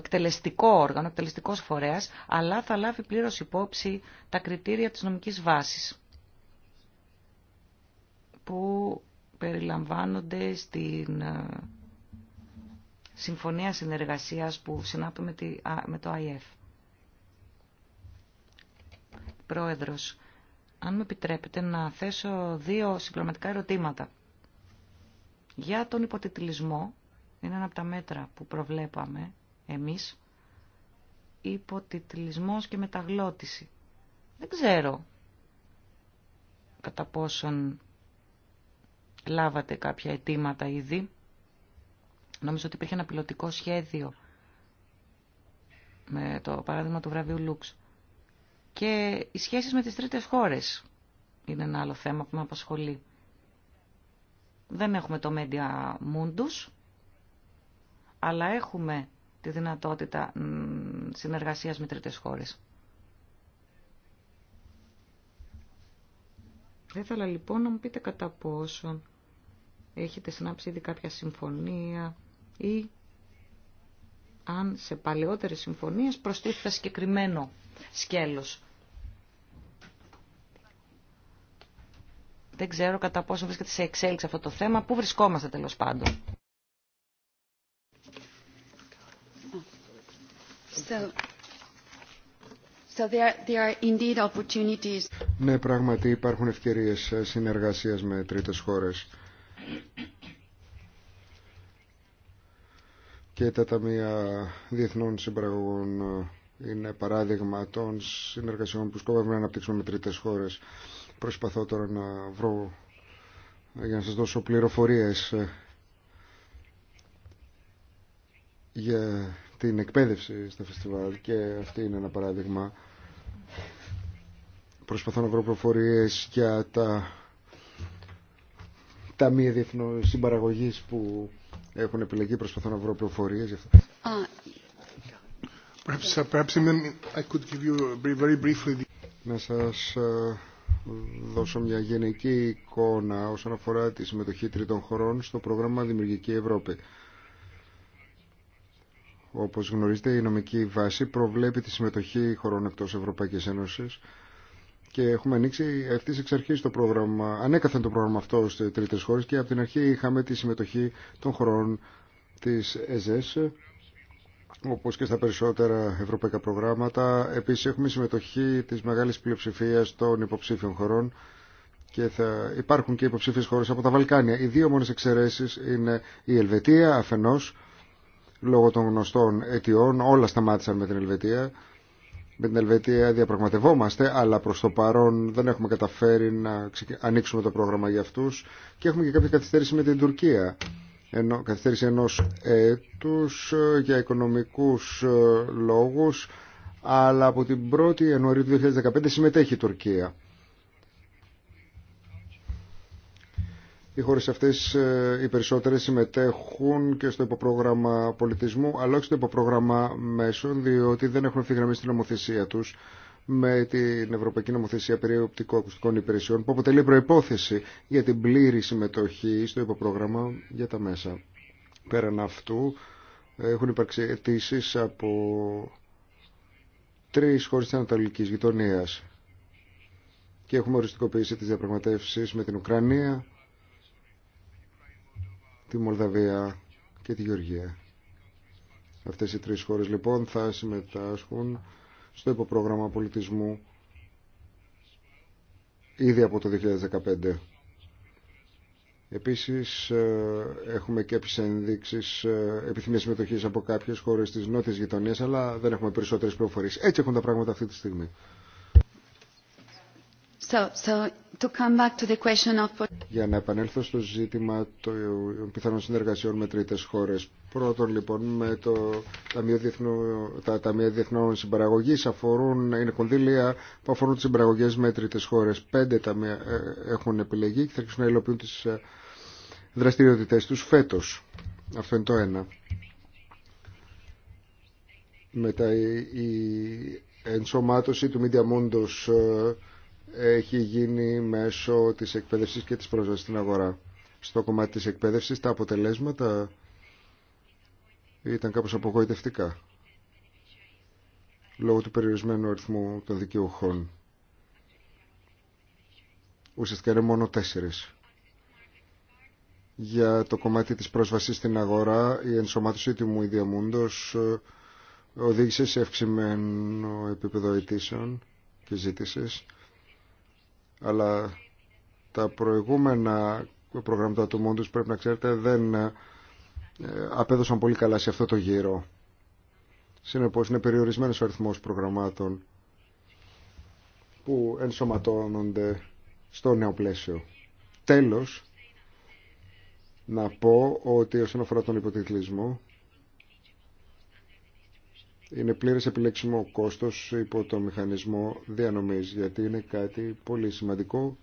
το εκτελεστικό όργανο, ο εκτελεστικός φορέας, αλλά θα λάβει πλήρω υπόψη τα κριτήρια της νομική βάσης που περιλαμβάνονται στην ε, συμφωνία συνεργασίας που συνάπτουμε με το ΑΕΦ. Πρόεδρος, αν με επιτρέπετε να θέσω δύο συμπληρωματικά ερωτήματα. Για τον υποτιτλισμό, είναι ένα από τα μέτρα που προβλέπαμε εμείς υποτιτλισμός και μεταγλώτηση. Δεν ξέρω κατά πόσον λάβατε κάποια αιτήματα ήδη. Νομίζω ότι υπήρχε ένα πιλωτικό σχέδιο με το παράδειγμα του βραβείου Λουξ. Και οι σχέσεις με τις τρίτες χώρες είναι ένα άλλο θέμα που με απασχολεί. Δεν έχουμε το Media Mundus, αλλά έχουμε τη δυνατότητα συνεργασίας με τρίτες χώρες. Θα ήθελα λοιπόν να μου πείτε κατά πόσο έχετε συνάψει ήδη κάποια συμφωνία ή αν σε παλαιότερες συμφωνίες προστίθεται συγκεκριμένο σκέλος. Δεν ξέρω κατά πόσο βρίσκεται σε εξέλιξη αυτό το θέμα. Πού βρισκόμαστε τέλος πάντων. Ναι, πράγματι υπάρχουν ευκαιρίες ε, συνεργασίας με τρίτες χώρες. Και τα Ταμεία Διεθνών Συμπραγωγών ε, είναι παράδειγμα των συνεργασιών που σκόπευαμε να αναπτύξουμε με τρίτες χώρες. Προσπαθώ τώρα να βρω, ε, για να σας δώσω πληροφορίες για την εκπαίδευση στα φεστιβάλ και αυτή είναι ένα παράδειγμα. Προσπαθώ να βρω προφορίε για τα ταμεία διεθνού συμπαραγωγής που έχουν επιλεγεί. Προσπαθώ να βρω προφορίε. για αυτό. Perhaps, Να σα ε, δώσω μια γενική εικόνα όσον αφορά τη συμμετοχή τρίτων χωρών στο πρόγραμμα Δημιουργική Ευρώπη. Όπω γνωρίζετε η νομική βάση προβλέπει τη συμμετοχή χωρών εκτό Ευρωπαϊκή Ένωση και έχουμε ανοίξει ευθύ εξ αρχή το πρόγραμμα, ανέκαθεν το πρόγραμμα αυτό στι τρίτε χώρε και από την αρχή είχαμε τη συμμετοχή των χωρών τη ΕΖΕΣ όπως και στα περισσότερα ευρωπαϊκά προγράμματα. Επίσης έχουμε συμμετοχή της μεγάλης πλειοψηφίας των υποψήφιων χωρών και θα υπάρχουν και υποψήφιες χώρες από τα Βαλκάνια. Οι δύο μόνες εξαιρεσει είναι η Ελβετία αφενός λόγω των γνωστών αιτιών. Όλα σταμάτησαν με την Ελβετία. Με την Ελβετία διαπραγματευόμαστε, αλλά προς το παρόν δεν έχουμε καταφέρει να ανοίξουμε το πρόγραμμα για αυτούς και έχουμε και κάποια καθυστέρηση με την Τουρκία. Ενώ, καθυστέρηση ενός έτους ε, για οικονομικούς ε, λόγους, αλλά από την 1η Ιανουαρίου 2015 συμμετέχει η Τουρκία. Οι χώρες αυτές ε, οι περισσότερες συμμετέχουν και στο υποπρόγραμμα πολιτισμού, αλλά όχι στο υποπρόγραμμα μέσων, διότι δεν έχουν ευθυγραμμίσει την νομοθεσία τους με την Ευρωπαϊκή Νομοθεσία περί οπτικοακουστικών υπηρεσιών, που αποτελεί προϋπόθεση για την πλήρη συμμετοχή στο υποπρόγραμμα για τα μέσα. Πέραν αυτού, έχουν υπάρξει αιτήσει από τρεις χώρες της Ανατολικής Γειτονίας και έχουμε οριστικοποιήσει τις διαπραγματεύσεις με την Ουκρανία, τη Μολδαβία και τη Γεωργία. Αυτές οι τρεις χώρες λοιπόν θα συμμετάσχουν στο υποπρόγραμμα πολιτισμού ήδη από το 2015. Επίσης ε, έχουμε και ε, επιθυμίες συμμετοχής από κάποιες χώρες της νότιας γειτονίας αλλά δεν έχουμε περισσότερες πληροφορίες. Έτσι έχουν τα πράγματα αυτή τη στιγμή. Για να επανέλθω στο ζήτημα των πιθανών συνεργασιών με τρίτες χώρες. Πρώτον λοιπόν με το τα Ταμεία Διεθνών Συμπαραγωγής αφορούν, είναι κονδύλια που αφορούν τις συμπαραγωγές με τρίτες χώρες. Πέντε ταμεία ε, έχουν επιλεγεί και θα αρχίσουν να υλοποιούν τις ε, δραστηριότητές τους φέτος. Αυτό είναι το ένα. Μετά η ενσωμάτωση του Media Mundos ε, έχει γίνει μέσω της εκπαίδευσης και της πρόσβασης στην αγορά. Στο κομμάτι της εκπαίδευσης τα αποτελέσματα ήταν κάπως απογοητευτικά λόγω του περιορισμένου αριθμού των δικαιούχων. Ουσιαστικά είναι μόνο τέσσερις. Για το κομμάτι της πρόσβασης στην αγορά, η ενσωμάτωση του μου ιδιαμούντος ε, οδήγησε σε αυξημένο επίπεδο αιτήσεων και ζήτησης αλλά τα προηγούμενα προγράμματα του Μόντους πρέπει να ξέρετε δεν ε, απέδωσαν πολύ καλά σε αυτό το γύρο. Συνεπώς είναι περιορισμένος ο αριθμός προγραμμάτων που ενσωματώνονται στο νέο πλαίσιο. Τέλος, να πω ότι όσον αφορά τον υποτιτλισμό, είναι πλήρες επιλέξιμο κόστος υπό το μηχανισμό διανομής γιατί είναι κάτι πολύ σημαντικό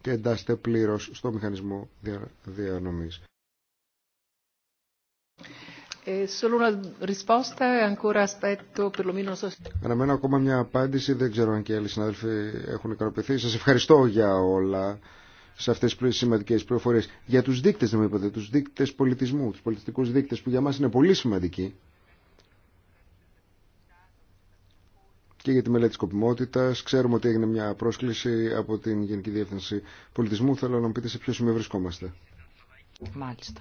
και εντάσσεται πλήρως στο μηχανισμό διανομής. Ε, e Αναμένω ακόμα μια απάντηση, δεν ξέρω αν και άλλοι συνάδελφοι έχουν ικανοποιηθεί. Σας ευχαριστώ για όλα σε αυτές τις σημαντικές πληροφορίες. Για τους δείκτες, δεν μου είπατε, τους δείκτες πολιτισμού, τους πολιτιστικούς δείκτες που για μας είναι πολύ σημαντικοί. και για τη μελέτη σκοπιμότητας. Ξέρουμε ότι έγινε μια πρόσκληση από την Γενική Διεύθυνση Πολιτισμού. Θέλω να μου πείτε σε ποιο σημείο βρισκόμαστε. Μάλιστα.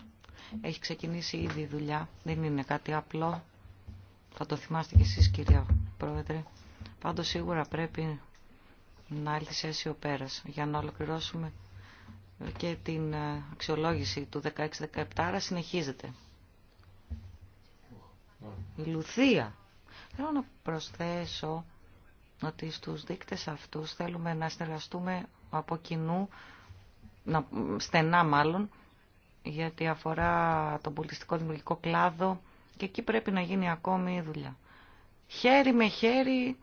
Έχει ξεκινήσει ήδη η δουλειά. Δεν είναι κάτι απλό. Θα το θυμάστε κι εσείς κυρία Πρόεδρε. Πάντω σίγουρα πρέπει να έλθει σε αίσιο πέρα. για να ολοκληρώσουμε και την ε, αξιολόγηση του 16-17, άρα συνεχίζεται. Η Λουθία. Θέλω να προσθέσω ότι στους δείκτες αυτούς θέλουμε να συνεργαστούμε από κοινού, να, στενά μάλλον, γιατί αφορά τον πολιτιστικό δημιουργικό κλάδο και εκεί πρέπει να γίνει ακόμη η δουλειά. Χέρι με χέρι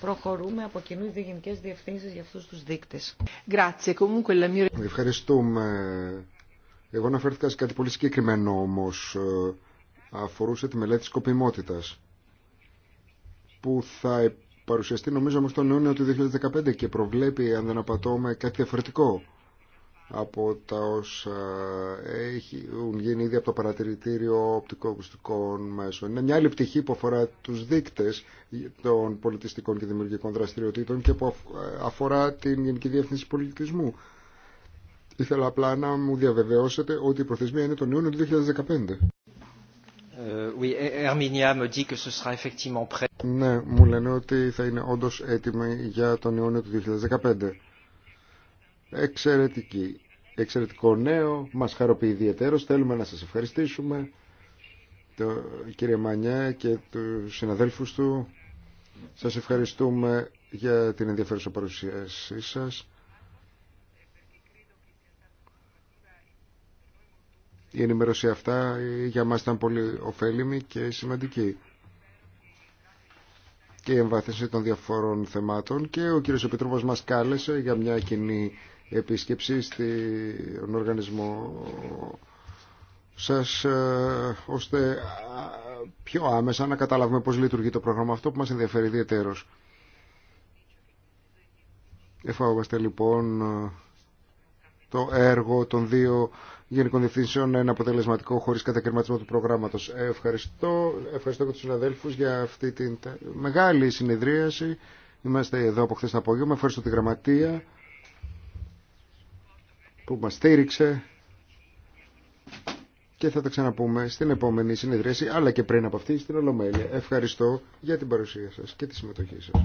προχωρούμε από κοινού οι διευθυντικές διευθύνσεις για αυτούς τους δείκτες. Ευχαριστούμε. Εγώ αναφέρθηκα σε κάτι πολύ συγκεκριμένο όμως ε, αφορούσε τη μελέτη σκοπιμότητας που θα παρουσιαστεί νομίζω όμως τον Ιούνιο του 2015 και προβλέπει αν δεν απατώμε κάτι διαφορετικό από τα όσα έχουν γίνει ήδη από το παρατηρητήριο οπτικοακουστικών μέσων. Είναι μια άλλη πτυχή που αφορά τους δείκτες των πολιτιστικών και δημιουργικών δραστηριοτήτων και που αφορά την Γενική Διεύθυνση Πολιτισμού. Ήθελα απλά να μου διαβεβαιώσετε ότι η προθεσμία είναι τον Ιούνιο του 2015. Euh, oui, me dit que ce sera effectivement prêt. Ναι, μου λένε ότι θα είναι όντω έτοιμη για τον Ιούνιο του 2015. Εξαιρετική. Εξαιρετικό νέο. Μας χαροποιεί ιδιαίτερος. Θέλουμε να σας ευχαριστήσουμε. Το κύριε Μανιά και του συναδέλφου του. Σας ευχαριστούμε για την ενδιαφέρουσα παρουσίασή σας. Η ενημέρωση αυτά για μας ήταν πολύ ωφέλιμη και σημαντική και η εμβάθυνση των διαφορών θεμάτων και ο κύριος Επιτρόπος μας κάλεσε για μια κοινή επίσκεψη στον οργανισμό σας ε, ώστε πιο άμεσα να καταλάβουμε πώς λειτουργεί το πρόγραμμα αυτό που μας ενδιαφέρει ιδιαίτερος. Εφάγομαστε λοιπόν ε, το έργο των δύο Γενικών Διευθύνσεων ένα αποτελεσματικό χωρίς κατακαιρματισμό του προγράμματος. Ε, ευχαριστώ, ευχαριστώ και τους συναδέλφους για αυτή την μεγάλη συνεδρίαση. Είμαστε εδώ από χθες το απόγευμα. Ευχαριστώ τη Γραμματεία που μας στήριξε και θα τα ξαναπούμε στην επόμενη συνεδρίαση αλλά και πριν από αυτή στην Ολομέλεια. Ευχαριστώ για την παρουσία σας και τη συμμετοχή σας.